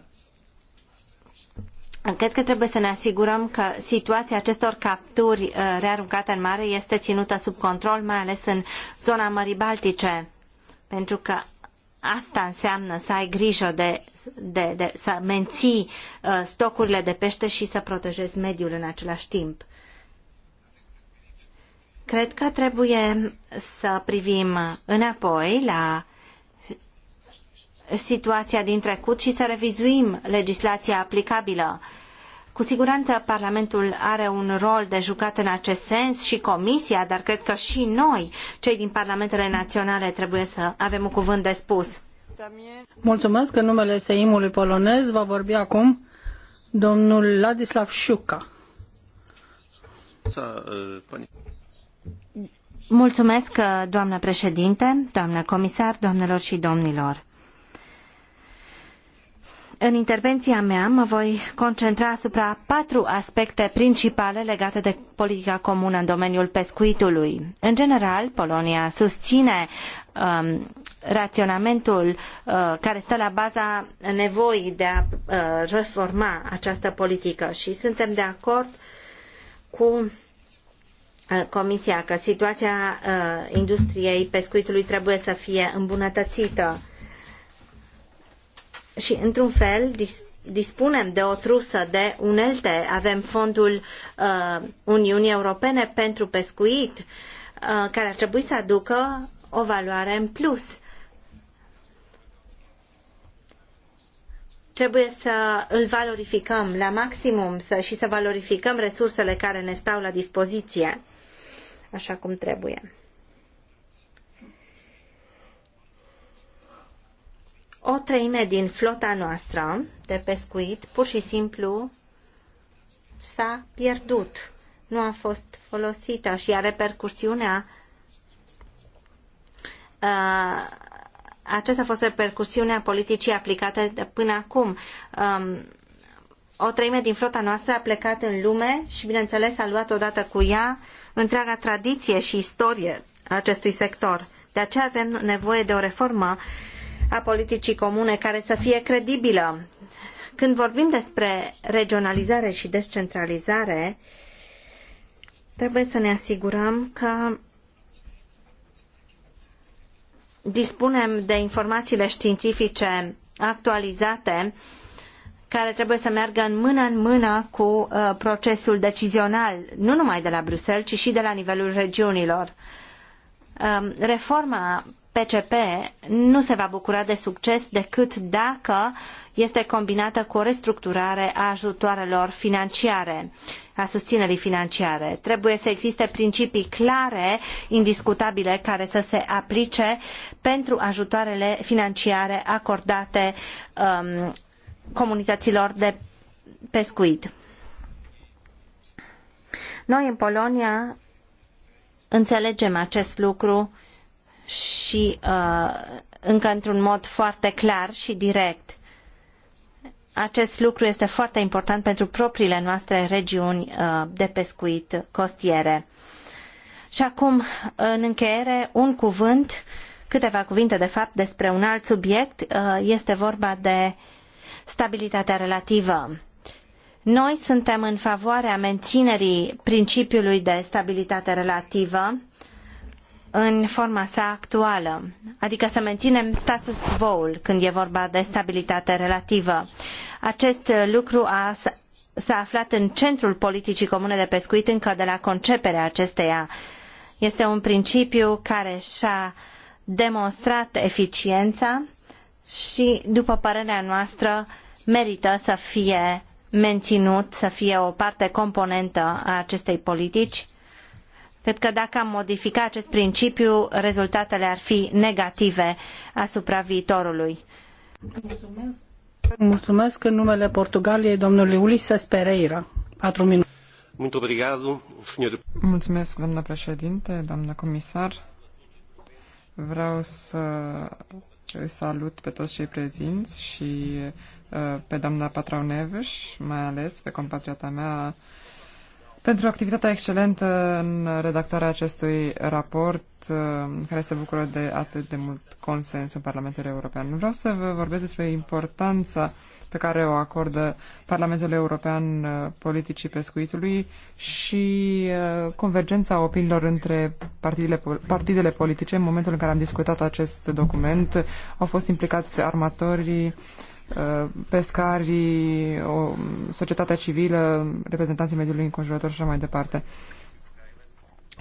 Cred că trebuie să ne asigurăm că situația acestor capturi uh, rearuncate în mare este ținută sub control, mai ales în zona Mării Baltice, pentru că Asta înseamnă să ai grijă de, de, de să menții uh, stocurile de pește și să protejezi mediul în același timp. Cred că trebuie să privim înapoi la situația din trecut și să revizuim legislația aplicabilă uh, cu siguranță Parlamentul are un rol de jucat în acest sens și Comisia, dar cred că și noi, cei din Parlamentele Naționale, trebuie să avem un cuvânt de spus. Mulțumesc. În numele Seimului polonez va vorbi acum domnul Ladislav Șuca. Mulțumesc, doamnă președinte, doamnă comisar, doamnelor și domnilor. În intervenția mea mă voi concentra asupra patru aspecte principale legate de politica comună în domeniul pescuitului. În general, Polonia susține um, raționamentul uh, care stă la baza nevoii de a uh, reforma această politică și suntem de acord cu uh, Comisia că situația uh, industriei pescuitului trebuie să fie îmbunătățită. Uh, și, într-un fel, dispunem de o trusă de unelte. Avem fondul uh, Uniunii Europene pentru pescuit, uh, care ar trebui să aducă o valoare în plus. Trebuie să îl valorificăm la maximum să, și să valorificăm resursele care ne stau la dispoziție așa cum trebuie. O treime din flota noastră de pescuit pur și simplu s-a pierdut, nu a fost folosită și are repercursiunea uh, aceasta a fost repercursiunea politicii aplicate de până acum. Um, o treime din flota noastră a plecat în lume și, bineînțeles, a luat odată cu ea întreaga tradiție și istorie a acestui sector. De aceea avem nevoie de o reformă uh, a politicii comune care să fie credibilă. Când vorbim despre regionalizare și descentralizare, trebuie să ne asigurăm că dispunem de informațiile științifice actualizate care trebuie să meargă în mână în mână cu uh, procesul decizional, nu numai de la Bruxelles, ci și de la nivelul regiunilor. Uh, reforma PCP nu se va bucura de succes decât dacă este combinată cu o restructurare a ajutoarelor financiare, a susținerii financiare. Trebuie să existe principii clare, indiscutabile, care să se aplice pentru ajutoarele financiare acordate um, comunităților de pescuit. Noi în Polonia înțelegem acest lucru și uh, încă într-un mod foarte clar și direct. Acest lucru este foarte important pentru propriile noastre regiuni uh, de pescuit costiere. Și acum, în încheiere, un cuvânt, câteva cuvinte de fapt despre un alt subiect. Uh, este vorba de stabilitatea relativă. Noi suntem în favoarea menținerii principiului de stabilitate relativă uh, în forma sa actuală, adică să menținem status quo-ul când e vorba de stabilitate relativă. Acest lucru a, s-a aflat în centrul politicii comune de pescuit încă de la conceperea acesteia. Este un principiu care și-a demonstrat eficiența și, după părerea noastră, merită să fie menținut, să fie o parte componentă a acestei politici Cred că dacă am modifica acest principiu, rezultatele ar fi negative asupra viitorului. Mulțumesc. Mulțumesc în numele Portugaliei domnului Ulises Pereira. 4 minute. Mulțumesc, doamna președinte, doamna comisar. Vreau să salut pe toți cei prezinți și uh, pe doamna Patrau Neveș, mai ales pe compatriota mea, pentru activitatea excelentă în redactarea acestui raport uh, care se bucură de atât de mult consens în Parlamentul European. Vreau să vă vorbesc despre importanța pe care o acordă Parlamentul European uh, politicii pescuitului și uh, convergența opiniilor între partidele, partidele politice. În momentul în care am discutat acest document, au fost implicați armatorii, Uh, pescarii, o, societatea civilă, reprezentanții mediului înconjurător și așa mai departe.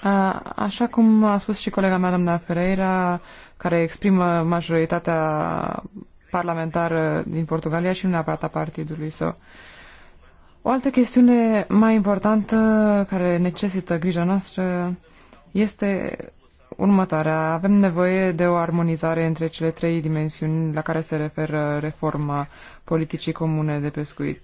A, uh, așa cum a spus și colega mea, doamna Ferreira, care exprimă majoritatea parlamentară din Portugalia și nu neapărat a partidului său. O altă chestiune mai importantă care necesită grija noastră este următoarea. Avem nevoie de o armonizare între cele trei dimensiuni la care se referă reforma politicii comune de pescuit.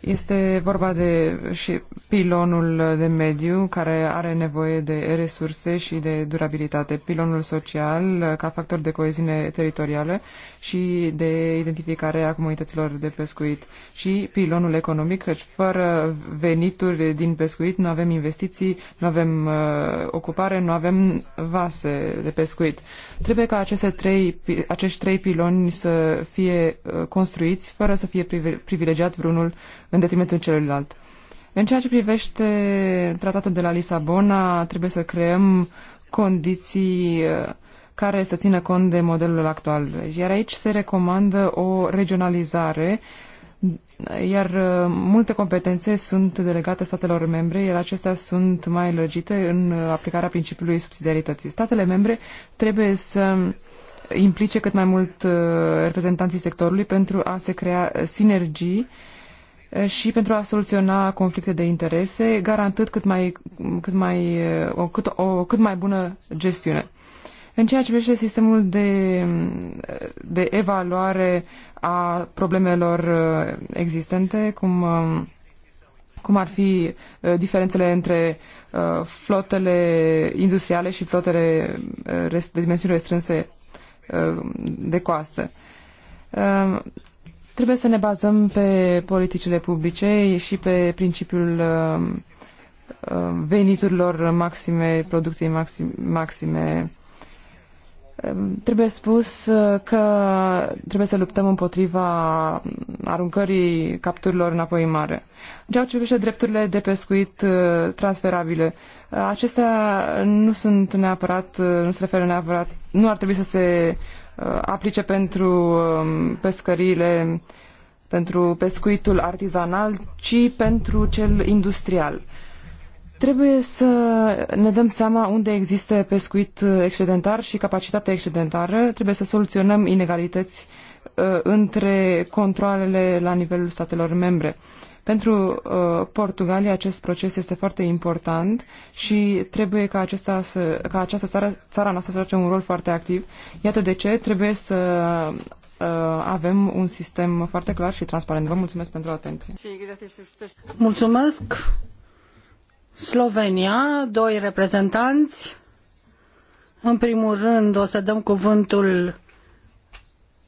Este vorba de și pilonul de mediu care are nevoie de resurse și de durabilitate, pilonul social ca factor de coeziune teritorială și de identificare a comunităților de pescuit și pilonul economic, căci fără venituri din pescuit nu avem investiții, nu avem uh, ocupare, nu avem vase de pescuit. Trebuie ca aceste trei, acești trei piloni să fie uh, construiți fără să fie privilegiat vreunul în detrimentul celuilalt. În ceea ce privește tratatul de la Lisabona, trebuie să creăm condiții uh, care să țină cont de modelul actual. Iar aici se recomandă o regionalizare, iar uh, multe competențe sunt delegate statelor membre, iar acestea sunt mai lărgite în uh, aplicarea principiului subsidiarității. Statele membre trebuie să implice cât mai mult reprezentanții sectorului pentru a se crea sinergii uh, și pentru a soluționa conflicte de interese, garantând cât mai, cât mai, o, cât, o cât mai bună gestiune. În ceea ce privește sistemul de, de evaluare a problemelor existente, cum, cum ar fi diferențele între flotele industriale și flotele de dimensiuni restrânse de coastă. Trebuie să ne bazăm pe politicile publice și pe principiul uh, uh, veniturilor maxime, producției maxime, maxime. Um, trebuie spus uh, că trebuie să luptăm împotriva aruncării capturilor înapoi în mare. În ceea ce privește drepturile de pescuit transferabile, acestea nu sunt neapărat, nu se referă neapărat, nu ar trebui să se Uh, aplice pentru um, pescăriile, pentru pescuitul artizanal, ci pentru cel industrial. Trebuie să ne dăm seama unde există pescuit excedentar și capacitate excedentară. Trebuie să soluționăm inegalități uh, între controlele la nivelul statelor membre. Pentru uh, Portugalia acest proces este foarte important și trebuie ca, acesta să, ca această țară, țara noastră să joace un rol foarte activ. Iată de ce trebuie să uh, avem un sistem foarte clar și transparent. Vă mulțumesc pentru atenție. Mulțumesc. Slovenia, doi reprezentanți. În primul rând o să dăm cuvântul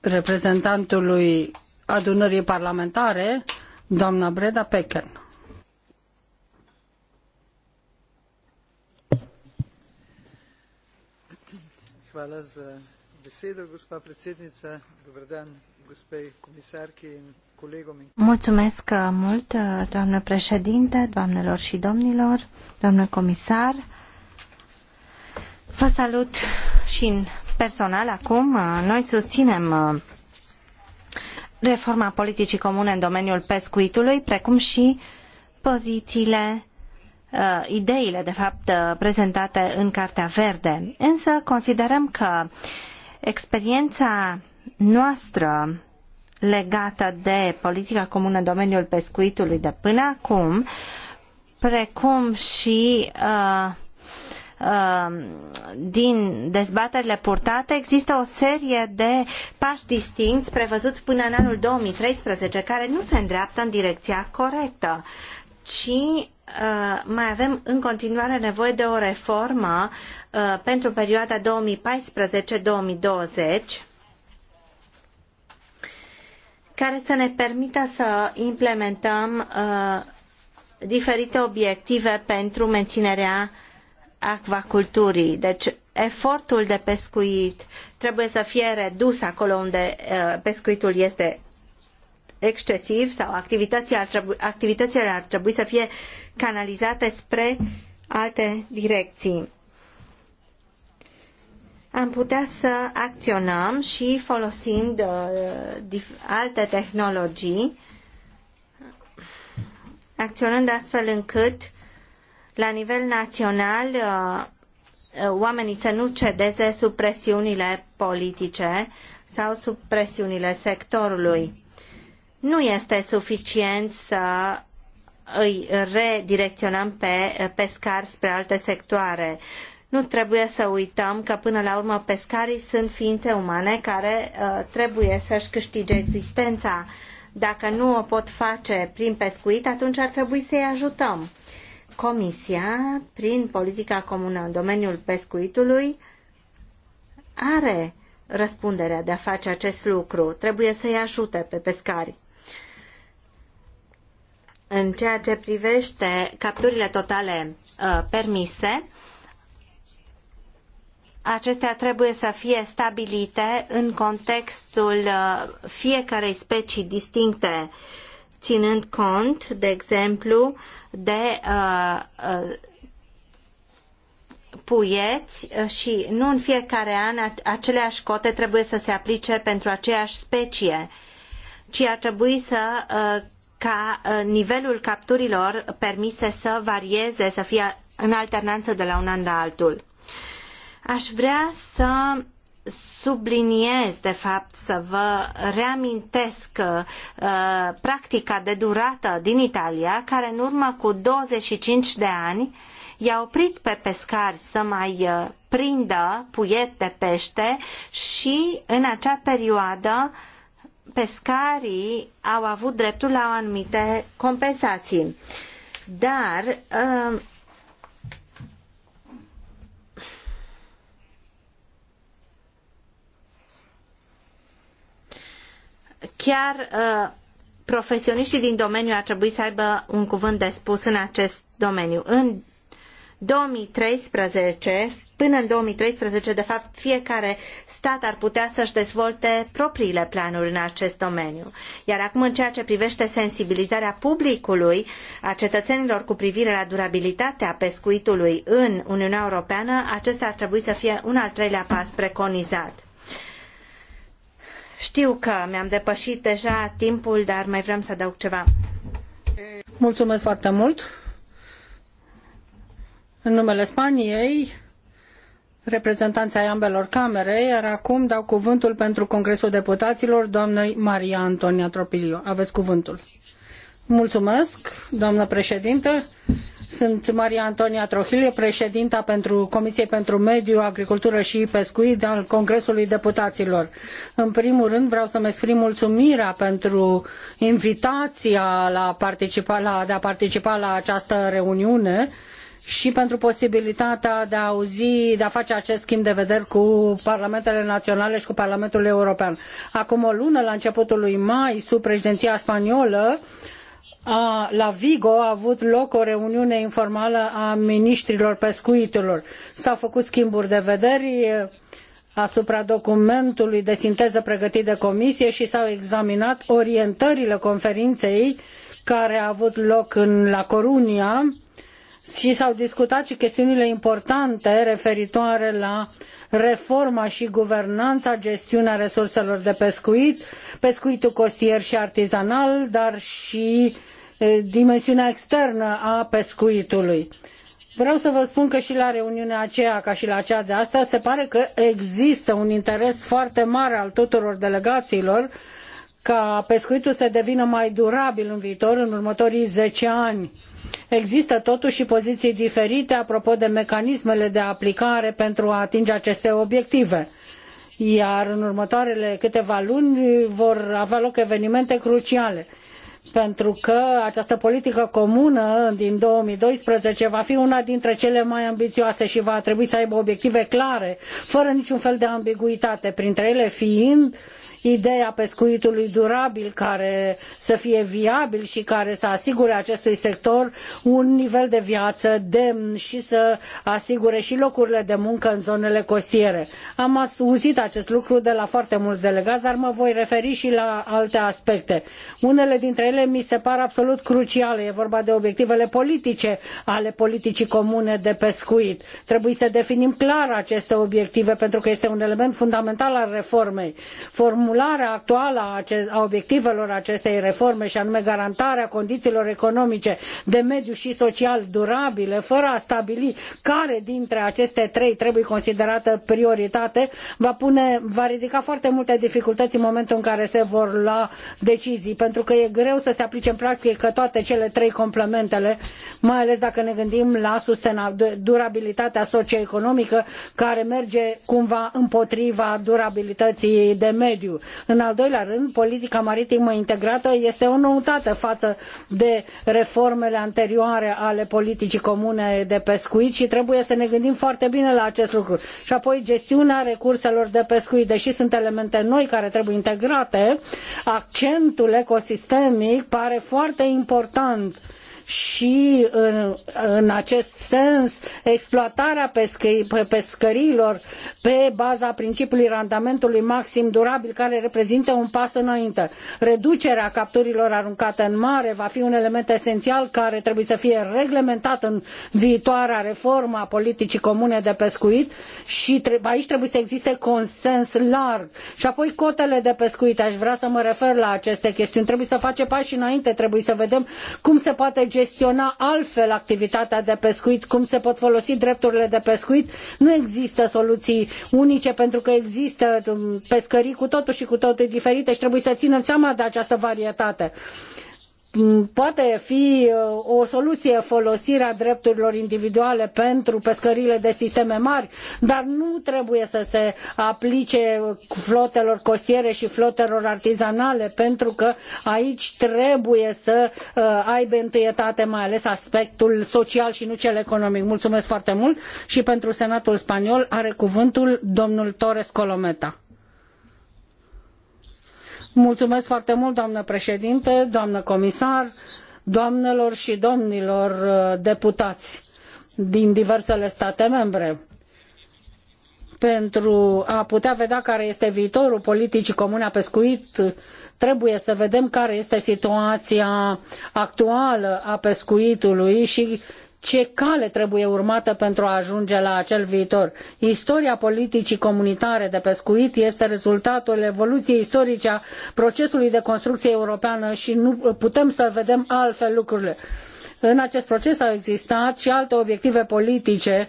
reprezentantului adunării parlamentare, Doamna Breda Pecken. Hvala za besedo, gospa predsednica. dan in Mulțumesc uh, mult, uh, doamnă președinte, doamnelor și domnilor, doamnă comisar. Vă salut și în personal acum. Uh, noi susținem reforma politicii comune în domeniul pescuitului, precum și pozițiile, uh, ideile, de fapt, uh, prezentate în Cartea Verde. Însă considerăm că experiența noastră legată de politica comună în domeniul pescuitului de până acum, precum și uh, Um, din dezbaterile purtate, există o serie de pași distincți prevăzuți până în anul 2013 care nu se îndreaptă în direcția corectă, ci uh, mai avem în continuare nevoie de o reformă uh, pentru perioada 2014-2020 care să ne permită să implementăm uh, diferite obiective pentru menținerea acvaculturii. Deci efortul de pescuit trebuie să fie redus acolo unde uh, pescuitul este excesiv sau activitățile ar trebui, activitățile ar trebui să fie canalizate spre alte direcții. Am putea să acționăm și folosind uh, alte tehnologii, acționând astfel încât la nivel național uh, uh, oamenii să nu cedeze sub presiunile politice sau sub presiunile sectorului. Nu este suficient să îi redirecționăm pe pescari spre alte sectoare. Nu trebuie să uităm că până la urmă pescarii sunt ființe umane care uh, trebuie să-și câștige existența. Dacă nu o pot face prin pescuit, atunci ar trebui să-i ajutăm. Comisia, prin politica comună în domeniul pescuitului, are răspunderea de a face acest lucru. Trebuie să-i ajute pe pescari. În ceea ce privește capturile totale uh, permise, acestea trebuie să fie stabilite în contextul uh, fiecarei specii distincte uh, ținând cont, de exemplu, de uh, uh, puieți uh, și nu în fiecare an aceleași cote trebuie să se aplice pentru aceeași specie, ci ar trebui să uh, ca uh, nivelul capturilor permise să varieze, să fie în alternanță de la un an la altul. Aș vrea să subliniez, de fapt, să vă reamintesc uh, practica de durată din Italia, care în urmă cu 25 de ani i-a oprit pe pescari să mai uh, prindă puiet de pește și în acea perioadă pescarii au avut dreptul la anumite compensații. Dar uh, chiar uh, profesioniștii din domeniu ar trebui să aibă un cuvânt de spus în acest domeniu. În 2013, până în 2013, de fapt, fiecare stat ar putea să-și dezvolte propriile planuri în acest domeniu. Iar acum, în ceea ce privește sensibilizarea publicului a cetățenilor cu privire la durabilitatea pescuitului în Uniunea Europeană, acesta ar trebui să fie un al treilea pas preconizat. Știu că mi-am depășit deja timpul, dar mai vreau să adaug ceva. Mulțumesc foarte mult. În numele Spaniei, reprezentanții ambelor camere, iar acum dau cuvântul pentru Congresul Deputaților doamnei Maria Antonia Tropilio. Aveți cuvântul. Mulțumesc, doamnă președintă. Sunt Maria Antonia Trohilie, președinta pentru Comisiei pentru Mediu, Agricultură și Pescuit al Congresului Deputaților. În primul rând vreau să-mi exprim mulțumirea pentru invitația la participa, la, de a participa la această reuniune și pentru posibilitatea de a auzi, de a face acest schimb de vederi cu parlamentele naționale și cu Parlamentul European. Acum o lună, la începutul lui mai, sub președinția spaniolă, la Vigo a avut loc o reuniune informală a ministrilor pescuitelor. S-au făcut schimburi de vederi asupra documentului de sinteză pregătit de comisie și s-au examinat orientările conferinței care a avut loc în La Corunia, și s-au discutat și chestiunile importante referitoare la reforma și guvernanța, gestiunea resurselor de pescuit, pescuitul costier și artizanal, dar și dimensiunea externă a pescuitului. Vreau să vă spun că și la reuniunea aceea, ca și la cea de astăzi, se pare că există un interes foarte mare al tuturor delegațiilor ca pescuitul să devină mai durabil în viitor, în următorii zece ani Există totuși poziții diferite apropo de mecanismele de aplicare pentru a atinge aceste obiective iar în următoarele câteva luni vor avea loc evenimente cruciale pentru că această politică comună din 2012 va fi una dintre cele mai ambițioase și va trebui să aibă obiective clare, fără niciun fel de ambiguitate, printre ele fiind uh, ideea pescuitului durabil care să fie viabil și care să asigure acestui sector un nivel de viață demn și să asigure și locurile de muncă în zonele costiere. Am auzit acest lucru de la foarte mulți delegați, dar mă voi referi și la alte aspecte. Unele dintre ele mi se par absolut cruciale. E vorba de obiectivele politice ale politicii comune de pescuit. Trebuie să definim clar aceste obiective pentru că este un element fundamental al reformei formularea actuală a obiectivelor acestei reforme și anume garantarea condițiilor economice de mediu și social durabile, fără a stabili care dintre aceste trei trebuie considerată prioritate, va, pune, va ridica foarte multe dificultăți în momentul în care se vor lua decizii, pentru că e greu să se aplice în practică toate cele trei complementele, mai ales dacă ne gândim la durabilitatea socioeconomică care merge cumva împotriva durabilității de mediu. În al doilea rând, politica maritimă integrată este o noutate față de reformele anterioare ale politicii comune de pescuit și trebuie să ne gândim foarte bine la acest lucru. Și apoi gestiunea recurselor de pescuit, deși sunt elemente noi care trebuie integrate, accentul ecosistemic pare foarte important și în, în acest sens exploatarea pescăriilor pe baza principiului randamentului maxim durabil care reprezintă un pas înainte. Reducerea capturilor aruncate în mare va fi un element esențial care trebuie să fie reglementat în viitoarea reformă a politicii comune de pescuit și aici trebuie să existe consens larg. Și apoi cotele de pescuit, aș vrea să mă refer la aceste chestiuni. Trebuie să facem pași înainte, trebuie să vedem cum se poate gestiona gestiona altfel activitatea de pescuit, cum se pot folosi drepturile de pescuit. Nu există soluții unice pentru că există um, pescării cu totul și cu totul diferite și trebuie să ținem seama de această varietate. Mm, poate fi uh, o soluție folosirea drepturilor individuale pentru pescările de sisteme mari, dar nu trebuie să se aplice flotelor costiere și flotelor artizanale, pentru că aici trebuie să uh, aibă întâietate mai ales aspectul social și nu cel economic. Mulțumesc foarte mult și pentru Senatul Spaniol are cuvântul domnul Torres Colometa. Mulțumesc foarte mult, doamnă președinte, doamnă comisar, doamnelor și domnilor uh, deputați din diversele state membre pentru a putea vedea care este viitorul politicii comune a pescuit, trebuie să vedem care este situația actuală a pescuitului și ce cale trebuie urmată pentru a ajunge la acel viitor. Istoria politicii comunitare de pescuit este rezultatul evoluției istorice a procesului de construcție europeană și nu putem să vedem altfel lucrurile. În acest proces au existat și alte obiective politice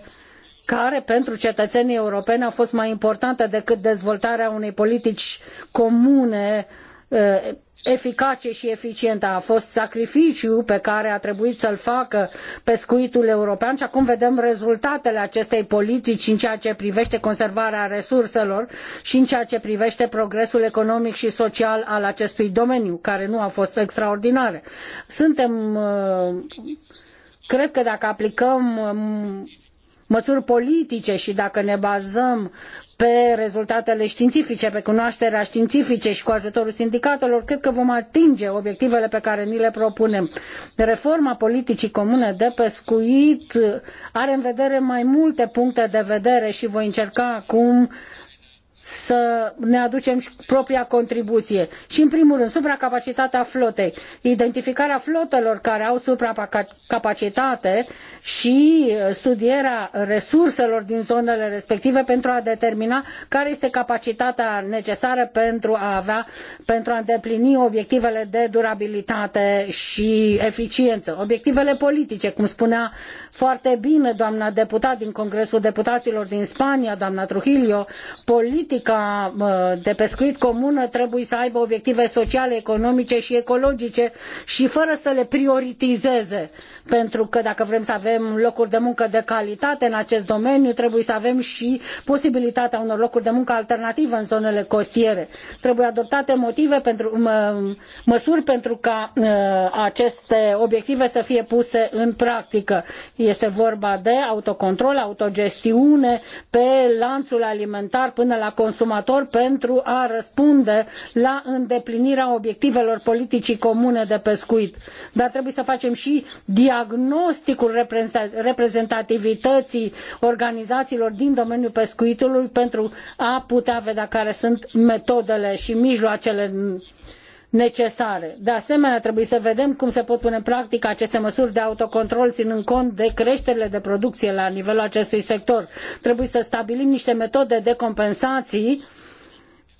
care pentru cetățenii europeni au fost mai importante decât dezvoltarea unei politici comune eh, eficace și eficientă. A fost sacrificiul pe care a trebuit să-l facă pescuitul european și acum vedem rezultatele acestei politici în ceea ce privește conservarea resurselor și în ceea ce privește progresul economic și social al acestui domeniu, care nu a fost extraordinar. Suntem, uh, cred că dacă aplicăm um, măsuri politice și dacă ne bazăm pe rezultatele științifice, pe cunoașterea științifice și cu ajutorul sindicatelor, cred că vom atinge obiectivele pe care ni le propunem. Reforma politicii comune de pescuit are în vedere mai multe puncte de vedere și voi încerca acum să ne aducem și propria contribuție. Și în primul rând, supracapacitatea flotei, identificarea flotelor care au supracapacitate și uh, studierea resurselor din zonele respective pentru a determina care este capacitatea necesară pentru a avea, pentru a îndeplini obiectivele de durabilitate și eficiență. Obiectivele politice, cum spunea foarte bine doamna deputat din Congresul Deputaților din Spania, doamna Trujillo, politice politica de pescuit comună trebuie să aibă obiective sociale, economice și ecologice și fără să le prioritizeze. Pentru că dacă vrem să avem locuri de muncă de calitate în acest domeniu, trebuie să avem și posibilitatea unor locuri de muncă alternative în zonele costiere. Trebuie adoptate motive pentru, mă, măsuri pentru ca aceste obiective să fie puse în practică. Este vorba de autocontrol, autogestiune pe lanțul alimentar până la consumator pentru a răspunde la îndeplinirea obiectivelor politicii comune de pescuit. Dar trebuie să facem și diagnosticul reprezentativității organizațiilor din domeniul pescuitului pentru a putea vedea care sunt metodele și mijloacele necesare. De asemenea, trebuie să vedem cum se pot pune în practică aceste măsuri de autocontrol, ținând cont de creșterile de producție la nivelul acestui sector. Trebuie să stabilim niște metode de compensații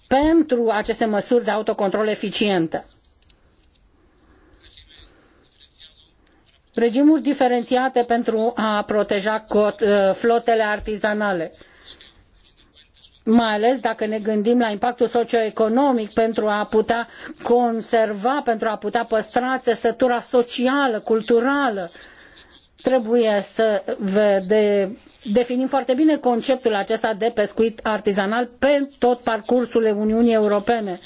pentru aceste măsuri de autocontrol eficiente. Regimuri diferențiate pentru a proteja eh, flotele artizanale mai ales dacă ne gândim la impactul socioeconomic pentru a putea conserva, pentru a putea păstra țesătura socială, culturală. Trebuie să de, definim foarte bine conceptul acesta de pescuit artizanal pe tot parcursul Uniunii Europene.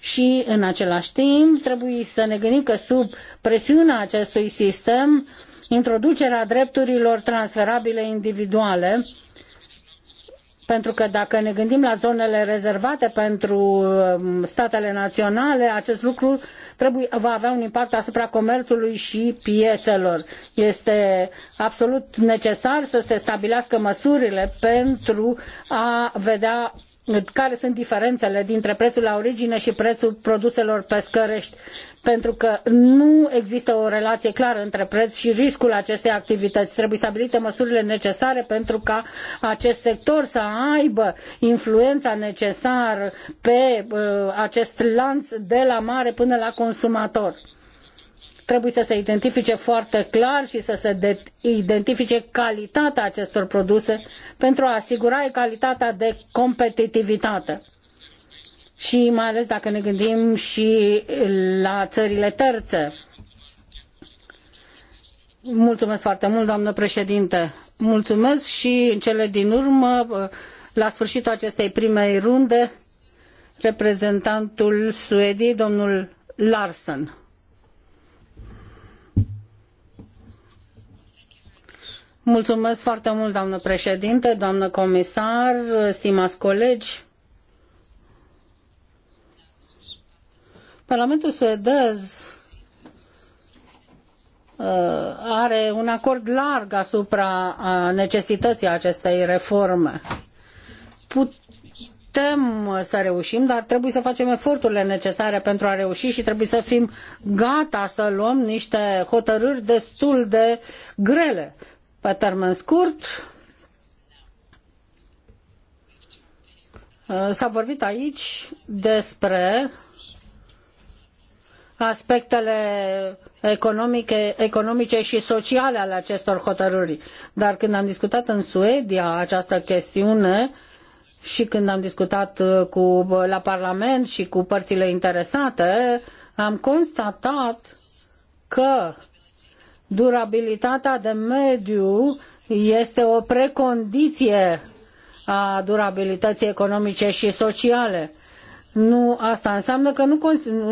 Și în același timp trebuie să ne gândim că sub presiunea acestui sistem, introducerea drepturilor transferabile individuale, uh, pentru că dacă ne gândim la zonele rezervate pentru um, statele naționale, acest lucru trebuie, va avea un impact asupra comerțului și piețelor. Este absolut necesar să se stabilească măsurile pentru a vedea care sunt diferențele dintre prețul la origine și prețul produselor pescărești, pentru că nu există o relație clară între preț și riscul acestei activități. Trebuie stabilite măsurile necesare pentru ca acest sector să aibă influența necesară pe uh, acest lanț de la mare până la consumator trebuie să se identifice foarte clar și să se identifice calitatea acestor produse pentru a asigura egalitatea de competitivitate. Și mai ales dacă ne gândim și la țările terțe. Mulțumesc foarte mult, doamnă președinte. Mulțumesc și în cele din urmă, la sfârșitul acestei primei runde, reprezentantul Suediei, domnul Larsen. Mulțumesc foarte mult, doamnă președinte, doamnă comisar, stimați colegi. Parlamentul suedez uh, are un acord larg asupra uh, necesității acestei reforme. Putem să reușim, dar trebuie să facem eforturile necesare pentru a reuși și trebuie să fim gata să luăm niște hotărâri destul de grele pe termen scurt. S-a vorbit aici despre aspectele economice, economice și sociale ale acestor hotărâri. Dar când am discutat în Suedia această chestiune și când am discutat uh, cu, uh, la Parlament și cu părțile interesate, am constatat că durabilitatea de mediu este o precondiție a durabilității economice și sociale. Nu, asta înseamnă că, nu,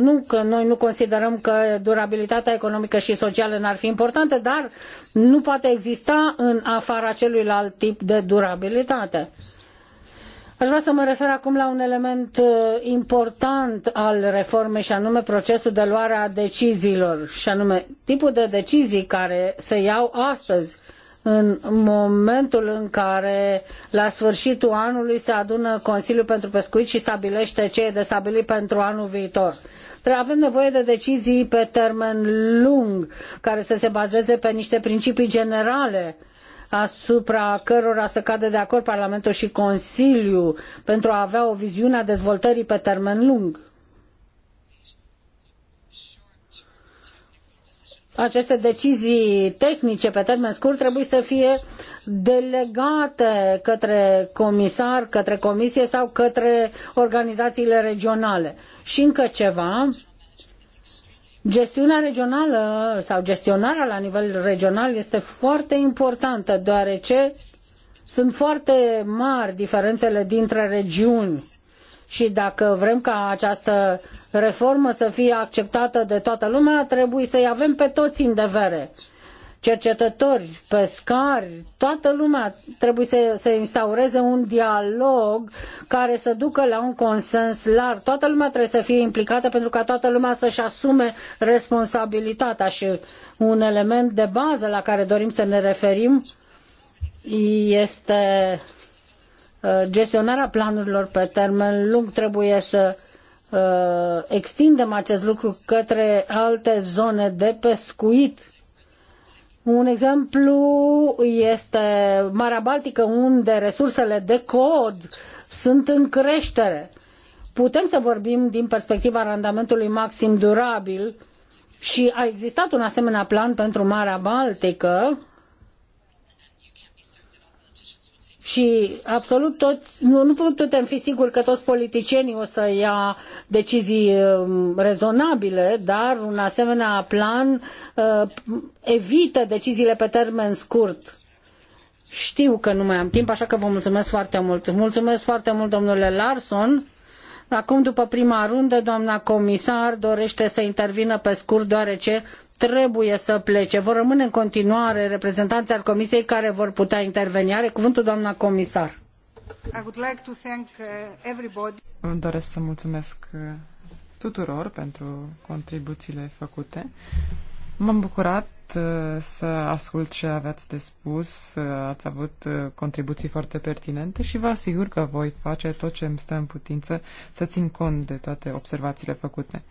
nu, că noi nu considerăm că durabilitatea economică și socială n-ar fi importantă, dar nu poate exista în afara celuilalt tip de durabilitate. Uh, Aș vrea să mă refer acum la un element uh, important al reformei și anume procesul de luare a deciziilor și anume tipul de decizii care se iau astăzi în momentul în care la sfârșitul anului se adună Consiliul pentru Pescuit și stabilește ce e de stabilit pentru anul viitor. Avem nevoie de decizii pe termen lung, care să se bazeze pe niște principii generale uh, asupra cărora să cadă de acord Parlamentul și Consiliul pentru a avea o viziune a dezvoltării pe termen lung. Aceste decizii tehnice pe termen scurt trebuie să fie delegate către comisar, către comisie sau către organizațiile regionale. Și încă ceva, Gestiunea regională sau gestionarea la nivel regional este foarte importantă, deoarece sunt foarte mari diferențele dintre regiuni și dacă vrem ca această reformă să fie acceptată de toată lumea, trebuie să-i avem pe toți în devere cercetători, pescari, toată lumea trebuie să, să instaureze un dialog care să ducă la un consens larg. Toată lumea trebuie să fie implicată pentru ca toată lumea să-și asume responsabilitatea și un element de bază la care dorim să ne referim este uh, gestionarea planurilor pe termen lung. Trebuie să uh, extindem acest lucru către alte zone de pescuit un exemplu este Marea Baltică, unde resursele de cod sunt în creștere. Putem să vorbim din perspectiva randamentului maxim durabil și a existat un asemenea plan pentru Marea Baltică, și absolut toți, nu, nu putem fi siguri că toți politicienii o să ia decizii um, rezonabile, dar un asemenea plan uh, evită deciziile pe termen scurt. Știu că nu mai am timp, așa că vă mulțumesc foarte mult. Mulțumesc foarte mult, domnule Larson. Acum, după prima rundă, doamna comisar dorește să intervină pe scurt, deoarece trebuie să plece. Vor rămâne în continuare reprezentanții al comisiei care vor putea interveni. Are cuvântul doamna comisar. Uh, Îmi doresc să mulțumesc uh, tuturor pentru contribuțiile făcute. M-am bucurat uh, să ascult ce aveți de spus, uh, ați avut uh, contribuții foarte pertinente și vă asigur că voi face tot ce îmi stă în putință să țin cont de toate observațiile făcute.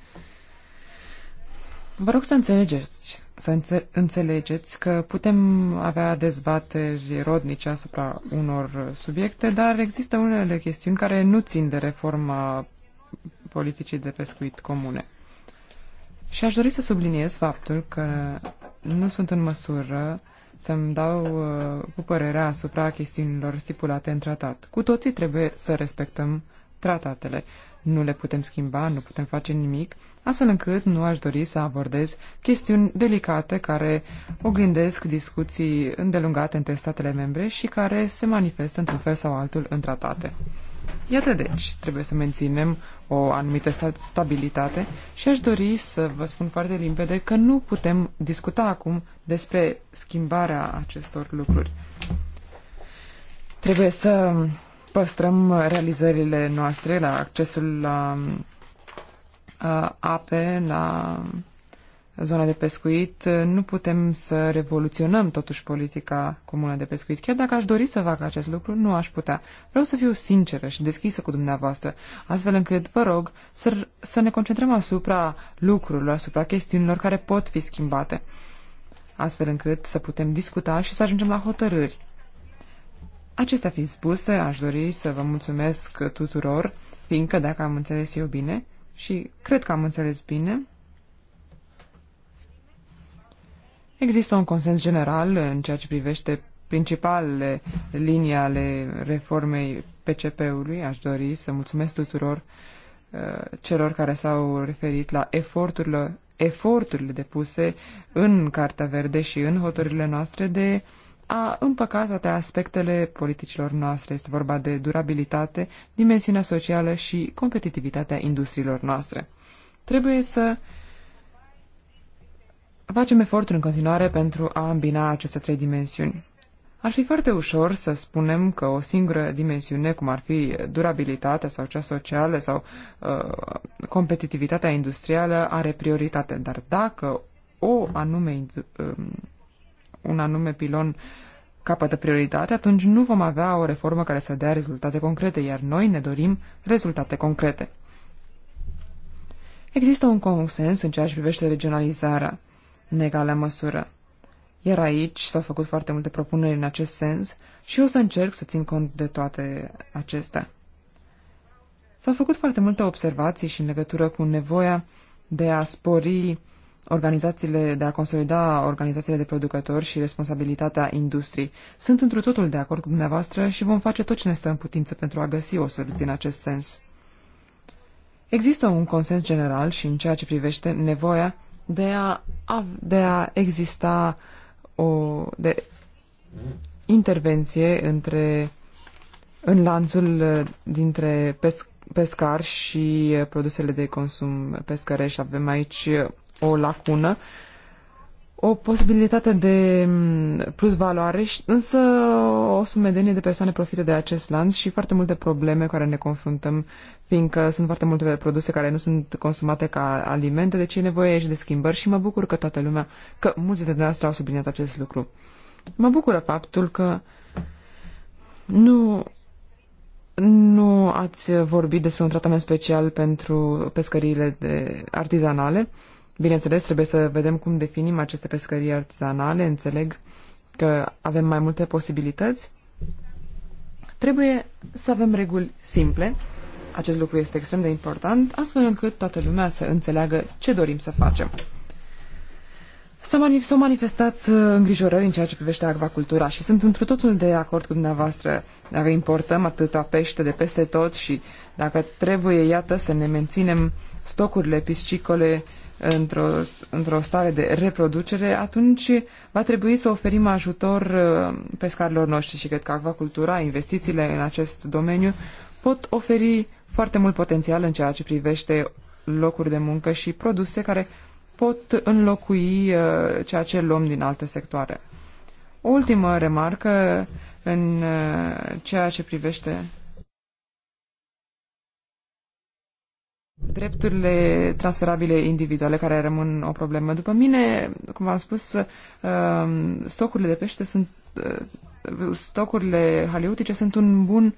Vă rog să înțelegeți, să înțelegeți că putem avea dezbateri rodnice asupra unor subiecte, dar există unele chestiuni care nu țin de reforma politicii de pescuit comune. Și aș dori să subliniez faptul că nu sunt în măsură să-mi dau uh, cu părerea asupra chestiunilor stipulate în tratat. Cu toții trebuie să respectăm tratatele. Nu le putem schimba, nu putem face nimic, astfel încât nu aș dori să abordez chestiuni delicate care oglindesc discuții îndelungate între statele membre și care se manifestă într-un fel sau altul în tratate. Iată deci, trebuie să menținem o anumită stabilitate și aș dori să vă spun foarte limpede că nu putem discuta acum despre schimbarea acestor lucruri. Trebuie să păstrăm realizările noastre la accesul la uh, ape, la zona de pescuit, nu putem să revoluționăm totuși politica comună de pescuit. Chiar dacă aș dori să fac acest lucru, nu aș putea. Vreau să fiu sinceră și deschisă cu dumneavoastră, astfel încât vă rog să, să ne concentrăm asupra lucrurilor, asupra chestiunilor care pot fi schimbate, astfel încât să putem discuta și să ajungem la hotărâri. Acestea fiind spuse, aș dori să vă mulțumesc tuturor, fiindcă, dacă am înțeles eu bine, și cred că am înțeles bine, Există un consens general în ceea ce privește principalele linii ale reformei PCP-ului. Aș dori să mulțumesc tuturor uh, celor care s-au referit la eforturile, eforturile depuse în Carta Verde și în hotările noastre de a împăca toate aspectele politicilor noastre. Este vorba de durabilitate, dimensiunea socială și competitivitatea industriilor noastre. Trebuie să uh, Facem eforturi în continuare pentru a îmbina aceste trei dimensiuni. Ar fi foarte ușor să spunem că o singură dimensiune, cum ar fi durabilitatea sau cea socială sau uh, competitivitatea industrială, are prioritate. Dar dacă o anume, uh, un anume pilon capătă prioritate, atunci nu vom avea o reformă care să dea rezultate concrete, iar noi ne dorim rezultate concrete. Există un consens în ceea ce privește regionalizarea în egală măsură. Iar aici s-au făcut foarte multe propuneri în acest sens și o să încerc să țin cont de toate acestea. S-au făcut foarte multe observații și în legătură cu nevoia de a spori organizațiile, de a consolida organizațiile de producători și responsabilitatea industriei. Sunt întru totul de acord cu dumneavoastră și vom face tot ce ne stă în putință pentru a găsi o soluție în acest sens. Există un consens general și în ceea ce privește nevoia de a, de a exista o de intervenție între în lanțul uh, dintre pesc, pescar și uh, produsele de consum pescărești. Avem aici uh, o lacună o posibilitate de mm, plus valoare, însă o sumedenie de persoane profită de acest lanț și foarte multe probleme care ne confruntăm, fiindcă sunt foarte multe produse care nu sunt consumate ca alimente, deci e nevoie aici de schimbări și mă bucur că toată lumea, că mulți dintre dumneavoastră au subliniat acest lucru. Mă bucură faptul că nu nu ați vorbit despre un tratament special pentru pescăriile de artizanale, Bineînțeles, trebuie să vedem cum definim aceste pescării artizanale. Înțeleg că avem mai multe posibilități. Trebuie să avem reguli simple. Acest lucru este extrem de important, astfel încât toată lumea să înțeleagă ce dorim să facem. S-au manif- manifestat uh, îngrijorări în ceea ce privește acvacultura și sunt într totul de acord cu dumneavoastră. Dacă importăm atâta pește de peste tot și dacă trebuie, iată, să ne menținem stocurile piscicole într-o, într-o stare de reproducere, atunci va trebui să oferim ajutor uh, pescarilor noștri și cred că acvacultura, investițiile în acest domeniu pot oferi foarte mult potențial în ceea ce privește locuri de muncă și produse care pot înlocui uh, ceea ce luăm din alte sectoare. O ultimă remarcă în uh, ceea ce privește drepturile transferabile individuale care rămân o problemă. După mine, cum v-am spus, uh, stocurile de pește sunt uh, stocurile haliutice sunt un bun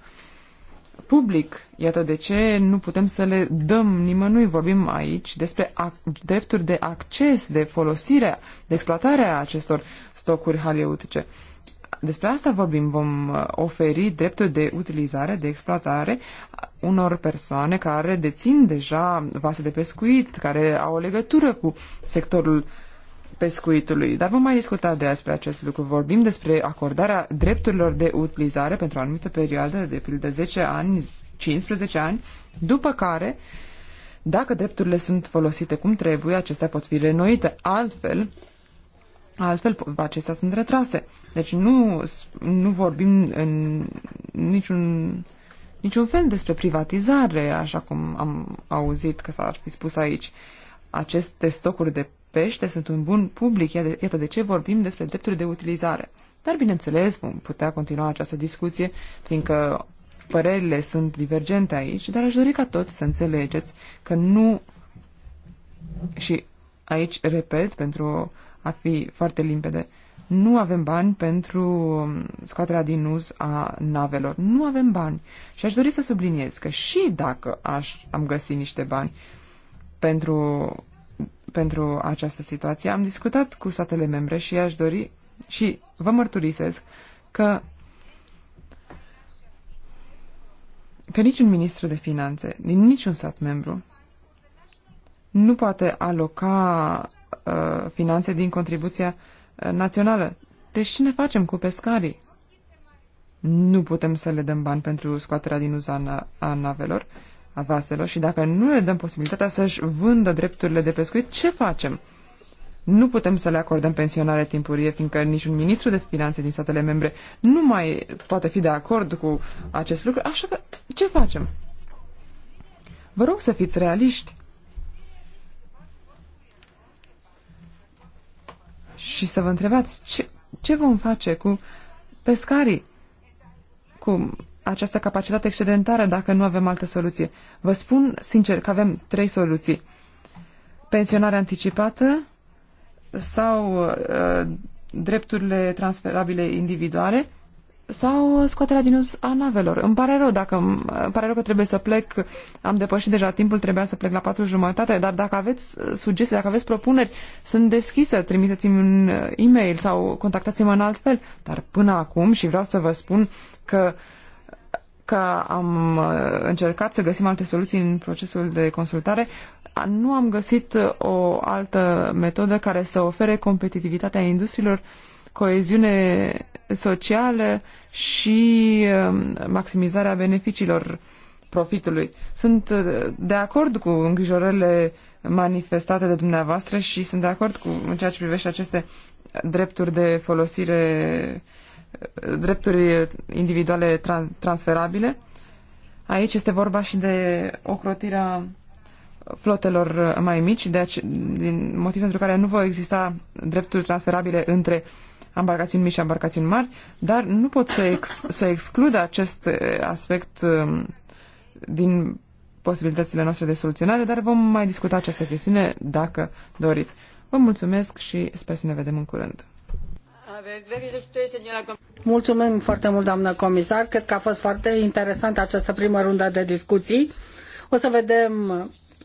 public. Iată de ce nu putem să le dăm nimănui. Vorbim aici despre drepturi de acces, de folosire, de exploatare a acestor stocuri haleutice despre asta vorbim. Vom uh, oferi dreptul de utilizare, de exploatare unor persoane care dețin deja vase de pescuit, care au o legătură cu sectorul pescuitului. Dar vom mai discuta de despre acest lucru. Vorbim despre acordarea drepturilor de utilizare pentru o anumită perioadă, de pildă 10 ani, 15 ani, după care, dacă drepturile sunt folosite cum trebuie, acestea pot fi renoite. Altfel, altfel acestea sunt retrase. Deci nu, nu vorbim în niciun, niciun fel despre privatizare, așa cum am auzit că s-ar fi spus aici. Aceste stocuri de pește sunt un bun public, iată de ce vorbim despre drepturi de utilizare. Dar, bineînțeles, vom putea continua această discuție, fiindcă părerile sunt divergente aici, dar aș dori ca toți să înțelegeți că nu... Și aici repet, pentru a fi foarte limpede, nu avem bani pentru um, scoaterea din uz a navelor. Nu avem bani. Și aș dori să subliniez că și dacă aș, am găsit niște bani pentru, pentru această situație, am discutat cu statele membre și aș dori și vă mărturisesc că că niciun ministru de finanțe din niciun stat membru nu poate aloca uh, finanțe din contribuția Eh, națională. Deci ce ne facem cu pescarii? Nu putem să le dăm bani pentru scoaterea din uza a navelor, a vaselor și dacă nu le dăm posibilitatea să-și vândă drepturile de pescuit, ce facem? Nu putem să le acordăm pensionare timpurie, fiindcă niciun ministru de finanțe din statele membre nu mai poate fi de acord cu acest lucru, așa că ce facem? Vă rog să fiți realiști. și să vă întrebați ce, ce vom face cu pescarii, cu această capacitate excedentară dacă nu avem altă soluție. Vă spun sincer că avem trei soluții. Pensionarea anticipată sau uh, drepturile transferabile individuale sau scoaterea din us a navelor. Îmi pare rău, dacă, îmi pare rău că trebuie să plec, am depășit deja timpul, trebuia să plec la patru jumătate, dar dacă aveți sugestii, dacă aveți propuneri, sunt deschisă, trimiteți-mi un uh, e-mail sau contactați-mă în alt fel. Dar până acum și vreau să vă spun că că am uh, încercat să găsim alte soluții în procesul de consultare, nu am găsit uh, o altă metodă care să ofere competitivitatea industriilor coeziune socială și um, maximizarea beneficiilor profitului. Sunt uh, de acord cu îngrijorările manifestate de dumneavoastră și sunt de acord cu în ceea ce privește aceste drepturi de folosire, uh, drepturi individuale transferabile. Aici este vorba și de ocrotirea flotelor mai mici, de ace- din motiv pentru care nu vor exista drepturi transferabile între embarcațiuni mici și embarcațiuni mari, dar nu pot să, ex- să exclud acest eh, aspect eh, din posibilitățile noastre de soluționare, dar vom mai discuta această chestiune dacă doriți. Vă mulțumesc și sper să ne vedem în curând. Mulțumim foarte mult, doamnă comisar. Cred că a fost foarte interesantă această primă rundă de discuții. O să vedem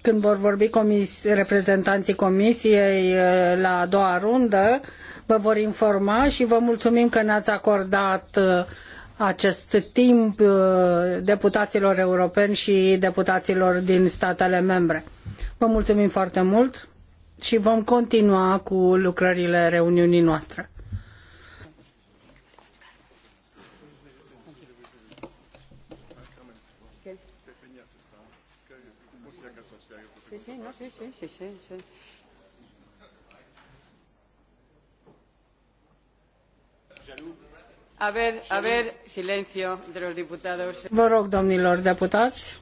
când vor vorbi comis, reprezentanții comisiei eh, la a doua rundă vă vor informa și vă mulțumim că ne-ați acordat uh, acest timp uh, deputaților europeni și deputaților din statele membre. Vă mulțumim foarte mult și vom continua cu lucrările reuniunii noastre. Sí, sí, no, sí, sí, sí, sí. de Vă rog, domnilor deputați.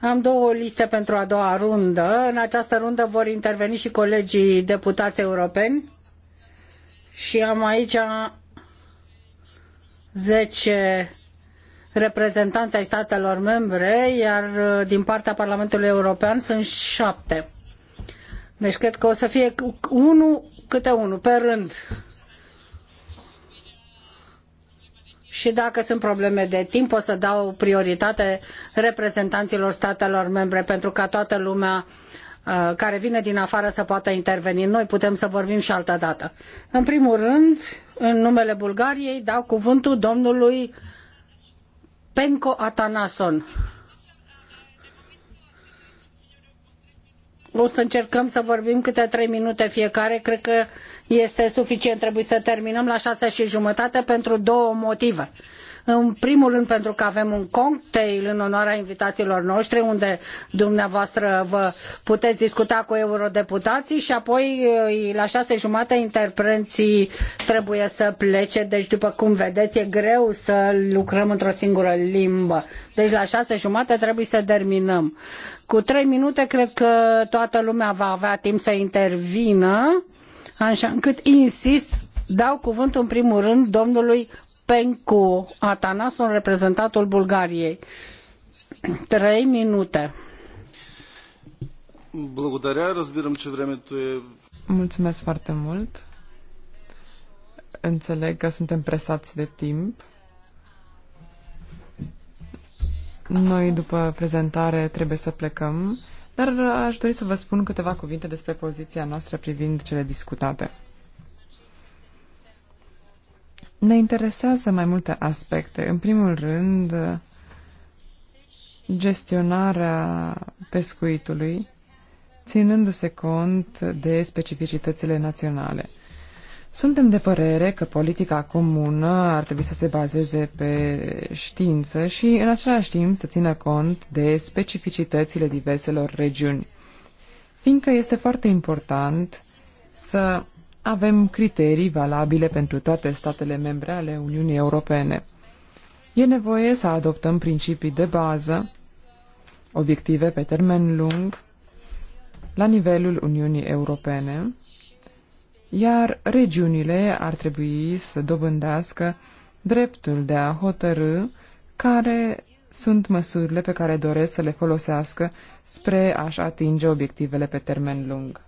Am două liste pentru a doua rundă. În această rundă vor interveni și colegii deputați europeni. Și am aici zece reprezentanți ai statelor membre, iar uh, din partea Parlamentului European sunt 7. Deci cred că o să fie unul câte unul, pe rând. și dacă sunt probleme de timp, o să dau prioritate reprezentanților statelor membre pentru ca toată lumea uh, care vine din afară să poată interveni. Noi putem să vorbim și altă dată. În primul rând, în numele Bulgariei, dau cuvântul domnului Penko Atanason. O să încercăm să vorbim câte trei minute fiecare. Cred că este suficient. Trebuie să terminăm la șase și jumătate pentru două motive. În primul rând pentru că avem un cocktail în onoarea invitațiilor noștri, unde dumneavoastră vă puteți discuta cu eurodeputații și apoi eh, la șase jumate interprenții trebuie să plece, deci după cum vedeți e greu să lucrăm într-o singură limbă. Deci la șase jumate trebuie să terminăm. Cu trei minute cred că toată lumea va avea timp să intervină, așa încât insist, dau cuvântul în primul rând domnului Pencu Atanason, reprezentantul Bulgariei. Trei minute. Mulțumesc foarte mult. Înțeleg că suntem presați de timp. Noi, după prezentare, trebuie să plecăm, dar aș dori să vă spun câteva cuvinte despre poziția noastră privind cele discutate. Ne interesează mai multe aspecte. În primul rând, gestionarea pescuitului, ținându-se cont de specificitățile naționale. Suntem de părere că politica comună ar trebui să se bazeze pe știință și în același timp să țină cont de specificitățile diverselor regiuni. Fiindcă este foarte important să avem criterii valabile pentru toate statele membre ale Uniunii Europene. E nevoie să adoptăm principii de bază, obiective pe termen lung, la nivelul Uniunii Europene, iar regiunile ar trebui să dobândească dreptul de a hotărâ care sunt măsurile pe care doresc să le folosească spre a-și atinge obiectivele pe termen lung.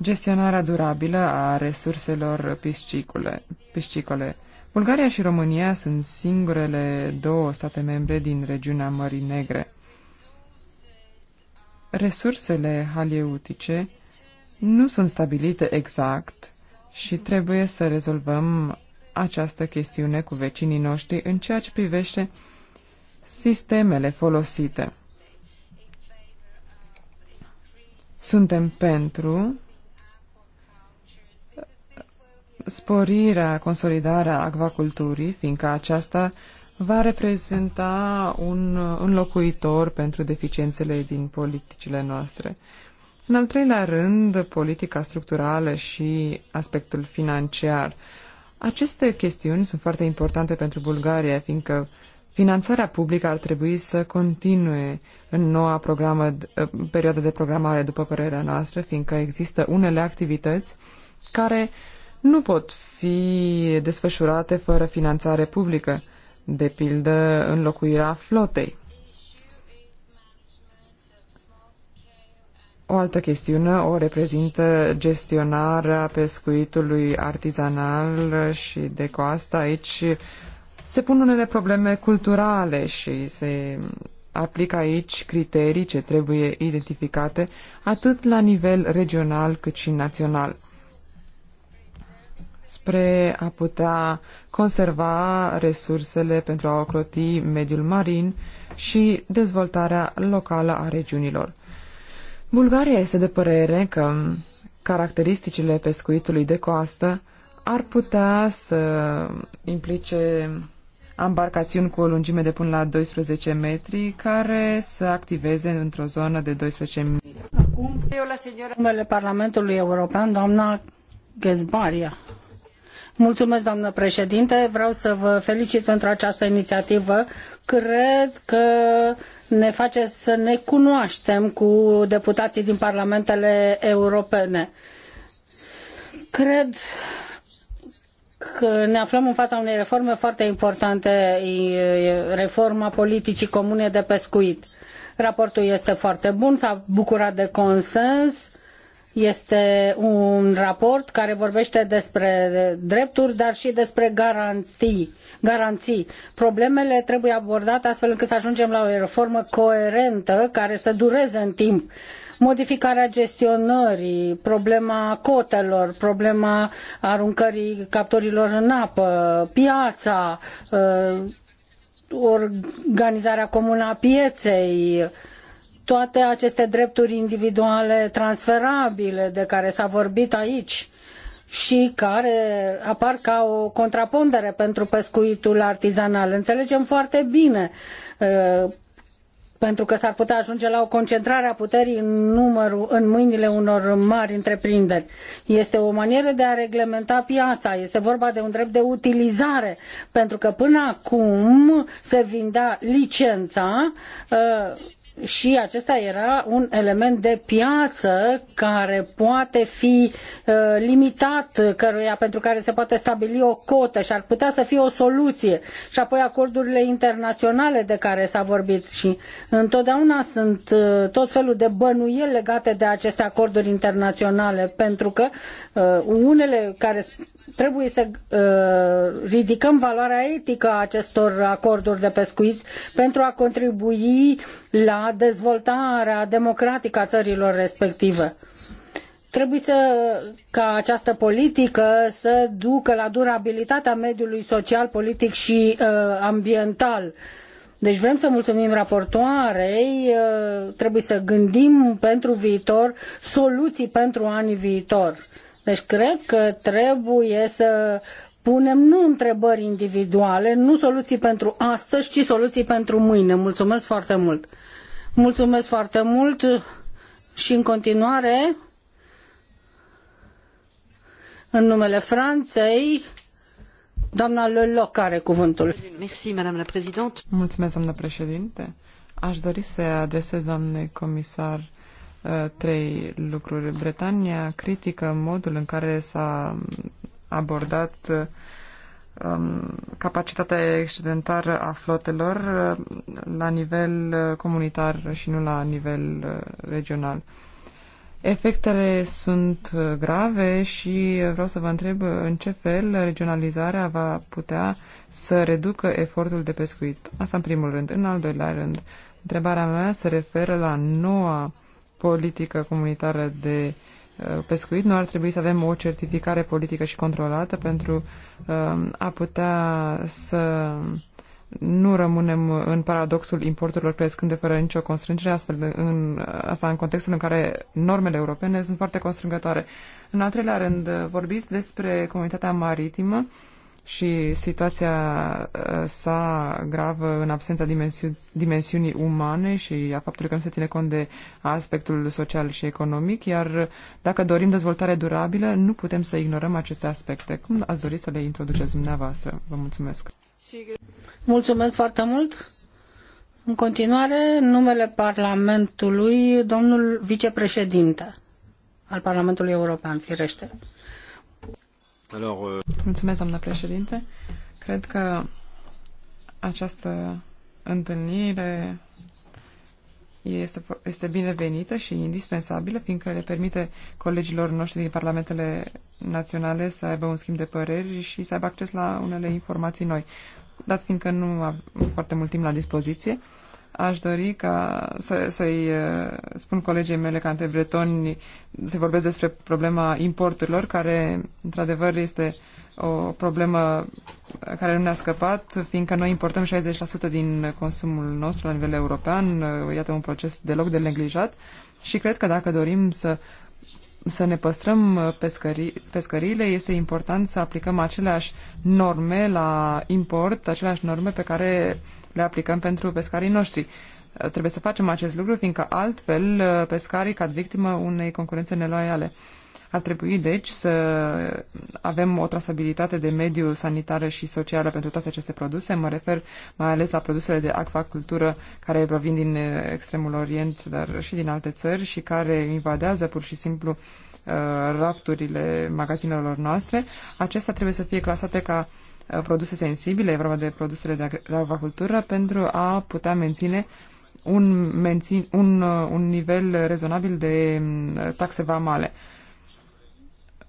gestionarea durabilă a resurselor piscicole. piscicole. Bulgaria și România sunt singurele două state membre din regiunea Mării Negre. Resursele haleutice nu sunt stabilite exact și trebuie să rezolvăm această chestiune cu vecinii noștri în ceea ce privește sistemele folosite. Suntem pentru sporirea, consolidarea acvaculturii, fiindcă aceasta va reprezenta un înlocuitor pentru deficiențele din politicile noastre. În al treilea rând, politica structurală și aspectul financiar. Aceste chestiuni sunt foarte importante pentru Bulgaria, fiindcă finanțarea publică ar trebui să continue în noua programă, eh, perioadă de programare, după părerea noastră, fiindcă există unele activități care uh, nu pot fi desfășurate fără finanțare publică, de pildă înlocuirea flotei. O altă chestiune o reprezintă gestionarea pescuitului artizanal și de coastă. Aici se pun unele probleme culturale și se aplică aici criterii ce trebuie identificate atât la nivel regional cât și național spre a putea conserva resursele pentru a ocroti mediul marin și dezvoltarea locală a regiunilor. Bulgaria este de părere că caracteristicile pescuitului de coastă ar putea să implice ambarcațiuni cu o lungime de până la 12 metri care să activeze într-o zonă de 12 metri. Acum, eu la señora... numele Parlamentului European, doamna Gezbaria. Mulțumesc, doamnă președinte. Vreau să vă felicit pentru această inițiativă. Cred că ne face să ne cunoaștem cu deputații din parlamentele europene. Cred că ne aflăm în fața unei reforme foarte importante, reforma politicii comune de pescuit. Raportul este foarte bun, s-a bucurat de consens este un raport care vorbește despre drepturi, dar și despre garanții. garanții. Problemele trebuie abordate astfel încât să ajungem la o reformă coerentă care să dureze în timp modificarea gestionării, problema cotelor, problema aruncării captorilor în apă, piața, uh, organizarea comună a pieței, toate aceste drepturi individuale transferabile de care s-a vorbit aici și care apar ca o contrapondere pentru pescuitul artizanal. Înțelegem foarte bine uh, pentru că s-ar putea ajunge la o concentrare a puterii în, numărul, în mâinile unor mari întreprinderi. Este o manieră de a reglementa piața, este vorba de un drept de utilizare, pentru că până acum se vindea licența uh, și acesta era un element de piață care poate fi uh, limitat, căruia, pentru care se poate stabili o cotă și ar putea să fie o soluție. Și apoi acordurile internaționale de care s-a vorbit și întotdeauna sunt uh, tot felul de bănuieli legate de aceste acorduri internaționale, pentru că uh, unele care trebuie să uh, ridicăm valoarea etică a acestor acorduri de pescuit pentru a contribui la dezvoltarea democratică a țărilor respective. Trebuie să, ca această politică să ducă la durabilitatea mediului social, politic și uh, ambiental. Deci vrem să mulțumim raportoarei, uh, trebuie să gândim pentru viitor soluții pentru anii viitori. Deci cred că trebuie să punem nu întrebări individuale, nu soluții pentru astăzi, ci soluții pentru mâine. Mulțumesc foarte mult! Mulțumesc foarte mult și în continuare, în numele Franței, doamna Leloc are cuvântul. Mulțumesc, doamnă președinte. Aș dori să adresez, doamne comisar, Uh, trei lucruri. Bretania critică modul în care s-a abordat uh, um, capacitatea excedentară a flotelor uh, la nivel comunitar și nu la nivel regional. Efectele sunt grave și vreau să vă întreb în ce fel regionalizarea va putea să reducă efortul de pescuit. Asta în primul rând. În al doilea rând, întrebarea mea se referă la noua uh, politică comunitară de uh, pescuit, nu ar trebui să avem o certificare politică și controlată pentru uh, a putea să nu rămânem în paradoxul importurilor crescând de fără nicio constrângere, astfel în, uh, asta în contextul în care normele europene sunt foarte constrângătoare. În al treilea rând, vorbiți despre comunitatea maritimă și situația uh, sa gravă în absența dimensiu dimensiunii umane și a faptului că nu se ține cont de aspectul social și economic, iar dacă dorim dezvoltare durabilă, nu putem să ignorăm aceste aspecte. Cum ați dori să le introduceți dumneavoastră? Vă mulțumesc! Mulțumesc foarte mult! În continuare, numele Parlamentului, domnul vicepreședinte al Parlamentului European, firește. Alors, euh, Mulțumesc, doamnă președinte. Cred că această întâlnire este, este binevenită și indispensabilă, fiindcă le permite colegilor noștri din parlamentele naționale să aibă un schimb de păreri și să aibă acces la unele informații noi. Dat fiindcă nu am foarte mult timp la dispoziție, Aș dori ca să, să-i uh, spun colegii mele ca bretoni să vorbesc despre problema importurilor, care într-adevăr este o problemă care nu ne-a scăpat, fiindcă noi importăm 60% din consumul nostru la nivel european, uh, iată un proces deloc de neglijat și cred că dacă dorim să să ne păstrăm uh, pescări, pescăriile, este important să aplicăm aceleași norme la import, aceleași norme pe care le aplicăm pentru pescarii noștri. Uh, trebuie să facem acest lucru, fiindcă altfel uh, pescarii cad victimă unei concurențe neloiale. Ar trebui, deci, să avem o trasabilitate de mediu sanitară și socială pentru toate aceste produse. Mă refer mai ales la produsele de acvacultură care provin din uh, extremul orient, dar și din alte țări și care invadează pur și simplu rafturile magazinelor noastre. Acestea trebuie să fie clasate ca uh, Uh, produse sensibile, e vorba de produsele de, de acvacultură, pentru a putea menține un, mențin, un, uh, un nivel rezonabil de mm, taxe vamale.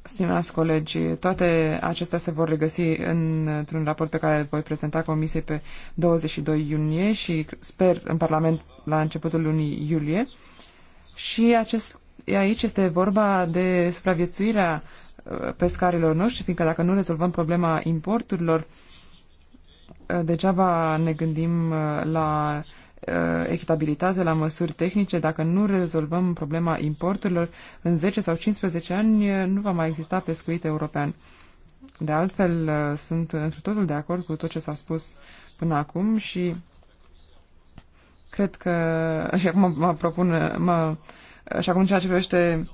Stimați colegi, toate acestea se vor regăsi într-un raport pe care îl voi prezenta Comisiei pe 22 iunie și sper în Parlament la începutul lunii iulie. Și acest, aici este vorba de supraviețuirea uh, pescarilor noștri, fiindcă dacă nu rezolvăm problema importurilor, uh, degeaba ne gândim uh, la uh, echitabilitate, la măsuri tehnice, dacă nu rezolvăm problema importurilor, în 10 sau 15 ani nu va mai exista pescuit european. De altfel, sunt într totul de acord cu tot ce s-a spus până acum și cred că, și acum mă propun, mă, și acum ceea ce privește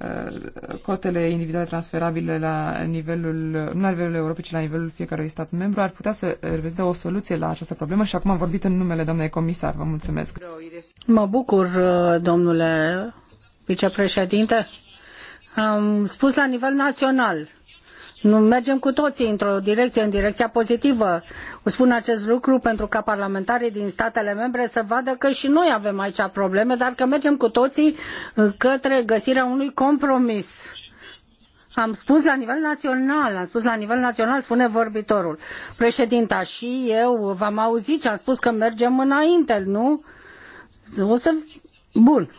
Uh, cotele individuale transferabile la nivelul, nu la nivelul Europei, ci la nivelul fiecărui stat membru, ar putea să reprezinte o soluție la această problemă și acum am vorbit în numele doamnei comisar. Vă mulțumesc. Mă bucur, uh, domnule vicepreședinte. Am spus la nivel național mergem cu toții într-o direcție, în direcția pozitivă. Spun acest lucru pentru ca parlamentarii din statele membre să vadă că și noi avem aici probleme, dar că mergem cu toții uh, către găsirea unui compromis. Am spus la nivel național, am spus la nivel național, spune vorbitorul. Președinta, și eu v-am auzit și am spus că mergem înainte, nu? O să... Bun.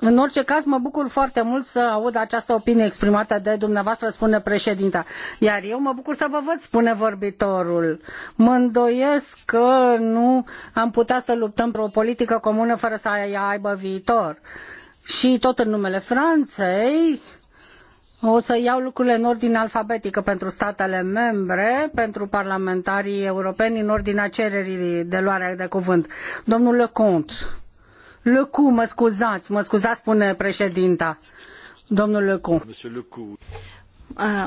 În orice caz, mă bucur foarte mult să aud această opinie exprimată de dumneavoastră, spune președinta. Iar eu mă bucur să vă văd, spune vorbitorul. Mă îndoiesc că nu am putea să luptăm pentru o politică comună fără să aibă viitor. Și tot în numele Franței, o să iau lucrurile în ordine alfabetică pentru statele membre, pentru parlamentarii europeni, în ordinea cererii de luare de cuvânt. Domnule Comte, Lăcu, mă scuzați, mă scuzați, spune președinta. Domnul Lăcu. Uh,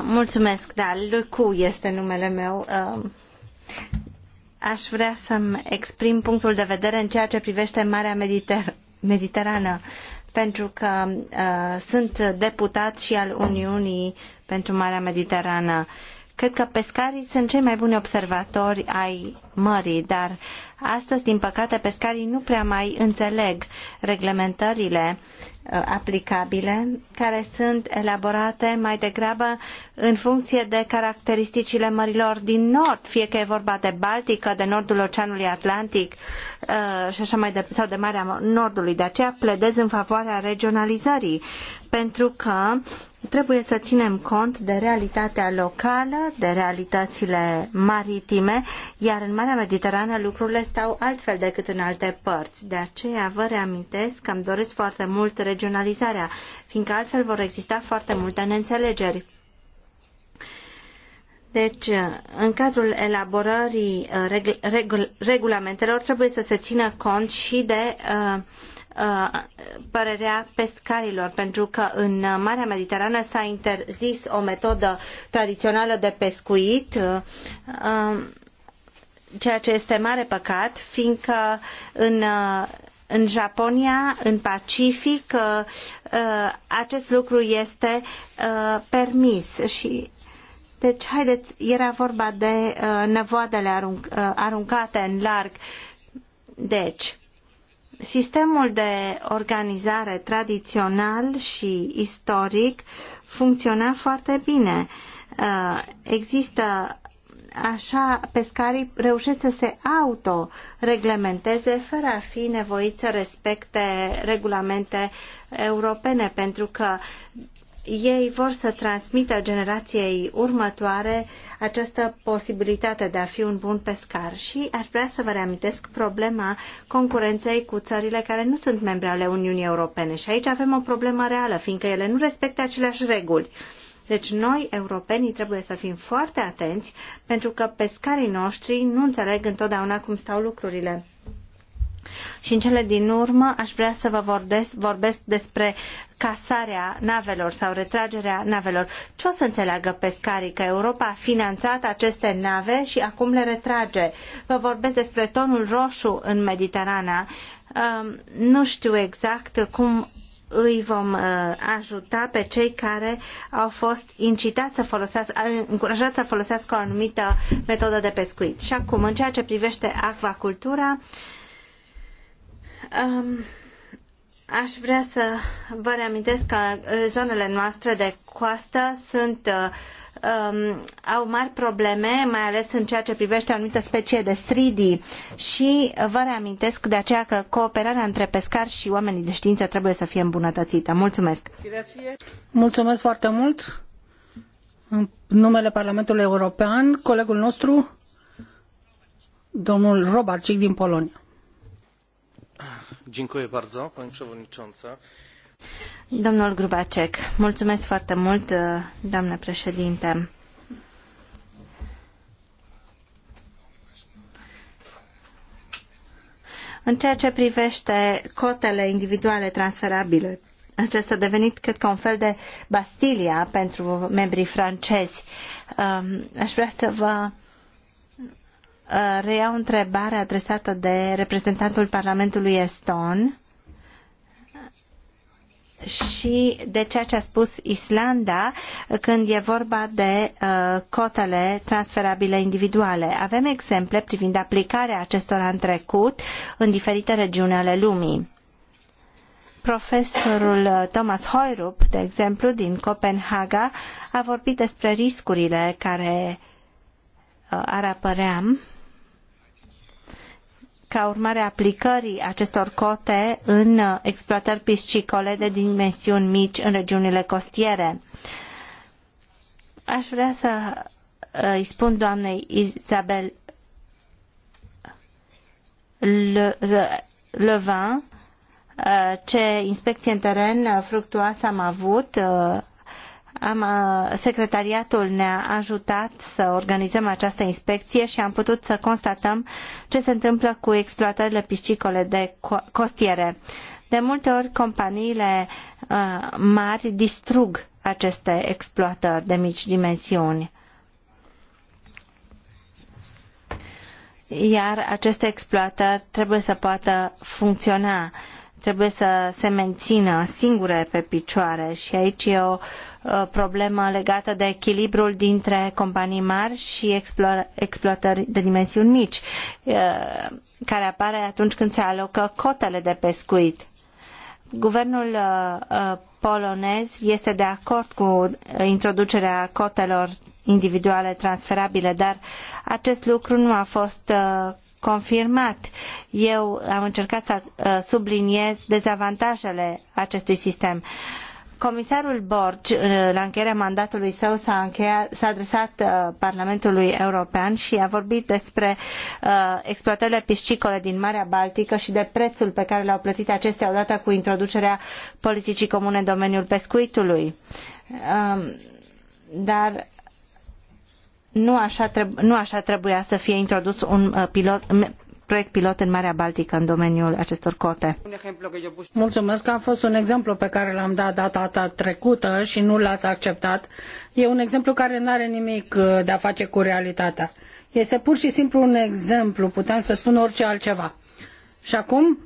mulțumesc, da, Lăcu este numele meu. Uh, aș vrea să-mi exprim punctul de vedere în ceea ce privește Marea Mediter- Mediterană, pentru că uh, sunt deputat și al Uniunii pentru Marea Mediterană. Uh, Cred că pescarii sunt cei mai buni observatori ai mării, dar astăzi, din păcate, pescarii nu prea mai înțeleg reglementările uh, aplicabile, care sunt elaborate mai degrabă în funcție de caracteristicile mărilor din nord, fie că e vorba de Baltică, de nordul Oceanului Atlantic, Uh, și așa mai departe, sau de Marea Nordului. De aceea pledez în favoarea regionalizării, pentru că trebuie să ținem cont de realitatea locală, de realitățile maritime, iar în Marea Mediterană lucrurile stau altfel decât în alte părți. De aceea vă reamintesc că îmi doresc foarte mult regionalizarea, fiindcă altfel vor exista foarte multe neînțelegeri. Deci, în cadrul elaborării uh, regulamentelor trebuie să se țină cont și de uh, uh, părerea pescarilor, pentru că în Marea Mediterană s-a interzis o metodă tradițională de pescuit, uh, um, ceea ce este mare păcat, fiindcă în uh, în Japonia, în Pacific, uh, acest lucru este permis și deci, haideți, era vorba de uh, năvoadele arunc, uh, aruncate în larg. Deci, sistemul de organizare tradițional și istoric funcționa foarte bine. Uh, există așa pescarii reușesc să se autoreglementeze fără a fi nevoiți să respecte regulamente europene, pentru că ei vor să transmită generației următoare această posibilitate de a fi un bun pescar și aș vrea să vă reamintesc problema concurenței cu țările care nu sunt membre ale Uniunii Europene și aici avem o problemă reală, fiindcă ele nu respectă aceleași reguli. Deci noi, europenii, trebuie să fim foarte atenți pentru că pescarii noștri nu înțeleg întotdeauna cum stau lucrurile. Și în cele din urmă aș vrea să vă vorbesc, vorbesc despre casarea navelor sau retragerea navelor. Ce o să înțeleagă pescarii? Că Europa a finanțat aceste nave și acum le retrage. Vă vorbesc despre tonul roșu în Mediterana. Um, nu știu exact cum îi vom uh, ajuta pe cei care au fost incitați să folosească, uh, încurajați să folosească o anumită metodă de pescuit. Și acum, în ceea ce privește acvacultura, uh, Um, aș vrea să vă reamintesc că zonele noastre de coastă sunt uh, um, au mari probleme, mai ales în ceea ce privește anumite specie de stridii și vă reamintesc de aceea că cooperarea între pescari și oamenii de știință trebuie să fie îmbunătățită. Mulțumesc! Mulțumesc foarte mult! În numele Parlamentului European, colegul nostru, domnul Robarcic din Polonia. Dziękuję Domnul Grubacek, mulțumesc foarte mult, doamnă președinte. În ceea ce privește cotele individuale transferabile, acesta a devenit, cred că, un fel de Bastilia pentru membrii francezi. Aș vrea să vă Uh, reiau întrebarea adresată de reprezentantul Parlamentului Eston și de ceea ce a spus Islanda când e vorba de uh, cotele transferabile individuale. Avem exemple privind aplicarea acestora în trecut în diferite regiuni ale lumii. Profesorul uh, Thomas Hoyrup, de exemplu, din Copenhaga, a vorbit despre riscurile care uh, ar apărea ca urmare a aplicării acestor cote în exploatări piscicole de dimensiuni mici în regiunile costiere. Aș vrea să uh, îi spun doamnei Isabel Le, Levin uh, ce inspecție în teren fructuoasă am avut uh, am, uh, secretariatul ne-a ajutat să organizăm această inspecție și am putut să constatăm ce se întâmplă cu exploatările piscicole de costiere. De multe ori, companiile uh, mari distrug aceste exploatări de mici dimensiuni. Iar aceste exploatări trebuie să poată funcționa trebuie să se mențină singure pe picioare și aici e o problemă legată de echilibrul dintre companii mari și exploatări de dimensiuni mici, care apare atunci când se alocă cotele de pescuit. Guvernul polonez este de acord cu introducerea cotelor individuale transferabile, dar acest lucru nu a fost confirmat. Eu am încercat să uh, subliniez dezavantajele acestui sistem. Comisarul Borg, uh, la încheierea mandatului său, s-a, încheiat, s-a adresat uh, Parlamentului European și a vorbit despre uh, exploatările piscicole din Marea Baltică și de prețul pe care l-au plătit acestea odată cu introducerea politicii comune în domeniul pescuitului. Uh, dar nu așa, trebu- nu așa trebuia să fie introdus un uh, pilot, proiect pilot în Marea Baltică în domeniul acestor cote. Mulțumesc, a fost un exemplu pe care l-am dat data trecută și nu l-ați acceptat. E un exemplu care nu are nimic uh, de a face cu realitatea. Este pur și simplu un exemplu, putem să spun orice altceva. Și acum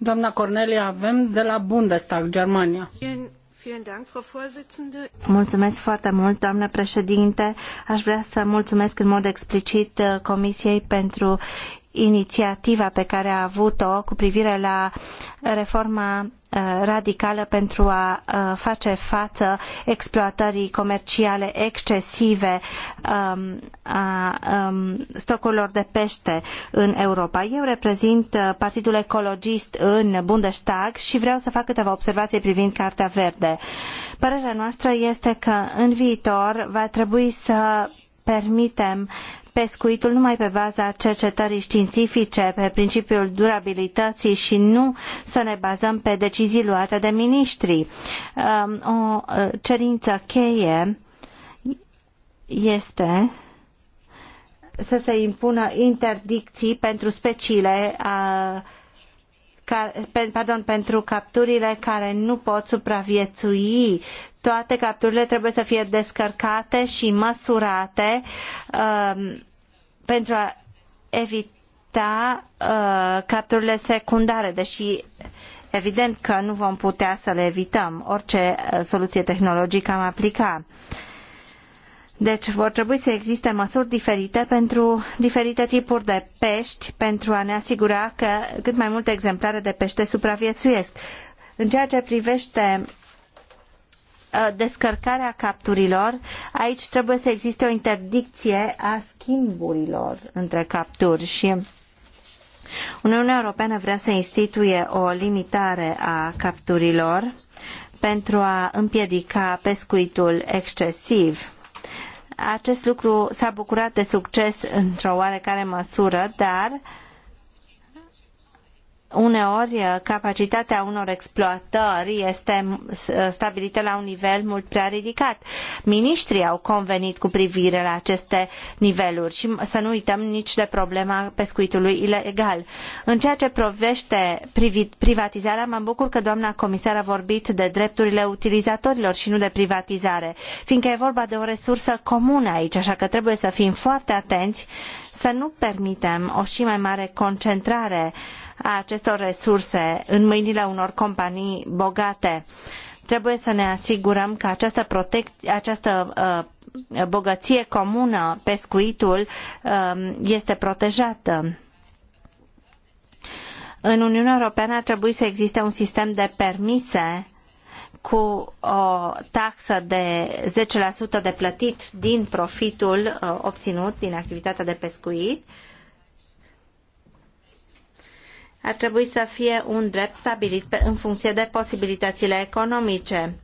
Doamna Cornelia avem de la Bundestag, Germania. Mulțumesc foarte mult, doamnă președinte. Aș vrea să mulțumesc în mod explicit uh, Comisiei pentru inițiativa pe care a avut-o cu privire la reforma uh, radicală pentru a uh, face față exploatării comerciale excesive um, a um, stocurilor de pește în Europa. Eu reprezint uh, Partidul Ecologist în Bundestag și vreau să fac câteva observații privind Cartea Verde. Părerea noastră este că în viitor va trebui să permitem pescuitul numai pe baza cercetării științifice, pe principiul durabilității și nu să ne bazăm pe decizii luate de miniștri. Um, o uh, cerință cheie este să se impună interdicții pentru speciile uh, a, pardon, pentru capturile care nu pot supraviețui. Toate capturile trebuie să fie descărcate și măsurate um, pentru a evita uh, capturile secundare, deși evident că nu vom putea să le evităm. Orice uh, soluție tehnologică am aplica. Deci vor trebui să existe măsuri diferite pentru diferite tipuri de pești pentru a ne asigura că cât mai multe exemplare de pește supraviețuiesc. În ceea ce privește Uh, descărcarea capturilor, aici trebuie să existe o interdicție a schimburilor între capturi și Uniunea Europeană vrea să instituie o limitare a capturilor pentru a împiedica pescuitul excesiv. Acest lucru s-a bucurat de succes într-o oarecare măsură, dar uh, uneori uh, capacitatea unor exploatări este uh, stabilită la un nivel mult prea ridicat. Ministrii au convenit cu privire la aceste niveluri și să nu uităm nici de problema pescuitului ilegal. În ceea ce privește privatizarea, mă bucur că doamna comisar a vorbit de drepturile utilizatorilor și nu de privatizare, fiindcă e vorba de o resursă comună aici, așa că trebuie să fim foarte atenți să nu permitem o și mai mare concentrare a acestor resurse în mâinile unor companii bogate. Trebuie să ne asigurăm că această, protec- această uh, bogăție comună, pescuitul, uh, este protejată în Uniunea Europeană ar trebui să existe un sistem de permise cu o taxă de 10% de plătit din profitul uh, obținut din activitatea de pescuit uh, ar trebui să fie un drept stabilit în funcție de posibilitățile economice.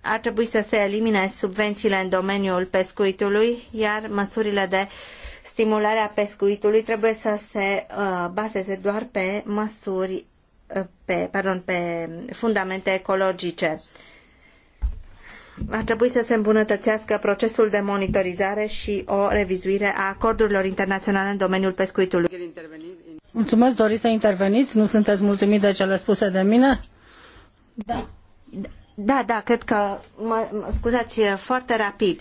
Ar trebui să se elimine subvențiile în domeniul pescuitului, iar măsurile de stimulare a pescuitului trebuie să se uh, bazeze doar pe măsuri, uh, pe, pardon, pe fundamente ecologice ar trebui să se îmbunătățească procesul de monitorizare și o revizuire a acordurilor internaționale în domeniul pescuitului. Mulțumesc, doriți să interveniți? Nu sunteți mulțumit de cele spuse de mine? Da. Da, da, cred că, mă, mă scuzați, foarte rapid.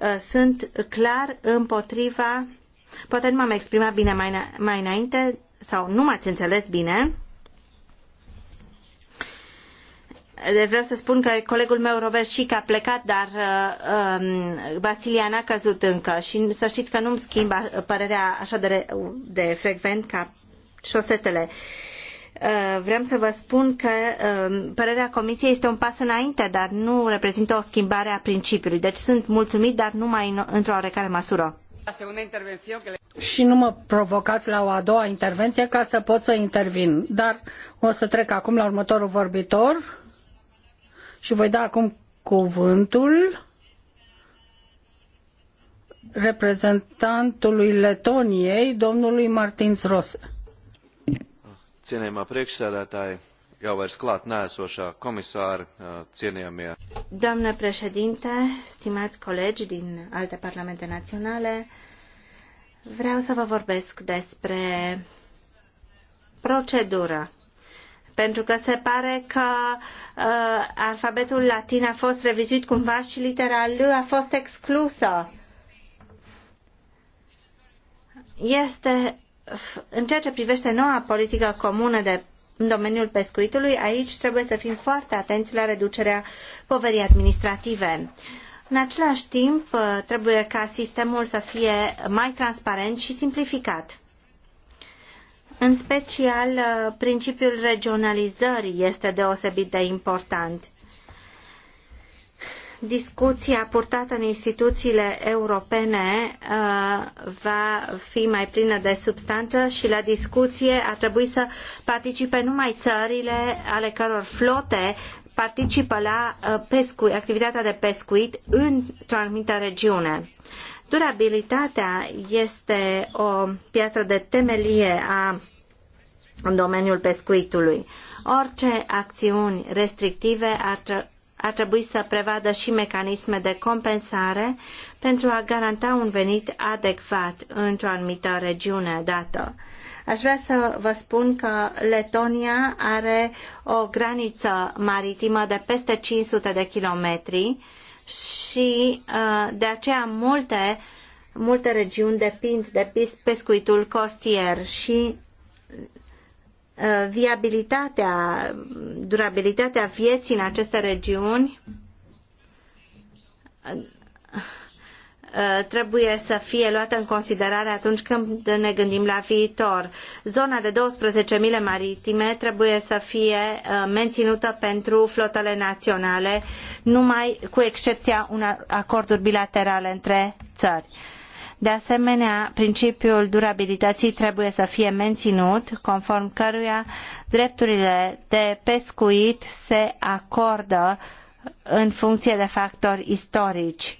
Uh, sunt clar împotriva, poate nu m-am exprimat bine mai, mai înainte sau nu m-ați înțeles bine, vreau să spun că colegul meu Robert Șic a plecat, dar uh, um, Basilia n-a căzut încă și să știți că nu-mi schimb părerea așa de, de frecvent ca șosetele. Uh, Vreau să vă spun că um, părerea Comisiei este un pas înainte, dar nu reprezintă o schimbare a principiului. Deci sunt mulțumit, dar numai într-o oarecare măsură. Și nu mă provocați la o a doua intervenție ca să pot să intervin. Dar o să trec acum la următorul vorbitor și voi da acum cuvântul reprezentantului Letoniei, domnului Martins Rose cienījamā priekšsēdētāja, jau vairs klāt nēsošā komisāra, cienījamie. Doamnă președinte, stimați colegi din alte parlamente naționale, vreau să vă vorbesc despre procedură pentru că se pare că uh, alfabetul latin a fost revizuit cumva și litera L a fost exclusă. Este în ceea ce privește noua politică comună de în domeniul pescuitului, aici trebuie să fim foarte atenți la reducerea poverii administrative. În același timp, trebuie ca sistemul să fie mai transparent și simplificat. În special, principiul regionalizării este deosebit de important discuția purtată în instituțiile europene uh, va fi mai plină de substanță și la discuție ar trebui să participe numai țările ale căror flote participă la uh, activitatea de pescuit într-o anumită regiune. Durabilitatea este o piatră de temelie a în domeniul pescuitului. Orice acțiuni restrictive ar, ar trebui să prevadă și mecanisme de compensare pentru a garanta un venit adecvat într-o anumită regiune dată. Aș vrea să vă spun că Letonia are o graniță maritimă de peste 500 de kilometri și uh, de aceea multe multe regiuni depind de pescuitul costier și Uh, viabilitatea, durabilitatea vieții în aceste regiuni uh, trebuie să fie luată în considerare atunci când ne gândim la viitor. Zona de 12 mile maritime trebuie să fie uh, menținută pentru flotele naționale, numai cu excepția unor acorduri bilaterale între țări de asemenea, principiul durabilității trebuie să fie menținut, conform căruia drepturile de pescuit se acordă în funcție de factori istorici.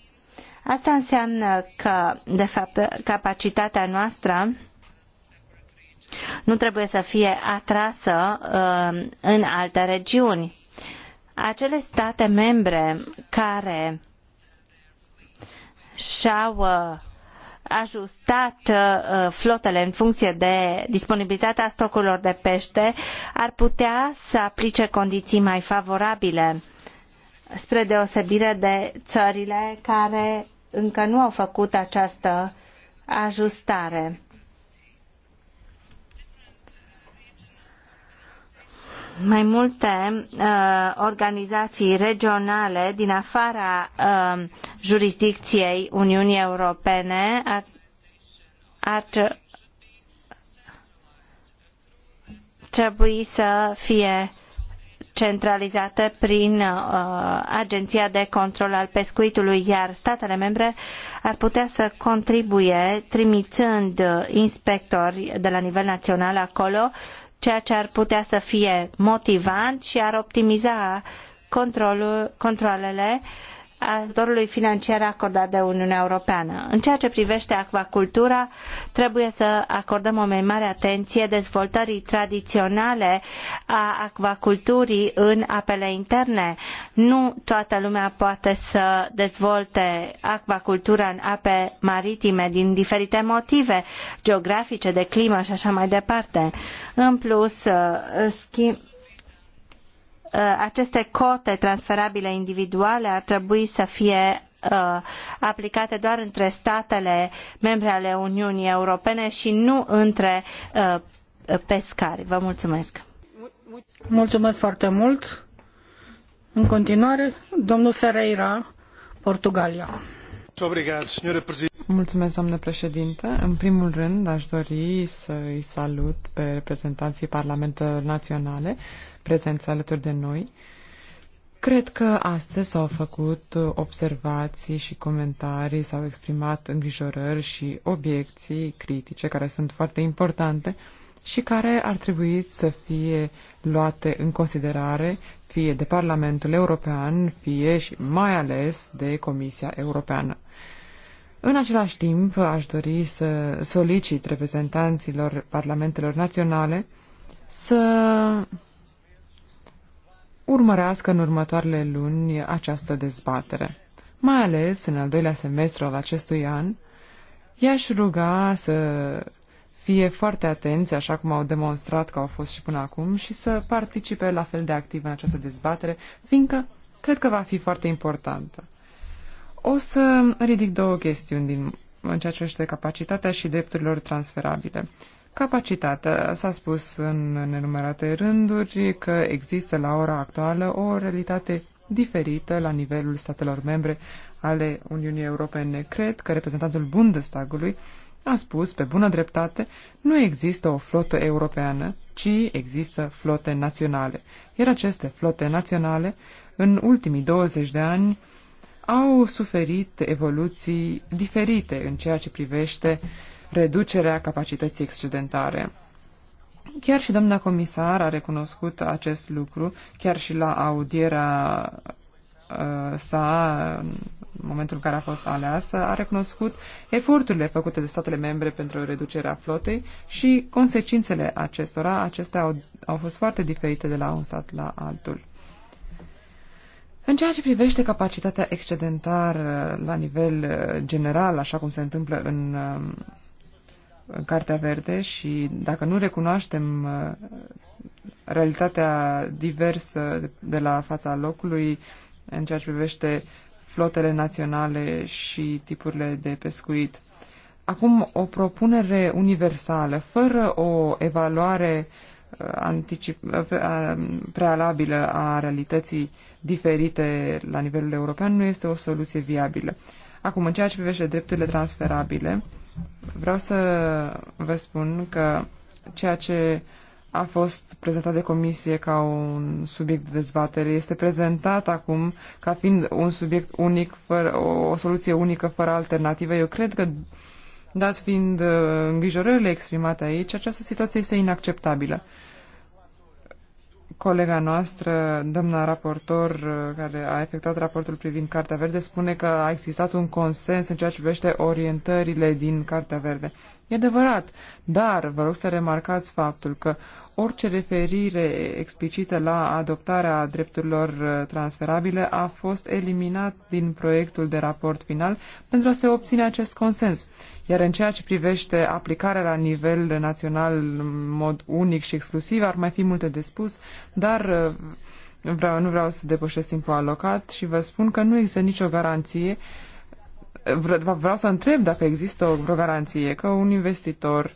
Asta înseamnă că, de fapt, capacitatea noastră nu trebuie să fie atrasă uh, în alte regiuni. Acele state membre care și-au uh, ajustat uh, uh, flotele în funcție de disponibilitatea stocurilor de pește, ar putea să aplice condiții mai favorabile spre deosebire de țările care încă nu au făcut această ajustare. mai multe uh, organizații regionale din afara uh, jurisdicției Uniunii Europene ar, ar trebui să fie centralizate prin uh, Agenția de Control al Pescuitului, iar statele membre ar putea să contribuie trimițând uh, inspectori de la nivel național acolo uh, ceea ce ar putea să fie motivant și ar optimiza controlul, controlele uh, ajutorului financiar acordat de Uniunea Europeană. În ceea ce privește acvacultura, trebuie să acordăm o mai mare atenție dezvoltării tradiționale a acvaculturii în apele interne. Nu toată lumea poate să dezvolte acvacultura în ape maritime din diferite motive geografice, de climă și așa mai departe. În plus, ă, schimb Uh, aceste cote transferabile individuale ar trebui să fie uh, aplicate doar între statele membre ale Uniunii Europene și nu între uh, pescari. Vă mulțumesc! Mulțumesc foarte mult! În continuare, domnul Ferreira, Portugalia. Obrigado, senhora Presidente. Mulțumesc, domnule președinte. În primul rând, aș dori să îi salut pe reprezentanții Parlamentelor Naționale prezenți alături de noi. Cred că astăzi s-au făcut observații și comentarii, s-au exprimat îngrijorări și obiecții critice care sunt foarte importante și care ar trebui să fie luate în considerare fie de Parlamentul European, fie și mai ales de Comisia Europeană. În același timp, aș dori să solicit reprezentanților parlamentelor naționale să urmărească în următoarele luni această dezbatere. Mai ales în al doilea semestru al acestui an, i-aș ruga să fie foarte atenți, așa cum au demonstrat că au fost și până acum, și să participe la fel de activ în această dezbatere, fiindcă cred că va fi foarte importantă. O să ridic două chestiuni din, în ceea ce este capacitatea și drepturilor transferabile. Capacitatea. S-a spus în nenumărate rânduri că există la ora actuală o realitate diferită la nivelul statelor membre ale Uniunii Europene. Cred că reprezentantul Bundestagului a spus, pe bună dreptate, nu există o flotă europeană, ci există flote naționale. Iar aceste flote naționale, în ultimii 20 de ani, au suferit evoluții diferite în ceea ce privește reducerea capacității excedentare. Chiar și doamna comisar a recunoscut acest lucru, chiar și la audierea uh, sa, în momentul în care a fost aleasă, a recunoscut eforturile făcute de statele membre pentru reducerea flotei și consecințele acestora, acestea au, au fost foarte diferite de la un stat la altul. În ceea ce privește capacitatea excedentară la nivel uh, general, așa cum se întâmplă în, um, în Cartea Verde și dacă nu recunoaștem uh, realitatea diversă de la fața locului în ceea ce privește flotele naționale și tipurile de pescuit. Acum, o propunere universală, fără o evaluare uh, anticip, prealabilă a realității diferite la nivelul european nu este o soluție viabilă. Acum, în ceea ce privește drepturile transferabile, vreau să vă spun că ceea ce a fost prezentat de comisie ca un subiect de dezbatere este prezentat acum ca fiind un subiect unic, fără, o soluție unică fără alternativă. Eu cred că Dat fiind uh, îngrijorările exprimate aici, această situație este inacceptabilă. Colega noastră, doamna raportor, uh, care a efectuat raportul privind Cartea Verde, spune că a existat un consens în ceea ce privește orientările din Cartea Verde. E adevărat, dar vă rog să remarcați faptul că orice referire explicită la adoptarea drepturilor uh, transferabile a fost eliminat din proiectul de raport final pentru a se obține acest consens. Iar în ceea ce privește aplicarea la nivel național în mod unic și exclusiv, ar mai fi multe de spus, dar uh, vreau, nu vreau să depășesc timpul alocat și vă spun că nu există nicio garanție Vreau să întreb dacă există o garanție că un investitor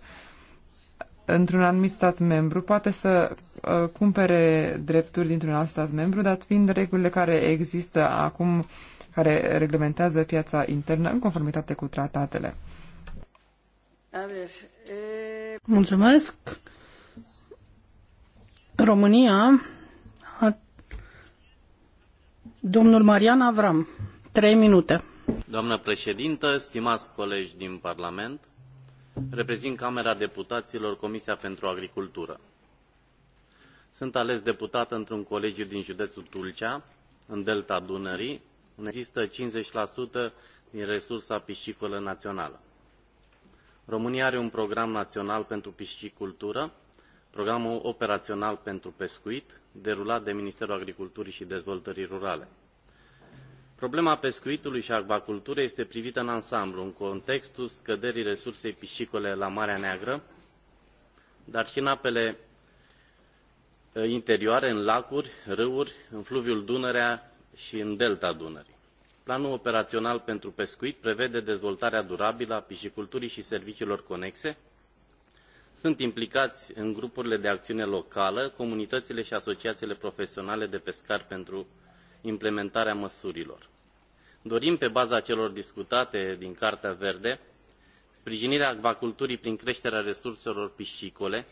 într-un anumit stat membru poate să uh, cumpere drepturi dintr-un alt stat membru, dar fiind regulile care există acum, care reglementează piața internă în conformitate cu tratatele. Mulțumesc! România, a... domnul Marian Avram, trei minute. Doamnă președintă, stimați colegi din Parlament, reprezint camera deputaților comisia pentru agricultură. sunt ales deputat într un colegiu din județul tulcea în delta dunării unde există cincizeci din resursa piscicolă națională. românia are un program național pentru piscicultură programul operațional pentru pescuit derulat de ministerul agriculturii și dezvoltării rurale problema pescuitului i acvaculturii este privită în ansamblu în contextul scăderii resursei piscicole la marea neagră dar i în apele ă, interioare în lacuri râuri în fluviul dunărea i în delta dunării. planul operaional pentru pescuit prevede dezvoltarea durabilă a pisciculturii i serviciilor conexe sunt implicai în grupurile de aciune locală comunităile i asociaiile profesionale de pescari pentru implementarea măsurilor. dorim pe baza celor discutate din cartea verde sprijinirea acvaculturii prin creșterea resurselor piscicole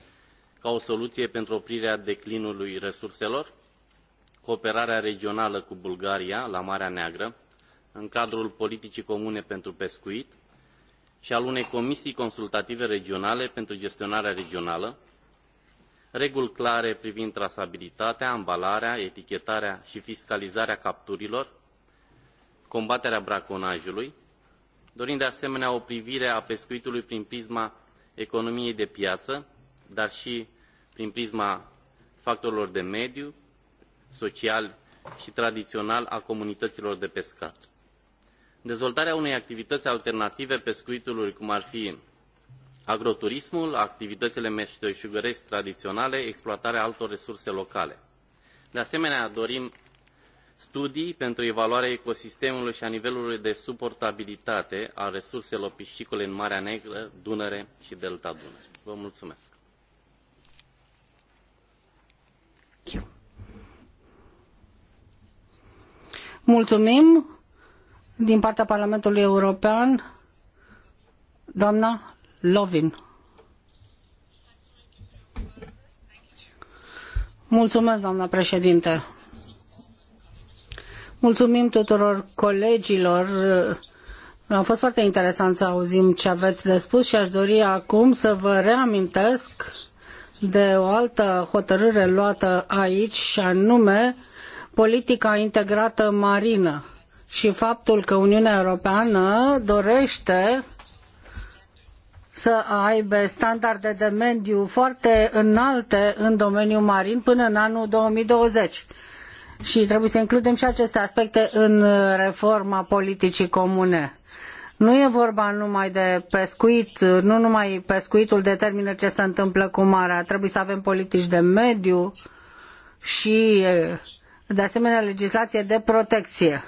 ca o soluție pentru oprirea declinului resurselor cooperarea regională cu bulgaria la marea neagră în cadrul politicii comune pentru pescuit și al unei comisii consultative regionale pentru gestionarea regională reguli clare privind trasabilitatea ambalarea etichetarea i fiscalizarea capturilor combaterea braconajului dorind de asemenea o privire a pescuitului prin prisma economiei de piaă dar i prin prisma factorilor de mediu social i tradiional a comunităilor de pescat. dezvoltarea unei activităi alternative pescuitului cum ar fi agroturismul activitățile meșteșugurești tradiționale exploatarea altor resurse locale. de asemenea dorim studii pentru evaluarea ecosistemului și a nivelului de suportabilitate a resurselor piscicole în marea neagră dunăre și delta dunării. vă mulțumesc. Mulțumim din partea Parlamentului European, doamna Lovin. Mulțumesc, președinte. Mulțumim tuturor colegilor. A fost foarte interesant să auzim ce aveți de spus și aș dori acum să vă reamintesc de o altă hotărâre luată aici și anume politica integrată marină și faptul că Uniunea Europeană dorește să aibă standarde de mediu foarte înalte în domeniul marin până în anul 2020. Și trebuie să includem și aceste aspecte în uh, reforma politicii comune. Nu e vorba numai de pescuit, uh, nu numai pescuitul determină ce se întâmplă cu marea. Trebuie să avem politici de mediu și, uh, de asemenea, legislație de protecție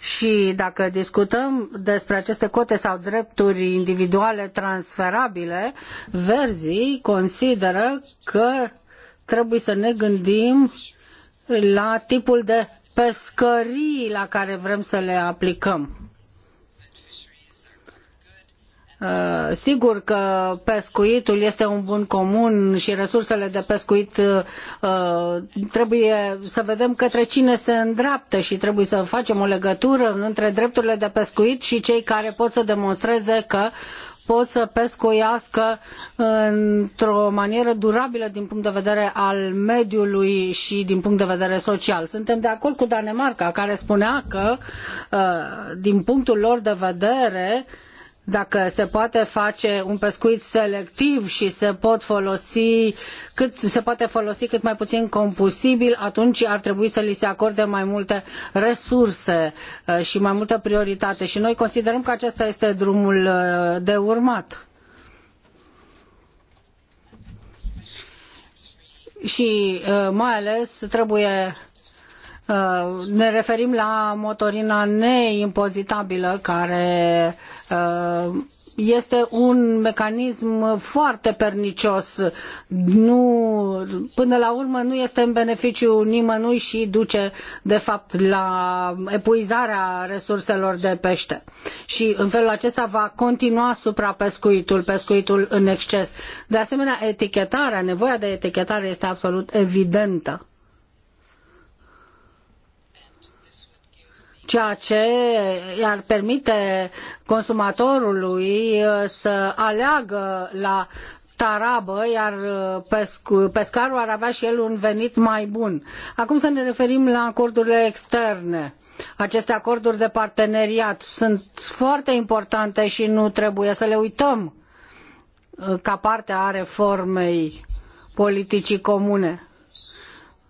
și dacă discutăm despre aceste cote sau drepturi individuale transferabile, verzii consideră că trebuie să ne gândim la tipul de pescării la care vrem să le aplicăm. Uh, sigur că pescuitul este un bun comun și resursele de pescuit uh, trebuie să vedem către cine se îndreaptă și trebuie să facem o legătură între drepturile de pescuit și cei care pot să demonstreze că pot să pescuiască într-o manieră durabilă din punct de vedere al mediului și din punct de vedere social. Suntem de acord cu Danemarca, care spunea că, uh, din punctul lor de vedere, dacă se poate face un pescuit selectiv și se pot folosi cât se poate folosi cât mai puțin combustibil, atunci ar trebui să li se acorde mai multe resurse uh, și mai multă prioritate. Și noi considerăm că acesta este drumul uh, de urmat. Și uh, mai ales trebuie Uh, ne referim la motorina neimpozitabilă care uh, este un mecanism foarte pernicios. Nu, până la urmă nu este în beneficiu nimănui și duce de fapt la epuizarea resurselor de pește. Și în felul acesta va continua suprapescuitul, pescuitul în exces. De asemenea, etichetarea, nevoia de etichetare este absolut evidentă. ceea ce i-ar permite consumatorului uh, să aleagă la tarabă, iar uh, pescarul ar avea și el un venit mai bun. Acum să ne referim la acordurile externe. Aceste acorduri de parteneriat sunt foarte importante și nu trebuie să le uităm uh, ca parte a reformei politicii comune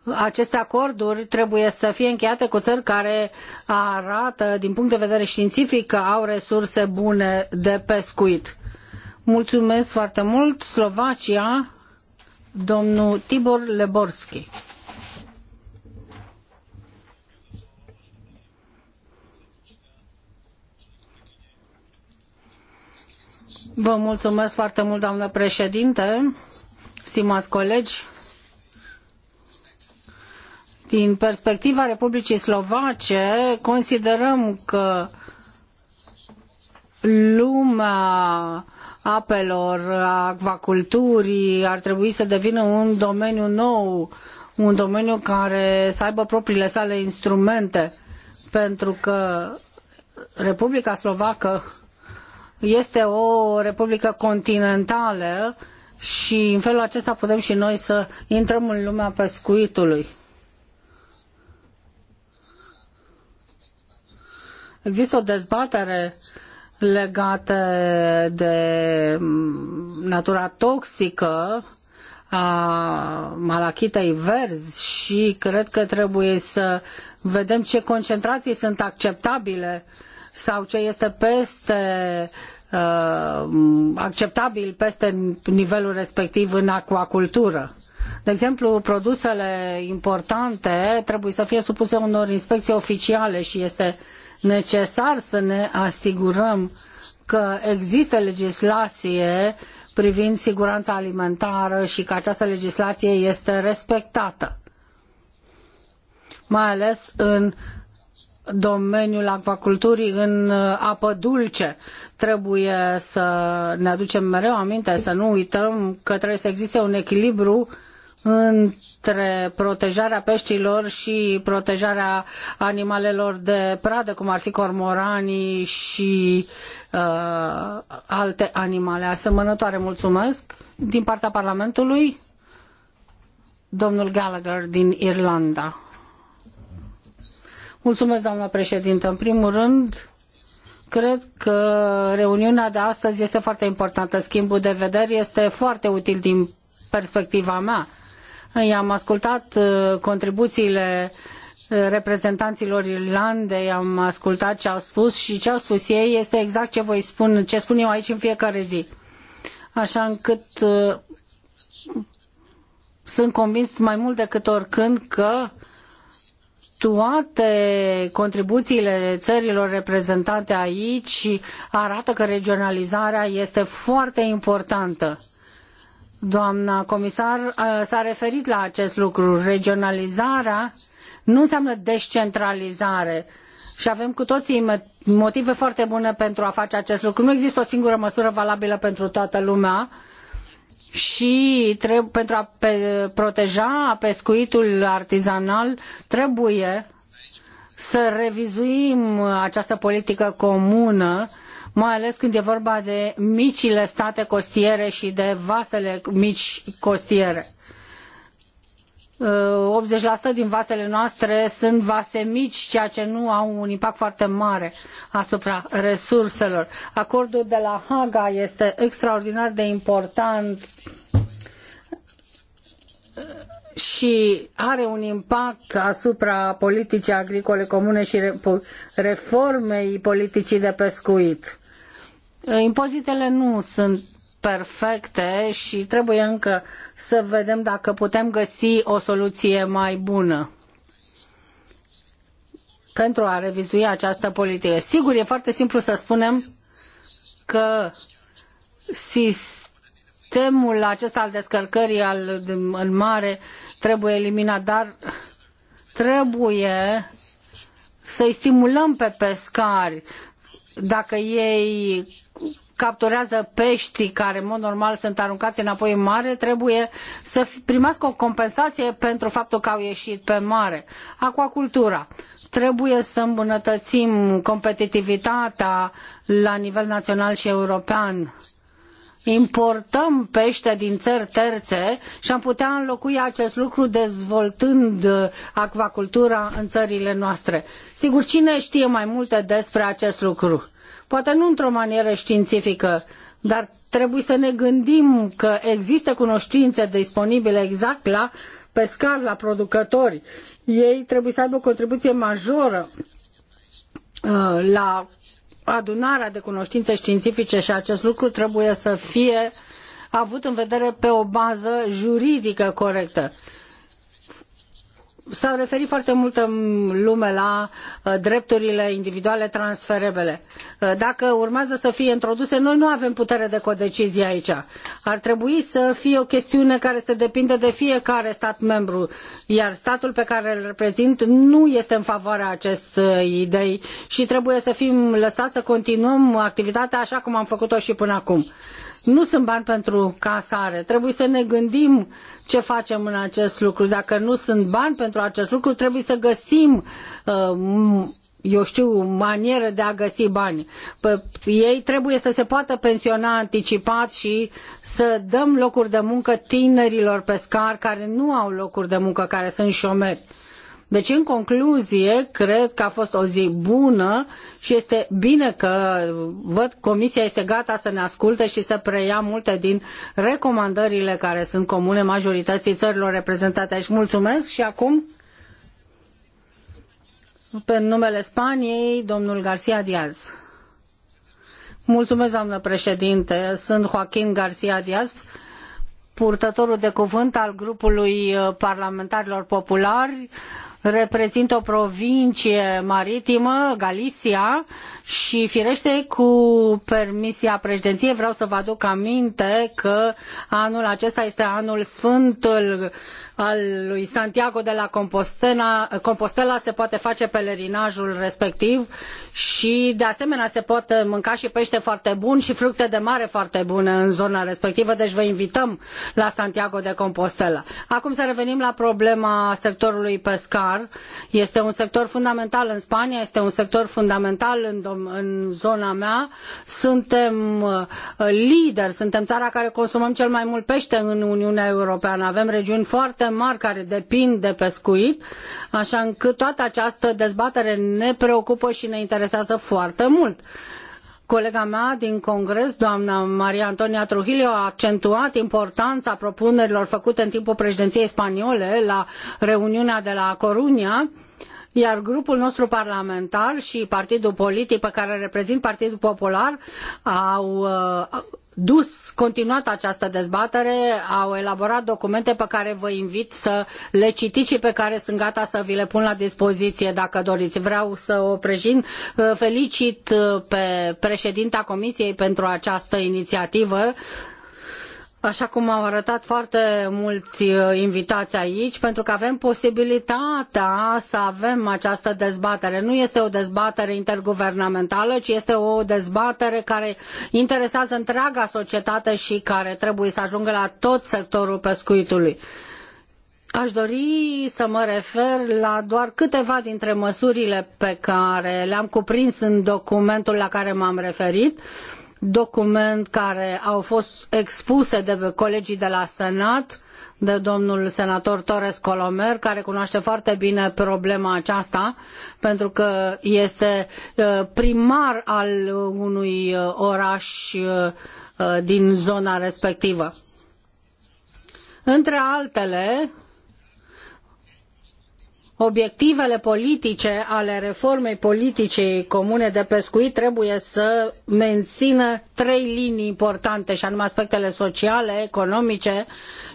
aceste acorduri trebuie să fie încheiate cu țări care arată, din punct de vedere științific, că au resurse bune de pescuit. Mulțumesc foarte mult, Slovacia, domnul Tibor Leborski. Vă mulțumesc foarte mult, doamnă președinte, stimați colegi. Din perspectiva Republicii Slovace, considerăm că lumea apelor, a acvaculturii ar trebui să devină un domeniu nou, un domeniu care să aibă propriile sale instrumente, pentru că Republica Slovacă este o republică continentală și în felul acesta putem și noi să intrăm în lumea pescuitului. Există o dezbatere legată de mm, natura toxică a malachitei verzi și cred că trebuie să vedem ce concentrații sunt acceptabile sau ce este peste uh, acceptabil peste nivelul respectiv în acuacultură. De exemplu, produsele importante trebuie să fie supuse unor inspecții oficiale și este uh, necesar să ne asigurăm că există legislație privind siguranța alimentară și că această legislație este respectată, mai ales în domeniul acvaculturii în apă dulce. Trebuie să ne aducem mereu aminte, să nu uităm că trebuie să existe un echilibru uh, între protejarea peștilor și protejarea animalelor de pradă, cum ar fi cormoranii și uh, alte animale asemănătoare. Mulțumesc. Din partea Parlamentului, domnul Gallagher din Irlanda. Mulțumesc, doamna președintă. În primul rând, cred că reuniunea de astăzi este foarte importantă. Schimbul de vederi este foarte util din perspectiva mea I-am ascultat uh, contribuțiile uh, reprezentanților Irlandei, am ascultat ce au spus și ce au spus ei este exact ce voi spun, ce spun eu aici în fiecare zi. Așa încât uh, sunt convins mai mult decât oricând că toate contribuțiile țărilor reprezentate aici arată că regionalizarea este foarte importantă doamna comisar s-a referit la acest lucru. Regionalizarea nu înseamnă descentralizare și avem cu toții motive foarte bune pentru a face acest lucru. Nu există o singură măsură valabilă pentru toată lumea și pentru a pe, proteja pescuitul artizanal trebuie să revizuim această politică comună mai ales când e vorba de micile state costiere și de vasele mici costiere. 80% uh, din vasele noastre sunt vase mici, ceea ce nu au un impact foarte mare asupra resurselor. Acordul de la Haga este extraordinar de important și are un impact asupra politicii agricole comune și reformei politicii de pescuit. Eh, impozitele nu sunt perfecte și trebuie încă să vedem dacă putem găsi o soluție mai bună pentru a revizui această politică. Sigur, e foarte simplu să spunem că sistemul acesta al descărcării al, în mare trebuie eliminat, dar trebuie să-i stimulăm pe pescari dacă ei capturează pești care, în mod normal, sunt aruncați înapoi în mare, trebuie să primească o compensație pentru faptul că au ieșit pe mare. Aquacultura. Trebuie să îmbunătățim competitivitatea la nivel național și european importăm pește din țări terțe și am putea înlocui acest lucru dezvoltând uh, acvacultura în țările noastre. Sigur, cine știe mai multe despre acest lucru? Poate nu într-o manieră științifică, dar trebuie să ne gândim că există cunoștințe disponibile exact la pescari, la producători. Ei trebuie să aibă o contribuție majoră uh, la adunarea de cunoștințe științifice și acest lucru trebuie să fie avut în vedere pe o bază juridică corectă. S-a referit foarte multă lume la uh, drepturile individuale transferabile. Uh, dacă urmează să fie introduse, noi nu avem putere de codecizie aici. Ar trebui să fie o chestiune care să depindă de fiecare stat membru, iar statul pe care îl reprezint nu este în favoarea acestei idei și trebuie să fim lăsați să continuăm activitatea așa cum am făcut-o și până acum nu sunt bani pentru casare. Trebuie să ne gândim ce facem în acest lucru. Dacă nu sunt bani pentru acest lucru, trebuie să găsim uh, eu știu, maniere de a găsi bani. Păi, ei trebuie să se poată pensiona anticipat și să dăm locuri de muncă tinerilor pescari care nu au locuri de muncă, care sunt șomeri. Deci, în concluzie, cred că a fost o zi bună și este bine că văd comisia este gata să ne asculte și să preia multe din recomandările care sunt comune majorității țărilor reprezentate aici. Mulțumesc și acum pe numele Spaniei, domnul Garcia Diaz. Mulțumesc, doamnă președinte. Sunt Joaquin Garcia Diaz, purtătorul de cuvânt al grupului eh, parlamentarilor populari reprezint o provincie maritimă, Galicia, și firește cu permisia președinției vreau să vă aduc aminte că anul acesta este anul sfântul al lui Santiago de la Compostela, se poate face pelerinajul respectiv și de asemenea se poate mânca și pește foarte bun și fructe de mare foarte bune în zona respectivă, deci vă invităm la Santiago de Compostela. Acum să revenim la problema sectorului pescar. Este un sector fundamental în Spania, este un sector fundamental în, în zona mea. Suntem uh, lideri, suntem țara care consumăm cel mai mult pește în Uniunea Europeană. Avem regiuni foarte mari care depind de pescuit, așa încât toată această dezbatere ne preocupă și ne interesează foarte mult. Colega mea din Congres, doamna Maria Antonia Trujillo, a accentuat importanța propunerilor făcute în timpul președinției spaniole la reuniunea de la Corunia, iar grupul nostru parlamentar și partidul politic pe care îl reprezint Partidul Popular au uh, dus, continuat această dezbatere, au elaborat documente pe care vă invit să le citiți și pe care sunt gata să vi le pun la dispoziție dacă doriți. Vreau să o prejin. Felicit uh, pe președinta Comisiei pentru această inițiativă așa cum au arătat foarte mulți uh, invitați aici, pentru că avem posibilitatea să avem această dezbatere. Nu este o dezbatere interguvernamentală, ci este o dezbatere care interesează întreaga societate și care trebuie să ajungă la tot sectorul pescuitului. Aș dori să mă refer la doar câteva dintre măsurile pe care le-am cuprins în documentul la care m-am referit. Uh, document care au fost expuse de colegii de la Senat, de domnul senator Torres Colomer, care cunoaște foarte bine problema aceasta, pentru că este uh, primar al unui uh, oraș uh, din zona respectivă. Între altele, obiectivele politice ale reformei politicii comune de pescuit trebuie să mențină trei linii importante, și anume aspectele sociale, economice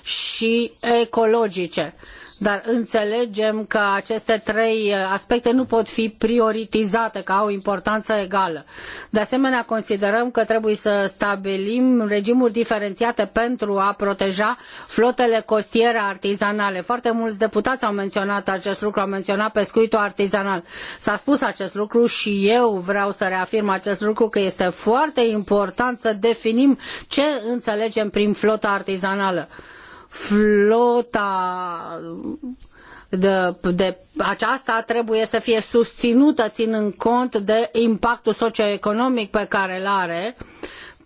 și ecologice dar înțelegem că aceste trei uh, aspecte nu pot fi prioritizate, că au importanță egală. De asemenea, considerăm că trebuie să stabilim regimuri diferențiate pentru a proteja flotele costiere artizanale. Foarte mulți deputați au menționat acest lucru, au menționat pescuitul artizanal. S-a spus acest lucru și eu vreau să reafirm acest lucru că este foarte important să definim ce înțelegem prin flotă artizanală flota de, de aceasta trebuie să fie susținută ținând cont de impactul socioeconomic pe care îl are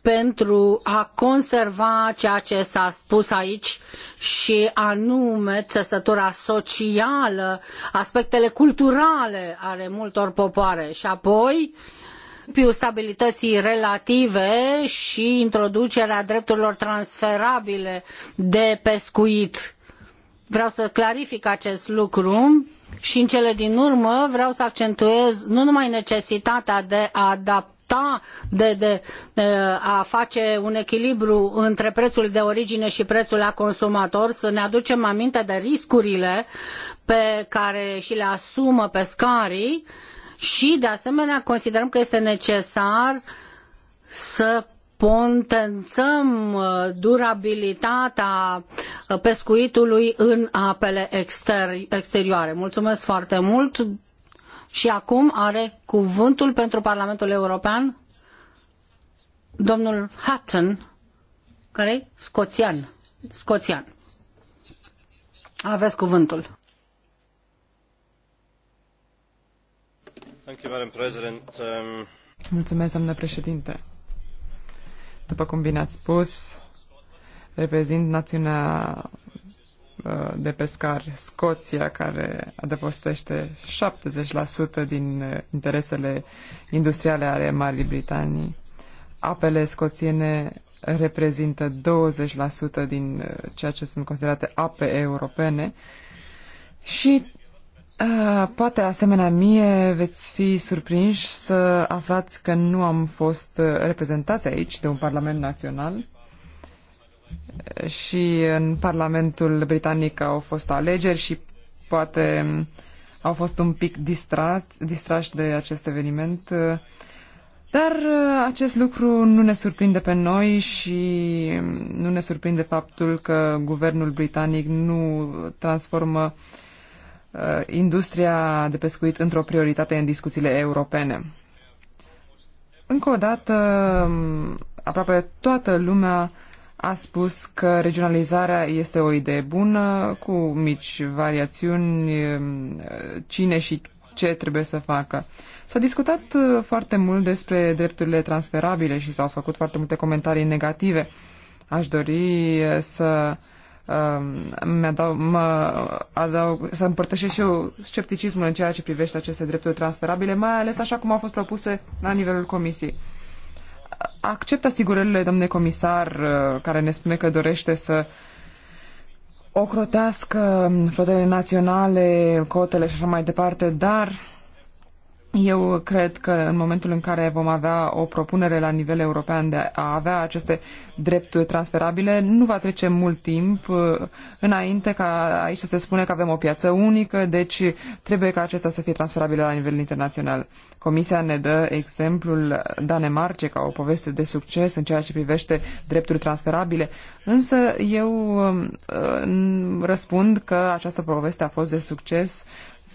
pentru a conserva ceea ce s-a spus aici și anume țesătura socială, aspectele culturale ale multor popoare și apoi uh, principiul stabilității relative și introducerea drepturilor transferabile de pescuit. Vreau să clarific acest lucru și în cele din urmă vreau să accentuez nu numai necesitatea de a adapta de, de, a face un echilibru între prețul de origine și prețul la consumator, să ne aducem aminte de riscurile pe care și le asumă pescarii uh, și, de asemenea, considerăm că este necesar să potențăm uh, durabilitatea uh, pescuitului în apele exterioare. Mulțumesc foarte mult și acum are cuvântul pentru Parlamentul European domnul Hutton, care e scoțian. Scoțian. Aveți cuvântul. Um, Mulțumesc, După cum bine ați spus, reprezint națiunea uh, de pescari Scoția, care adăpostește 70% din uh, interesele industriale ale Marii Britanii. Apele scoțiene reprezintă 20% din uh, ceea ce sunt considerate ape europene și Ah, poate asemenea mie veți fi surprinși să aflați că nu am fost uh, reprezentați aici de un Parlament Național și în Parlamentul Britanic au fost alegeri și poate um, au fost un pic distrați, distrași de acest eveniment. Uh, dar uh, acest lucru nu ne surprinde pe noi și um, nu ne surprinde faptul că guvernul britanic nu transformă uh, Uh, industria de pescuit într-o prioritate în discuțiile europene. Încă o dată, um, aproape toată lumea a spus că regionalizarea este o idee bună, cu mici variațiuni, um, cine și ce trebuie să facă. S-a discutat uh, foarte mult despre drepturile transferabile și s-au făcut foarte multe comentarii negative. Aș dori uh, să uh, Um, mă adaug, să împărtășesc și eu scepticismul în ceea ce privește aceste drepturi transferabile, mai ales așa cum au fost propuse la nivelul comisiei. Accept asigurările, domnule comisar, uh, care ne spune că dorește să ocrotească flotele naționale, cotele și așa mai departe, dar eu cred că în momentul în care vom avea o propunere la nivel european de a avea aceste drepturi transferabile, nu va trece mult timp uh, înainte ca aici să se spune că avem o piață unică, deci trebuie ca acesta să fie transferabilă la nivel internațional. Comisia ne dă exemplul Danemarcei ca o poveste de succes în ceea ce privește drepturi transferabile, însă eu um, uh, răspund că această poveste a fost de succes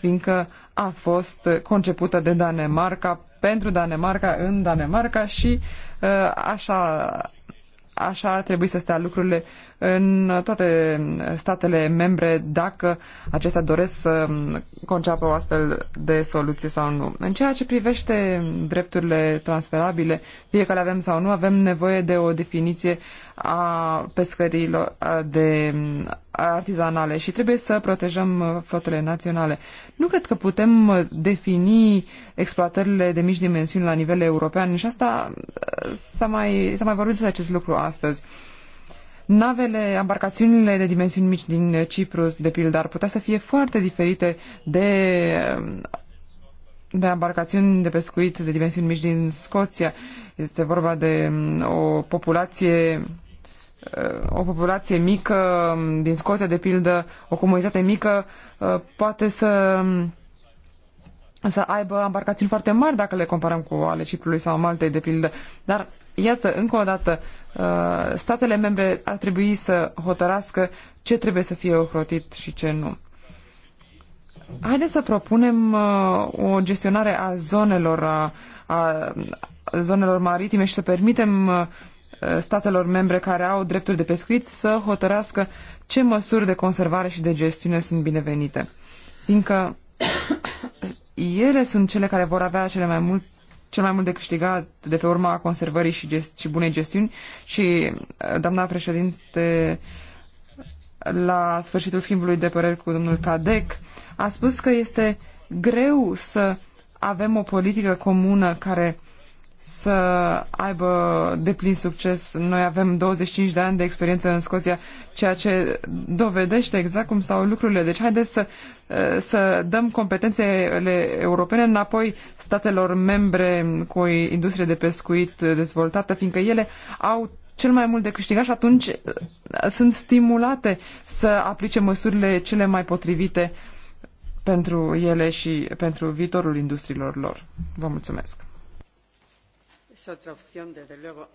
fiindcă uh, a fost concepută de Danemarca pentru Danemarca în Danemarca și uh, așa, așa ar trebui să stea lucrurile în toate statele membre dacă acestea doresc să conceapă o astfel de soluție sau nu. În ceea ce privește drepturile transferabile, fie că le avem sau nu, avem nevoie de o definiție a pescărilor, de artizanale și trebuie să protejăm uh, flotele naționale. Nu cred că putem uh, defini exploatările de mici dimensiuni la nivel european și asta uh, s-a mai, s-a mai vorbit despre acest lucru astăzi. Navele, embarcațiunile de dimensiuni mici din Cipru, de pildă, ar putea să fie foarte diferite de um, de embarcațiuni de pescuit de dimensiuni mici din Scoția. Este vorba de um, o populație o populație mică din Scoția, de pildă, o comunitate mică, uh, poate să să aibă embarcațiuni foarte mari dacă le comparăm cu ale Ciprului sau Maltei, de pildă. Dar, iată, încă o dată, uh, statele membre ar trebui să hotărască ce trebuie să fie ocrotit și ce nu. Haideți să propunem uh, o gestionare a zonelor, a, a zonelor maritime și să permitem statelor membre care au drepturi de pescuit să hotărească ce măsuri de conservare și de gestiune sunt binevenite. Fiindcă ele sunt cele care vor avea cele mai mult, cel mai mult de câștigat de pe urma conservării și, gest, și bunei gestiuni și, uh, doamna președinte, la sfârșitul schimbului de păreri cu domnul Cadec, a spus că este greu să avem o politică comună care să aibă deplin succes. Noi avem 25 de ani de experiență în Scoția, ceea ce dovedește exact cum stau lucrurile. Deci haideți să, eh, să dăm competențele europene înapoi statelor membre cu o industrie de pescuit dezvoltată, fiindcă ele au cel mai mult de câștigat și atunci eh, sunt stimulate să aplice măsurile cele mai potrivite pentru ele și pentru viitorul industriilor lor. Vă mulțumesc!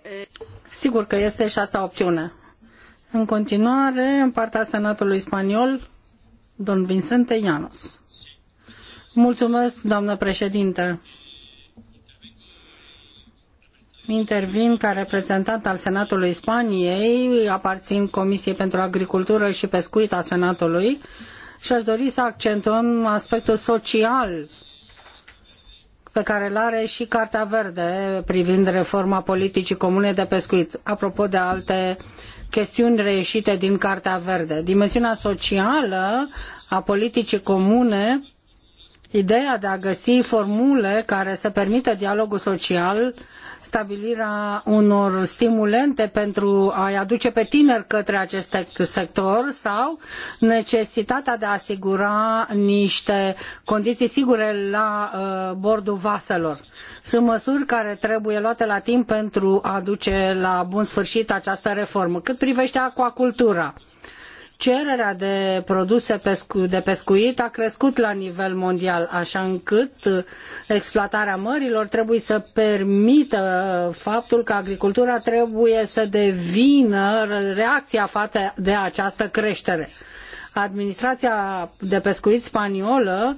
Eh, Sigur că este și asta o opțiune. În continuare, în partea Senatului Spaniol, domnul Vincente Llanos. Mulțumesc, doamnă președinte. Intervin ca reprezentant al Senatului Spaniei, aparțin Comisiei pentru Agricultură și Pescuit a Senatului și aș dori să accentuăm aspectul social pe care îl are și Cartea Verde privind reforma politicii comune de pescuit. Apropo de alte chestiuni reieșite din Cartea Verde. Dimensiunea socială a politicii comune Ideea de a găsi formule care să permită dialogul social, stabilirea unor stimulente pentru a-i aduce pe tineri către acest sector sau necesitatea de a asigura niște condiții sigure la uh, bordul vaselor. Sunt măsuri care trebuie luate la timp pentru a aduce la bun sfârșit această reformă. Cât privește aquacultura, cererea de produse pescu- de pescuit a crescut la nivel mondial, așa încât uh, exploatarea mărilor trebuie să permită uh, faptul că agricultura trebuie să devină reacția față de această creștere. Administrația de pescuit spaniolă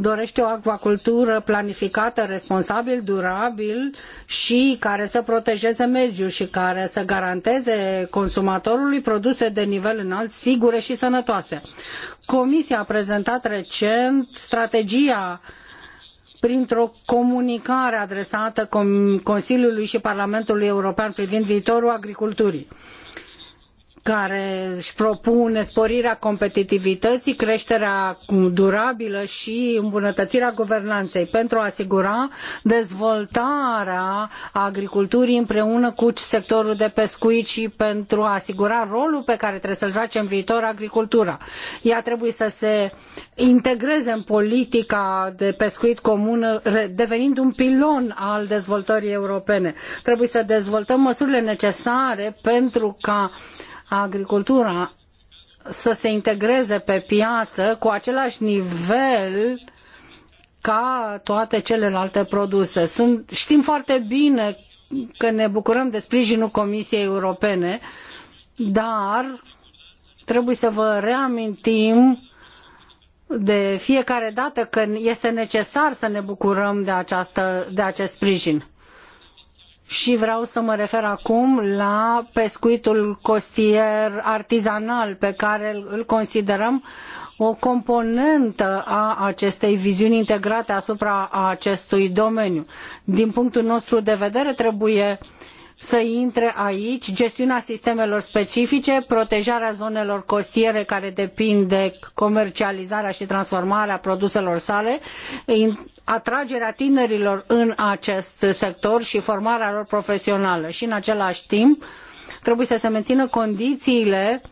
dorește o acvacultură planificată, responsabil, durabil și care să protejeze mediul și care să garanteze consumatorului produse de nivel înalt, sigure și sănătoase. Comisia a prezentat recent strategia printr-o comunicare adresată Consiliului și Parlamentului European privind viitorul agriculturii care își propune sporirea competitivității, creșterea durabilă și îmbunătățirea guvernanței pentru a asigura dezvoltarea agriculturii împreună cu sectorul de pescuit și pentru a asigura rolul pe care trebuie să-l joace în viitor agricultura. Ea trebuie să se integreze în politica de pescuit comună, devenind un pilon al dezvoltării europene. Trebuie să dezvoltăm măsurile necesare pentru ca agricultura să se integreze pe piață cu același nivel ca toate celelalte produse. Sunt, știm foarte bine că ne bucurăm de sprijinul Comisiei Europene, dar trebuie să vă reamintim de fiecare dată când este necesar să ne bucurăm de, această, de acest sprijin și vreau să mă refer acum la pescuitul costier artizanal pe care îl considerăm o componentă a acestei viziuni integrate asupra acestui domeniu. Din punctul nostru de vedere trebuie să intre aici gestiunea sistemelor specifice, protejarea zonelor costiere care depind de comercializarea și transformarea produselor sale, atragerea tinerilor în acest sector și formarea lor profesională și în același timp trebuie să se mențină condițiile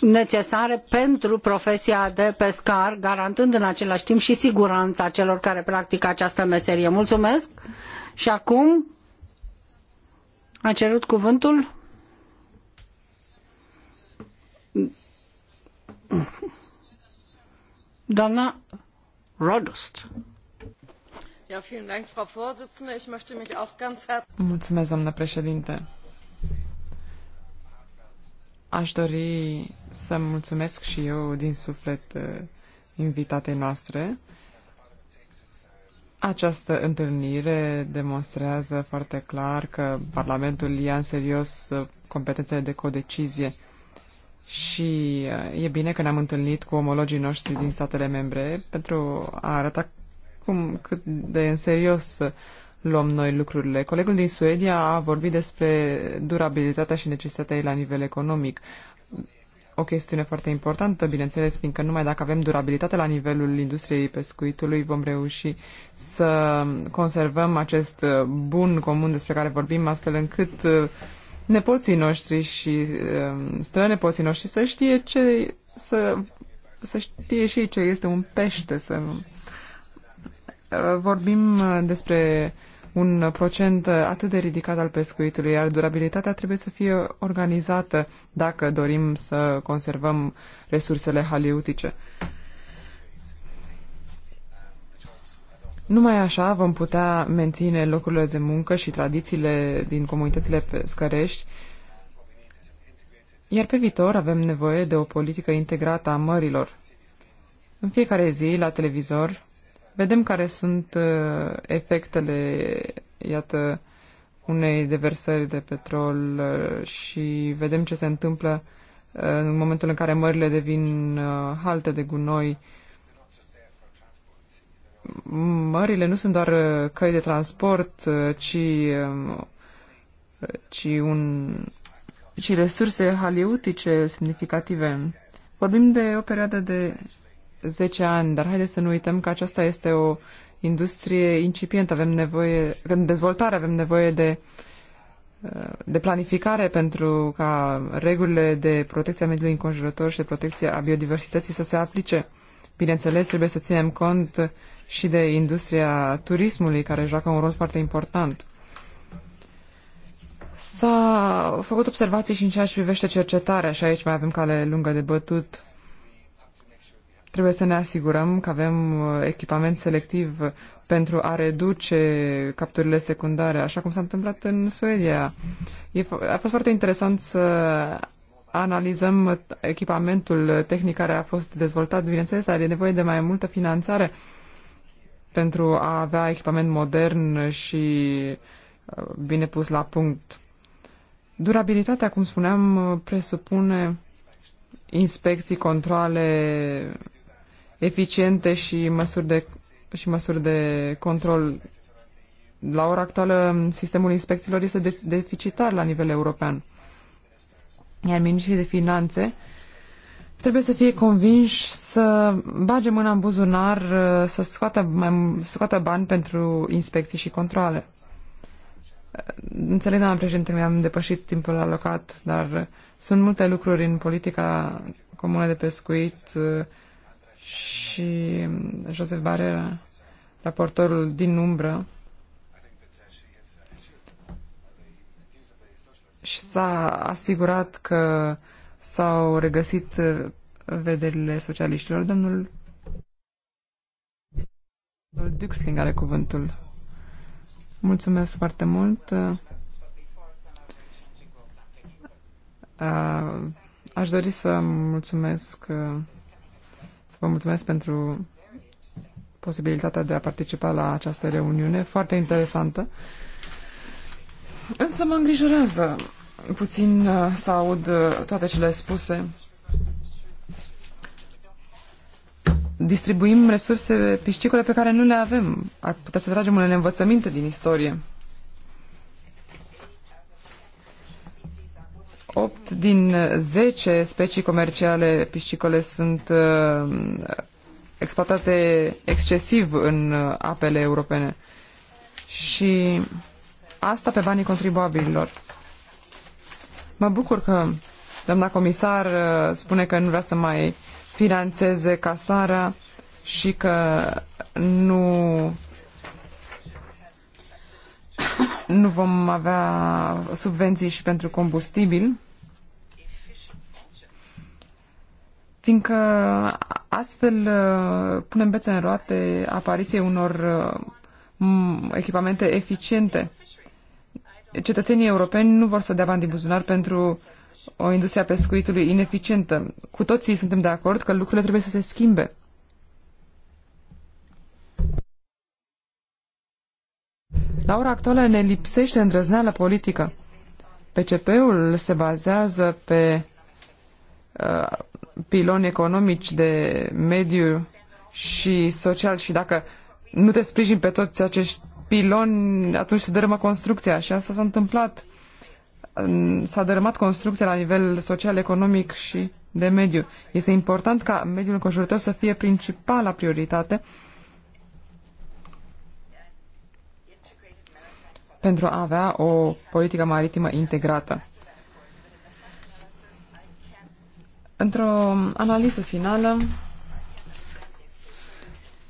necesare pentru profesia de pescar, garantând în același timp și siguranța celor care practică această meserie. Mulțumesc! Și acum a cerut cuvântul doamna Rodust. Mulțumesc, doamnă președinte. Aș dori să mulțumesc și eu din suflet uh, invitatei noastre. Această întâlnire demonstrează foarte clar că Parlamentul ia în serios uh, competențele de codecizie și uh, e bine că ne-am întâlnit cu omologii noștri din statele membre pentru a arăta cum cât de în serios luăm noi lucrurile. Colegul din Suedia a vorbit despre durabilitatea și necesitatea ei la nivel economic. O chestiune foarte importantă, bineînțeles, fiindcă numai dacă avem durabilitate la nivelul industriei pescuitului vom reuși să conservăm acest bun comun despre care vorbim, astfel încât uh, nepoții noștri și uh, strănepoții noștri să știe ce să, să știe și ce este un pește, să vorbim uh, despre un procent uh, atât de ridicat al pescuitului, iar durabilitatea trebuie să fie organizată dacă dorim să conservăm resursele haliutice. Numai așa vom putea menține locurile de muncă și tradițiile din comunitățile pescărești, iar pe viitor avem nevoie de o politică integrată a mărilor. În fiecare zi, la televizor, Vedem care sunt uh, efectele, iată, unei deversări de petrol uh, și vedem ce se întâmplă uh, în momentul în care mările devin halte de gunoi. Mările nu sunt doar căi de transport, ci, um, ci, un, ci resurse haliutice semnificative. Vorbim de o perioadă de 10 ani, dar haideți să nu uităm că aceasta este o industrie incipientă. Avem nevoie, în dezvoltare, avem nevoie de, uh, de planificare pentru ca regulile de protecție a mediului înconjurător și de protecție a biodiversității să se aplice. Bineînțeles, trebuie să ținem cont și de industria turismului, care joacă un rol foarte important. S-a făcut observații și în ceea ce privește cercetarea și aici mai avem cale lungă de bătut. Trebuie să ne asigurăm că avem uh, echipament selectiv uh, pentru a reduce capturile secundare, așa cum s-a întâmplat în Suedia. E, a fost foarte interesant să analizăm echipamentul tehnic care a fost dezvoltat. Bineînțeles, are nevoie de mai multă finanțare pentru a avea echipament modern și uh, bine pus la punct. Durabilitatea, cum spuneam, presupune inspecții, controle eficiente și măsuri de, și măsuri de control. La ora actuală, sistemul inspecțiilor este de, deficitar la nivel european. Iar ministrii de finanțe trebuie să fie convinși să bage mâna în buzunar, să scoată, mai, să scoată bani pentru inspecții și controle. Înțeleg, doamna președinte, că mi-am depășit timpul alocat, dar sunt multe lucruri în politica comună de pescuit și Joseph Barrera, raportorul din umbră, și s-a asigurat că s-au regăsit uh, vederile socialiștilor. Domnul, Domnul Duxling are cuvântul. Mulțumesc foarte mult. Uh, aș dori să mulțumesc uh, Vă mulțumesc pentru posibilitatea de a participa la această reuniune foarte interesantă. Însă mă îngrijorează puțin uh, să aud uh, toate cele spuse. Distribuim resurse piscicole pe care nu le avem. Ar putea să tragem unele învățăminte din istorie. 8 din 10 uh, specii comerciale piscicole sunt uh, exploatate excesiv în uh, apele europene. Și asta pe banii contribuabililor. Mă bucur că doamna comisar spune că nu vrea să mai financeze casarea și că nu nu vom avea subvenții și pentru combustibil, fiindcă astfel uh, punem bețe în roate apariției unor uh, echipamente eficiente. Cetățenii europeni nu vor să dea bani din buzunar pentru o industrie a pescuitului ineficientă. Cu toții suntem de acord că lucrurile trebuie să se schimbe. La ora actuală ne lipsește îndrăzneală politică. PCP-ul se bazează pe uh, piloni economici de mediu și social și dacă nu te sprijin pe toți acești piloni, atunci se dărâmă construcția și asta s-a întâmplat. S-a dărâmat construcția la nivel social, economic și de mediu. Este important ca mediul înconjurător să fie principala prioritate pentru a avea o politică maritimă integrată. Într-o analiză finală,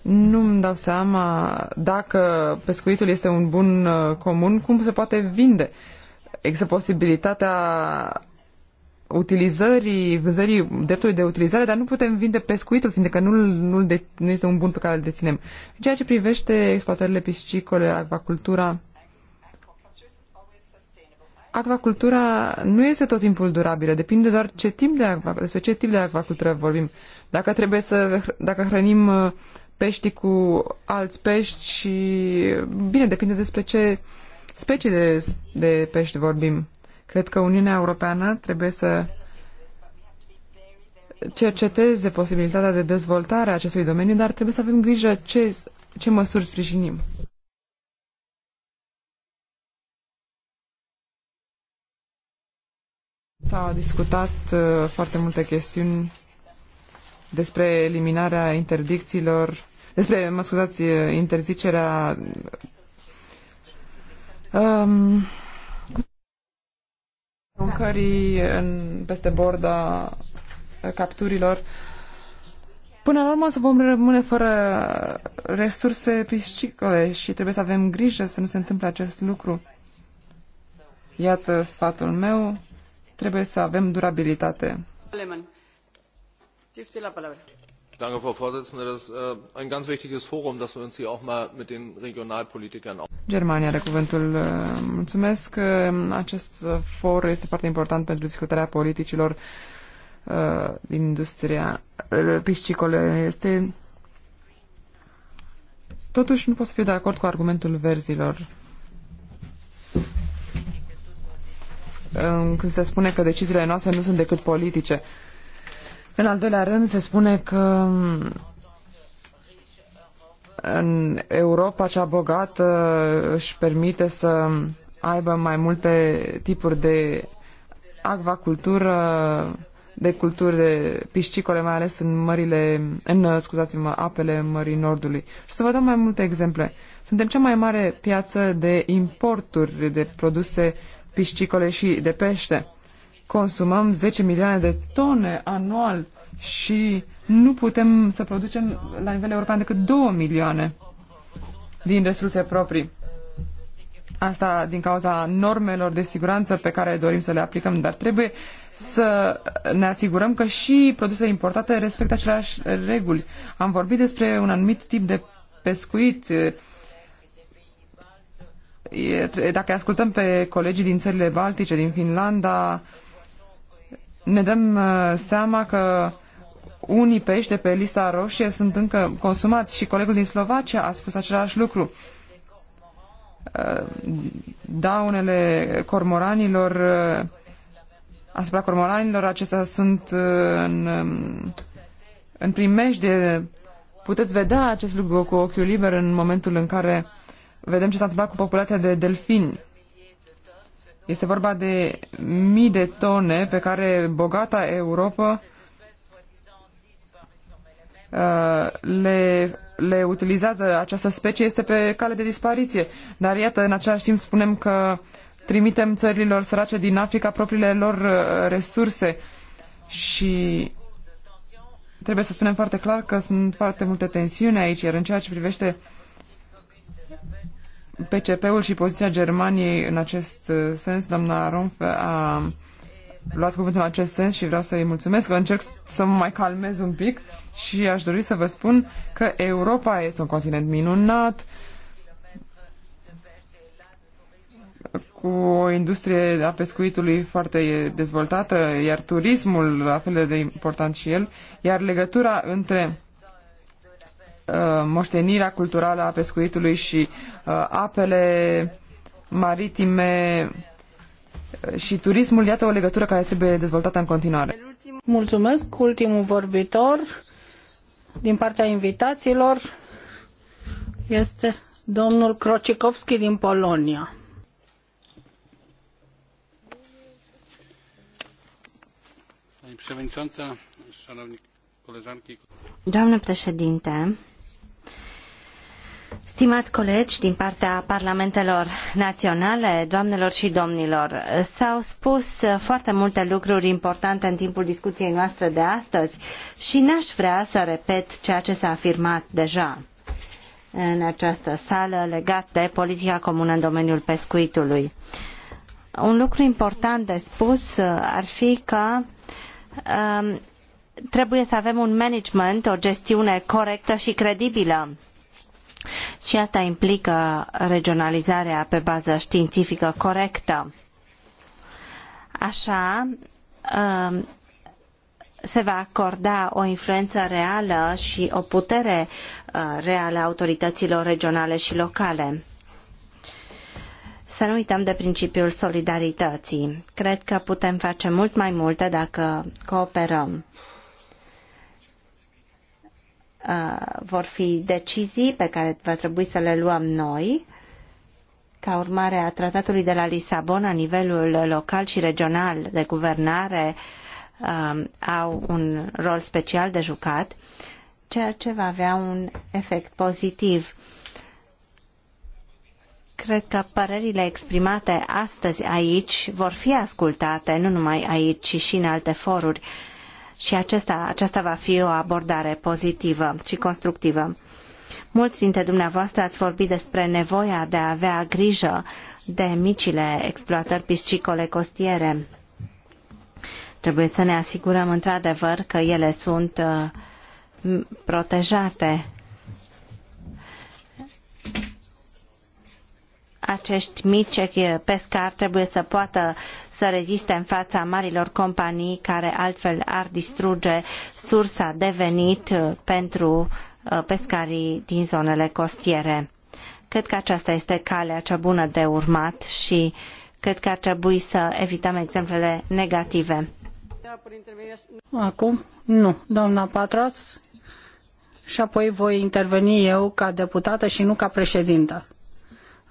nu îmi dau seama dacă pescuitul este un bun uh, comun, cum se poate vinde. Există posibilitatea utilizării, vânzării dreptului de utilizare, dar nu putem vinde pescuitul, fiindcă nu, nu, de, nu este un bun pe care îl deținem. În ceea ce privește exploatările piscicole, acvacultura, acvacultura nu este tot timpul durabilă, depinde doar ce timp de acva, despre ce tip de acvacultură vorbim. Dacă trebuie să, dacă hrănim uh, pești cu alți pești și, bine, depinde despre ce specii de, de pești vorbim. Cred că Uniunea Europeană trebuie să cerceteze posibilitatea de dezvoltare a acestui domeniu, dar trebuie să avem grijă ce, ce măsuri sprijinim. s a discutat uh, foarte multe chestiuni despre eliminarea interdicțiilor, despre, mă scuzați, uh, interzicerea um, aruncării în, peste borda capturilor. Până la urmă să vom rămâne fără resurse piscicole și trebuie să avem grijă să nu se întâmple acest lucru. Iată sfatul meu Trebuie să avem durabilitate. Danke, Frau Vorsitzende. Das ist äh, ein ganz wichtiges Forum, dass wir uns hier auch mal mit den Regionalpolitikern Germania are cuvântul. Äh, mulțumesc. Äh, acest uh, for este foarte important pentru discutarea politicilor uh, din industria uh, piscicole. Este Totuși nu pot să fiu de acord cu argumentul verzilor când se spune că deciziile noastre nu sunt decât politice. În al doilea rând, se spune că în Europa cea bogată își permite să aibă mai multe tipuri de acvacultură, de culturi de piscicole, mai ales în mările, în, scuzați-mă, apele Mării Nordului. Și să vă dau mai multe exemple. Suntem cea mai mare piață de importuri de produse piscicole și de pește. Consumăm 10 milioane de tone anual și nu putem să producem la nivel european decât 2 milioane din resurse proprii. Asta din cauza normelor de siguranță pe care dorim să le aplicăm, dar trebuie să ne asigurăm că și produsele importate respectă aceleași reguli. Am vorbit despre un anumit tip de pescuit dacă ascultăm pe colegii din țările baltice, din Finlanda, ne dăm uh, seama că unii pești de pe lista roșie sunt încă consumați și colegul din Slovacia a spus același lucru. Uh, daunele cormoranilor uh, asupra cormoranilor acestea sunt în, um, în primejde. Puteți vedea acest lucru cu ochiul liber în momentul în care vedem ce s-a întâmplat cu populația de delfini. Este vorba de mii de tone pe care bogata Europa uh, le, le utilizează. Această specie este pe cale de dispariție. Dar iată, în același timp spunem că trimitem țărilor sărace din Africa propriile lor uh, resurse și trebuie să spunem foarte clar că sunt foarte multe tensiuni aici, iar în ceea ce privește uh, PCP-ul și poziția Germaniei în acest uh, sens. Doamna Romf a luat cuvântul în acest sens și vreau să-i mulțumesc. Încerc să mă mai calmez un pic și aș dori să vă spun că Europa este un continent minunat, cu o industrie a pescuitului foarte dezvoltată, iar turismul la fel de important și el, iar legătura între Uh, moștenirea culturală a pescuitului și uh, apele maritime uh, și turismul, iată o legătură care trebuie dezvoltată în continuare. Mulțumesc. Ultimul vorbitor din partea invitațiilor este domnul Krocikowski din Polonia. Doamnă președinte, Stimați colegi din partea parlamentelor naționale, doamnelor și domnilor, s-au spus foarte multe lucruri importante în timpul discuției noastre de astăzi și n-aș vrea să repet ceea ce s-a afirmat deja în această sală legat de politica comună în domeniul pescuitului. Un lucru important de spus ar fi că um, trebuie să avem un management, o gestiune corectă și credibilă și asta implică regionalizarea pe bază științifică corectă. Așa, um, se va acorda o influență reală și o putere uh, reală autorităților regionale și locale. Să nu uităm de principiul solidarității. Cred că putem face mult mai multe dacă cooperăm. Uh, vor fi decizii pe care va trebui să le luăm noi ca urmare a tratatului de la Lisabona, nivelul local și regional de guvernare um, au un rol special de jucat, ceea ce va avea un efect pozitiv. Cred că părerile exprimate astăzi aici vor fi ascultate, nu numai aici, ci și în alte foruri. Uh, și acesta, aceasta va fi o abordare pozitivă și constructivă. Mulți dintre dumneavoastră ați vorbit despre nevoia de a avea grijă de micile exploatări piscicole costiere. Trebuie să ne asigurăm într-adevăr că ele sunt uh, protejate acești mici pescari trebuie să poată să reziste în fața marilor companii care altfel ar distruge sursa de venit uh, pentru uh, pescarii din zonele costiere. Cred că aceasta este calea cea bună de urmat și cred că ar trebui să evităm exemplele negative. Acum? Nu. Doamna Patras? Și apoi voi interveni eu ca deputată și nu ca președintă.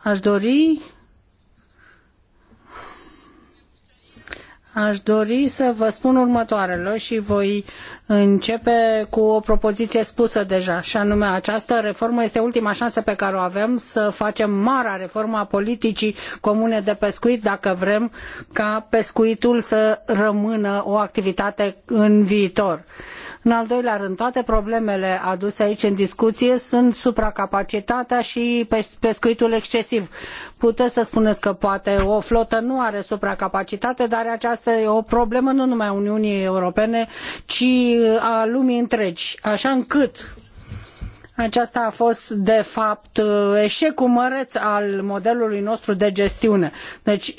Aș dori Aș dori să vă spun următoarele și voi începe cu o propoziție spusă deja, și anume această reformă este ultima șansă pe care o avem să facem marea reformă a politicii comune de pescuit dacă vrem ca pescuitul să rămână o activitate în viitor. În al doilea rând, toate problemele aduse aici în discuție sunt supracapacitatea și pescuitul excesiv. Puteți să spuneți că poate o flotă nu are supracapacitate, dar aceasta e o problemă nu numai a Uniunii Europene, ci a lumii întregi. Așa încât aceasta a fost, de fapt, eșecul măreț al modelului nostru de gestiune. Deci,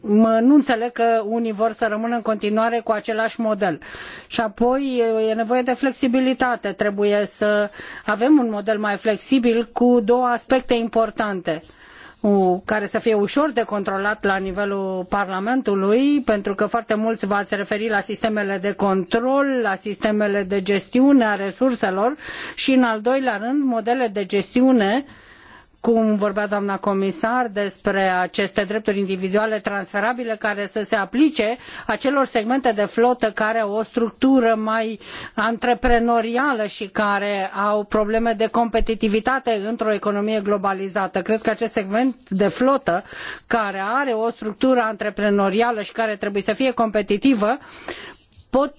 mă, nu înțeleg că unii vor să rămână în continuare cu același model. Și apoi e nevoie de flexibilitate. Trebuie să avem un model mai flexibil cu două aspecte importante care să fie ușor de controlat la nivelul Parlamentului, pentru că foarte mulți v-ați referit la sistemele de control, la sistemele de gestiune a resurselor și, în al doilea rând, modele de gestiune uh, cum vorbea doamna comisar despre aceste drepturi individuale transferabile care să se aplice acelor segmente de flotă care au o structură mai antreprenorială și care au probleme de competitivitate într-o economie globalizată. Cred că acest segment de flotă care are o structură antreprenorială și care trebuie să fie competitivă pot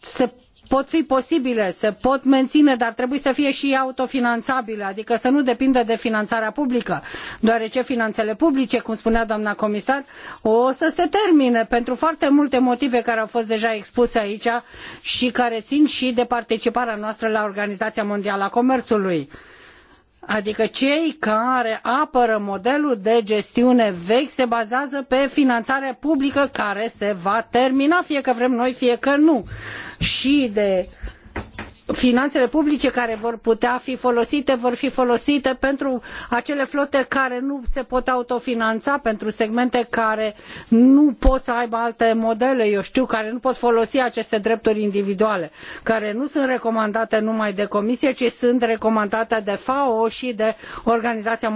se pot fi posibile, se pot menține, dar trebuie să fie și autofinanțabile, adică să nu depindă de finanțarea publică, deoarece finanțele publice, cum spunea doamna comisar, o să se termine pentru foarte multe motive care au fost deja expuse aici și care țin și de participarea noastră la Organizația Mondială a Comerțului. Adică cei care apără modelul de gestiune vechi se bazează pe finanțarea publică care se va termina, fie că vrem noi, fie că nu. Și de finanțele publice care vor putea fi folosite vor fi folosite pentru acele flote care nu se pot autofinanța, pentru segmente care nu pot să aibă alte modele, eu știu, care nu pot folosi aceste drepturi individuale, care nu sunt recomandate numai de comisie, ci sunt recomandate de FAO și de Organizația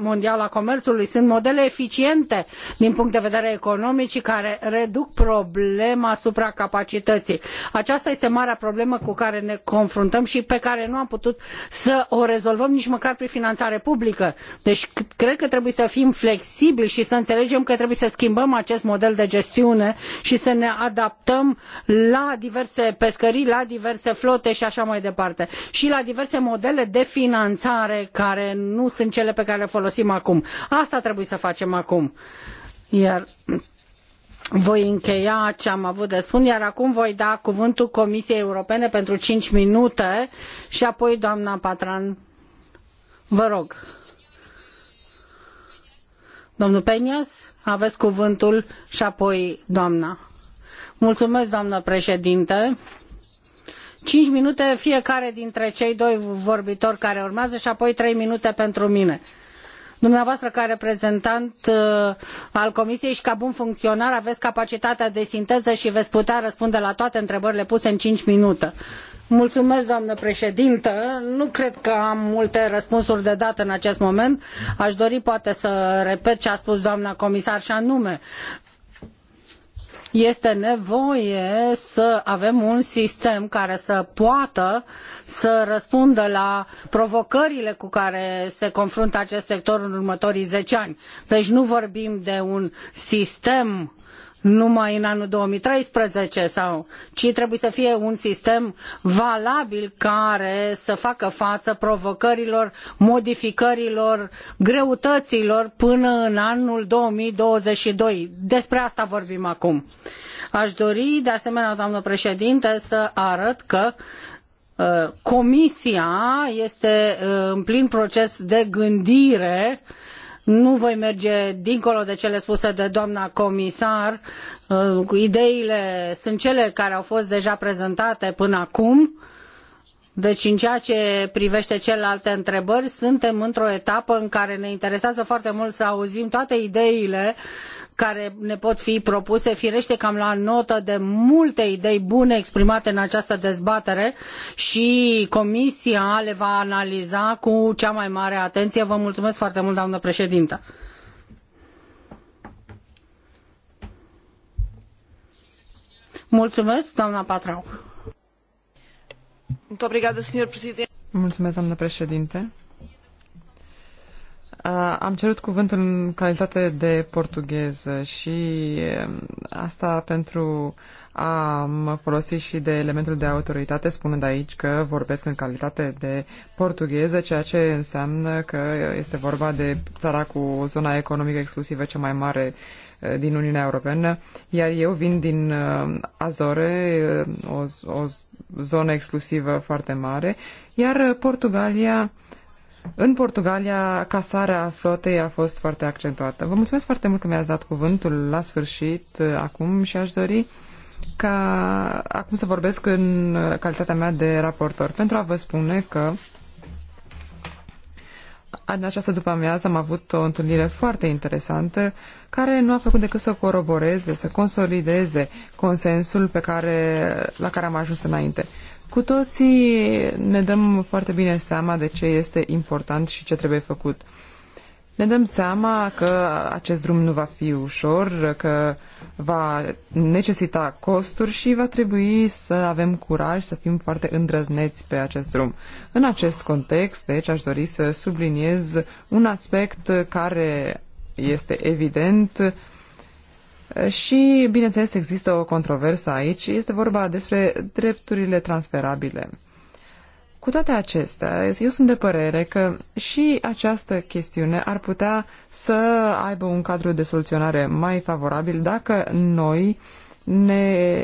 Mondială a Comerțului. Sunt modele eficiente din punct de vedere economic și care reduc problema supracapacității. Aceasta este marea problemă cu care ne confruntăm și pe care nu am putut să o rezolvăm nici măcar prin finanțare publică. Deci cred că trebuie să fim flexibili și să înțelegem că trebuie să schimbăm acest model de gestiune și să ne adaptăm la diverse pescării, la diverse flote și așa mai departe. Și la diverse modele de finanțare care nu sunt cele pe care le folosim acum. Asta trebuie să facem acum. Iar voi încheia ce am avut de spus, iar acum voi da cuvântul Comisiei Europene pentru cinci minute și apoi doamna Patran. Vă rog. Domnul Penias, aveți cuvântul și apoi doamna. Mulțumesc, doamnă președinte. Cinci minute fiecare dintre cei doi vorbitori care urmează și apoi trei minute pentru mine. Dumneavoastră, ca reprezentant uh, al Comisiei și ca bun funcționar, aveți capacitatea de sinteză și veți putea răspunde la toate întrebările puse în cinci minute. Mulțumesc, doamnă președintă. Nu cred că am multe răspunsuri de dat în acest moment. Aș dori poate să repet ce a spus doamna comisar și anume, este nevoie să avem un sistem care să poată să răspundă la provocările cu care se confruntă acest sector în următorii zece ani. Deci nu vorbim de un sistem numai în anul 2013 sau, ci trebuie să fie un sistem valabil care să facă față provocărilor, modificărilor, greutăților până în anul 2022. Despre asta vorbim acum. Aș dori, de asemenea, doamnă președinte, să arăt că uh, Comisia este uh, în plin proces de gândire uh, nu voi merge dincolo de cele spuse de doamna comisar. Uh, ideile sunt cele care au fost deja prezentate până acum. Deci, în ceea ce privește celelalte întrebări, suntem într-o etapă în care ne interesează foarte mult să auzim toate ideile care ne pot fi propuse. Firește că am luat notă de multe idei bune exprimate în această dezbatere și Comisia le va analiza cu cea mai mare atenție. Vă mulțumesc foarte mult, doamnă președintă. Mulțumesc, doamna Patrau. Mulțumesc, doamnă președinte. Uh, am cerut cuvântul în calitate de portugheză și um, asta pentru a mă folosi și de elementul de autoritate, spunând aici că vorbesc în calitate de portugheză, ceea ce înseamnă că este vorba de țara cu zona economică exclusivă cea mai mare uh, din Uniunea Europeană, iar eu vin din uh, Azore, o, o zonă exclusivă foarte mare, iar Portugalia în Portugalia, casarea flotei a fost foarte accentuată. Vă mulțumesc foarte mult că mi-ați dat cuvântul la sfârșit uh, acum și aș dori ca acum să vorbesc în calitatea mea de raportor pentru a vă spune că în această după-amiază am avut o întâlnire foarte interesantă care nu a făcut decât să coroboreze, să consolideze consensul pe care, la care am ajuns înainte. Cu toții ne dăm foarte bine seama de ce este important și ce trebuie făcut. Ne dăm seama că acest drum nu va fi ușor, că va necesita costuri și va trebui să avem curaj să fim foarte îndrăzneți pe acest drum. În acest context, deci, aș dori să subliniez un aspect care este evident și, bineînțeles, există o controversă aici. Este vorba despre drepturile transferabile. Cu toate acestea, eu sunt de părere că și această chestiune ar putea să aibă un cadru de soluționare mai favorabil dacă noi ne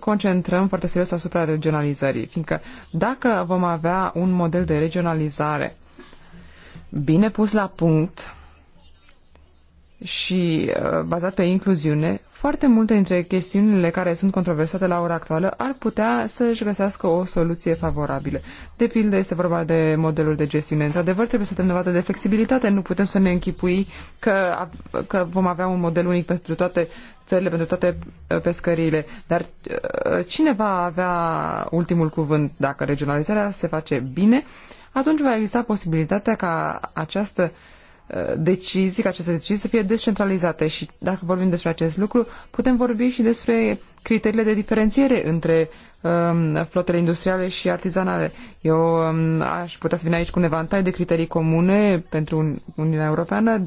concentrăm foarte serios asupra regionalizării, fiindcă dacă vom avea un model de regionalizare bine pus la punct, și uh, bazat pe incluziune, foarte multe dintre chestiunile care sunt controversate la ora actuală ar putea să-și găsească o soluție favorabilă. De pildă este vorba de modelul de gestiune. Într-adevăr, trebuie să dăm dovadă de flexibilitate. Nu putem să ne închipui că, că vom avea un model unic pentru toate țările, pentru toate uh, pescăriile. Dar uh, cine va avea ultimul cuvânt dacă regionalizarea se face bine? Atunci va exista posibilitatea ca această uh, decizii, ca aceste decizii să fie descentralizate și dacă vorbim despre acest lucru, putem vorbi și despre criteriile de diferențiere între um, flotele industriale și artizanale. Eu um, aș putea să vin aici cu un evantai de criterii comune pentru Uniunea Europeană,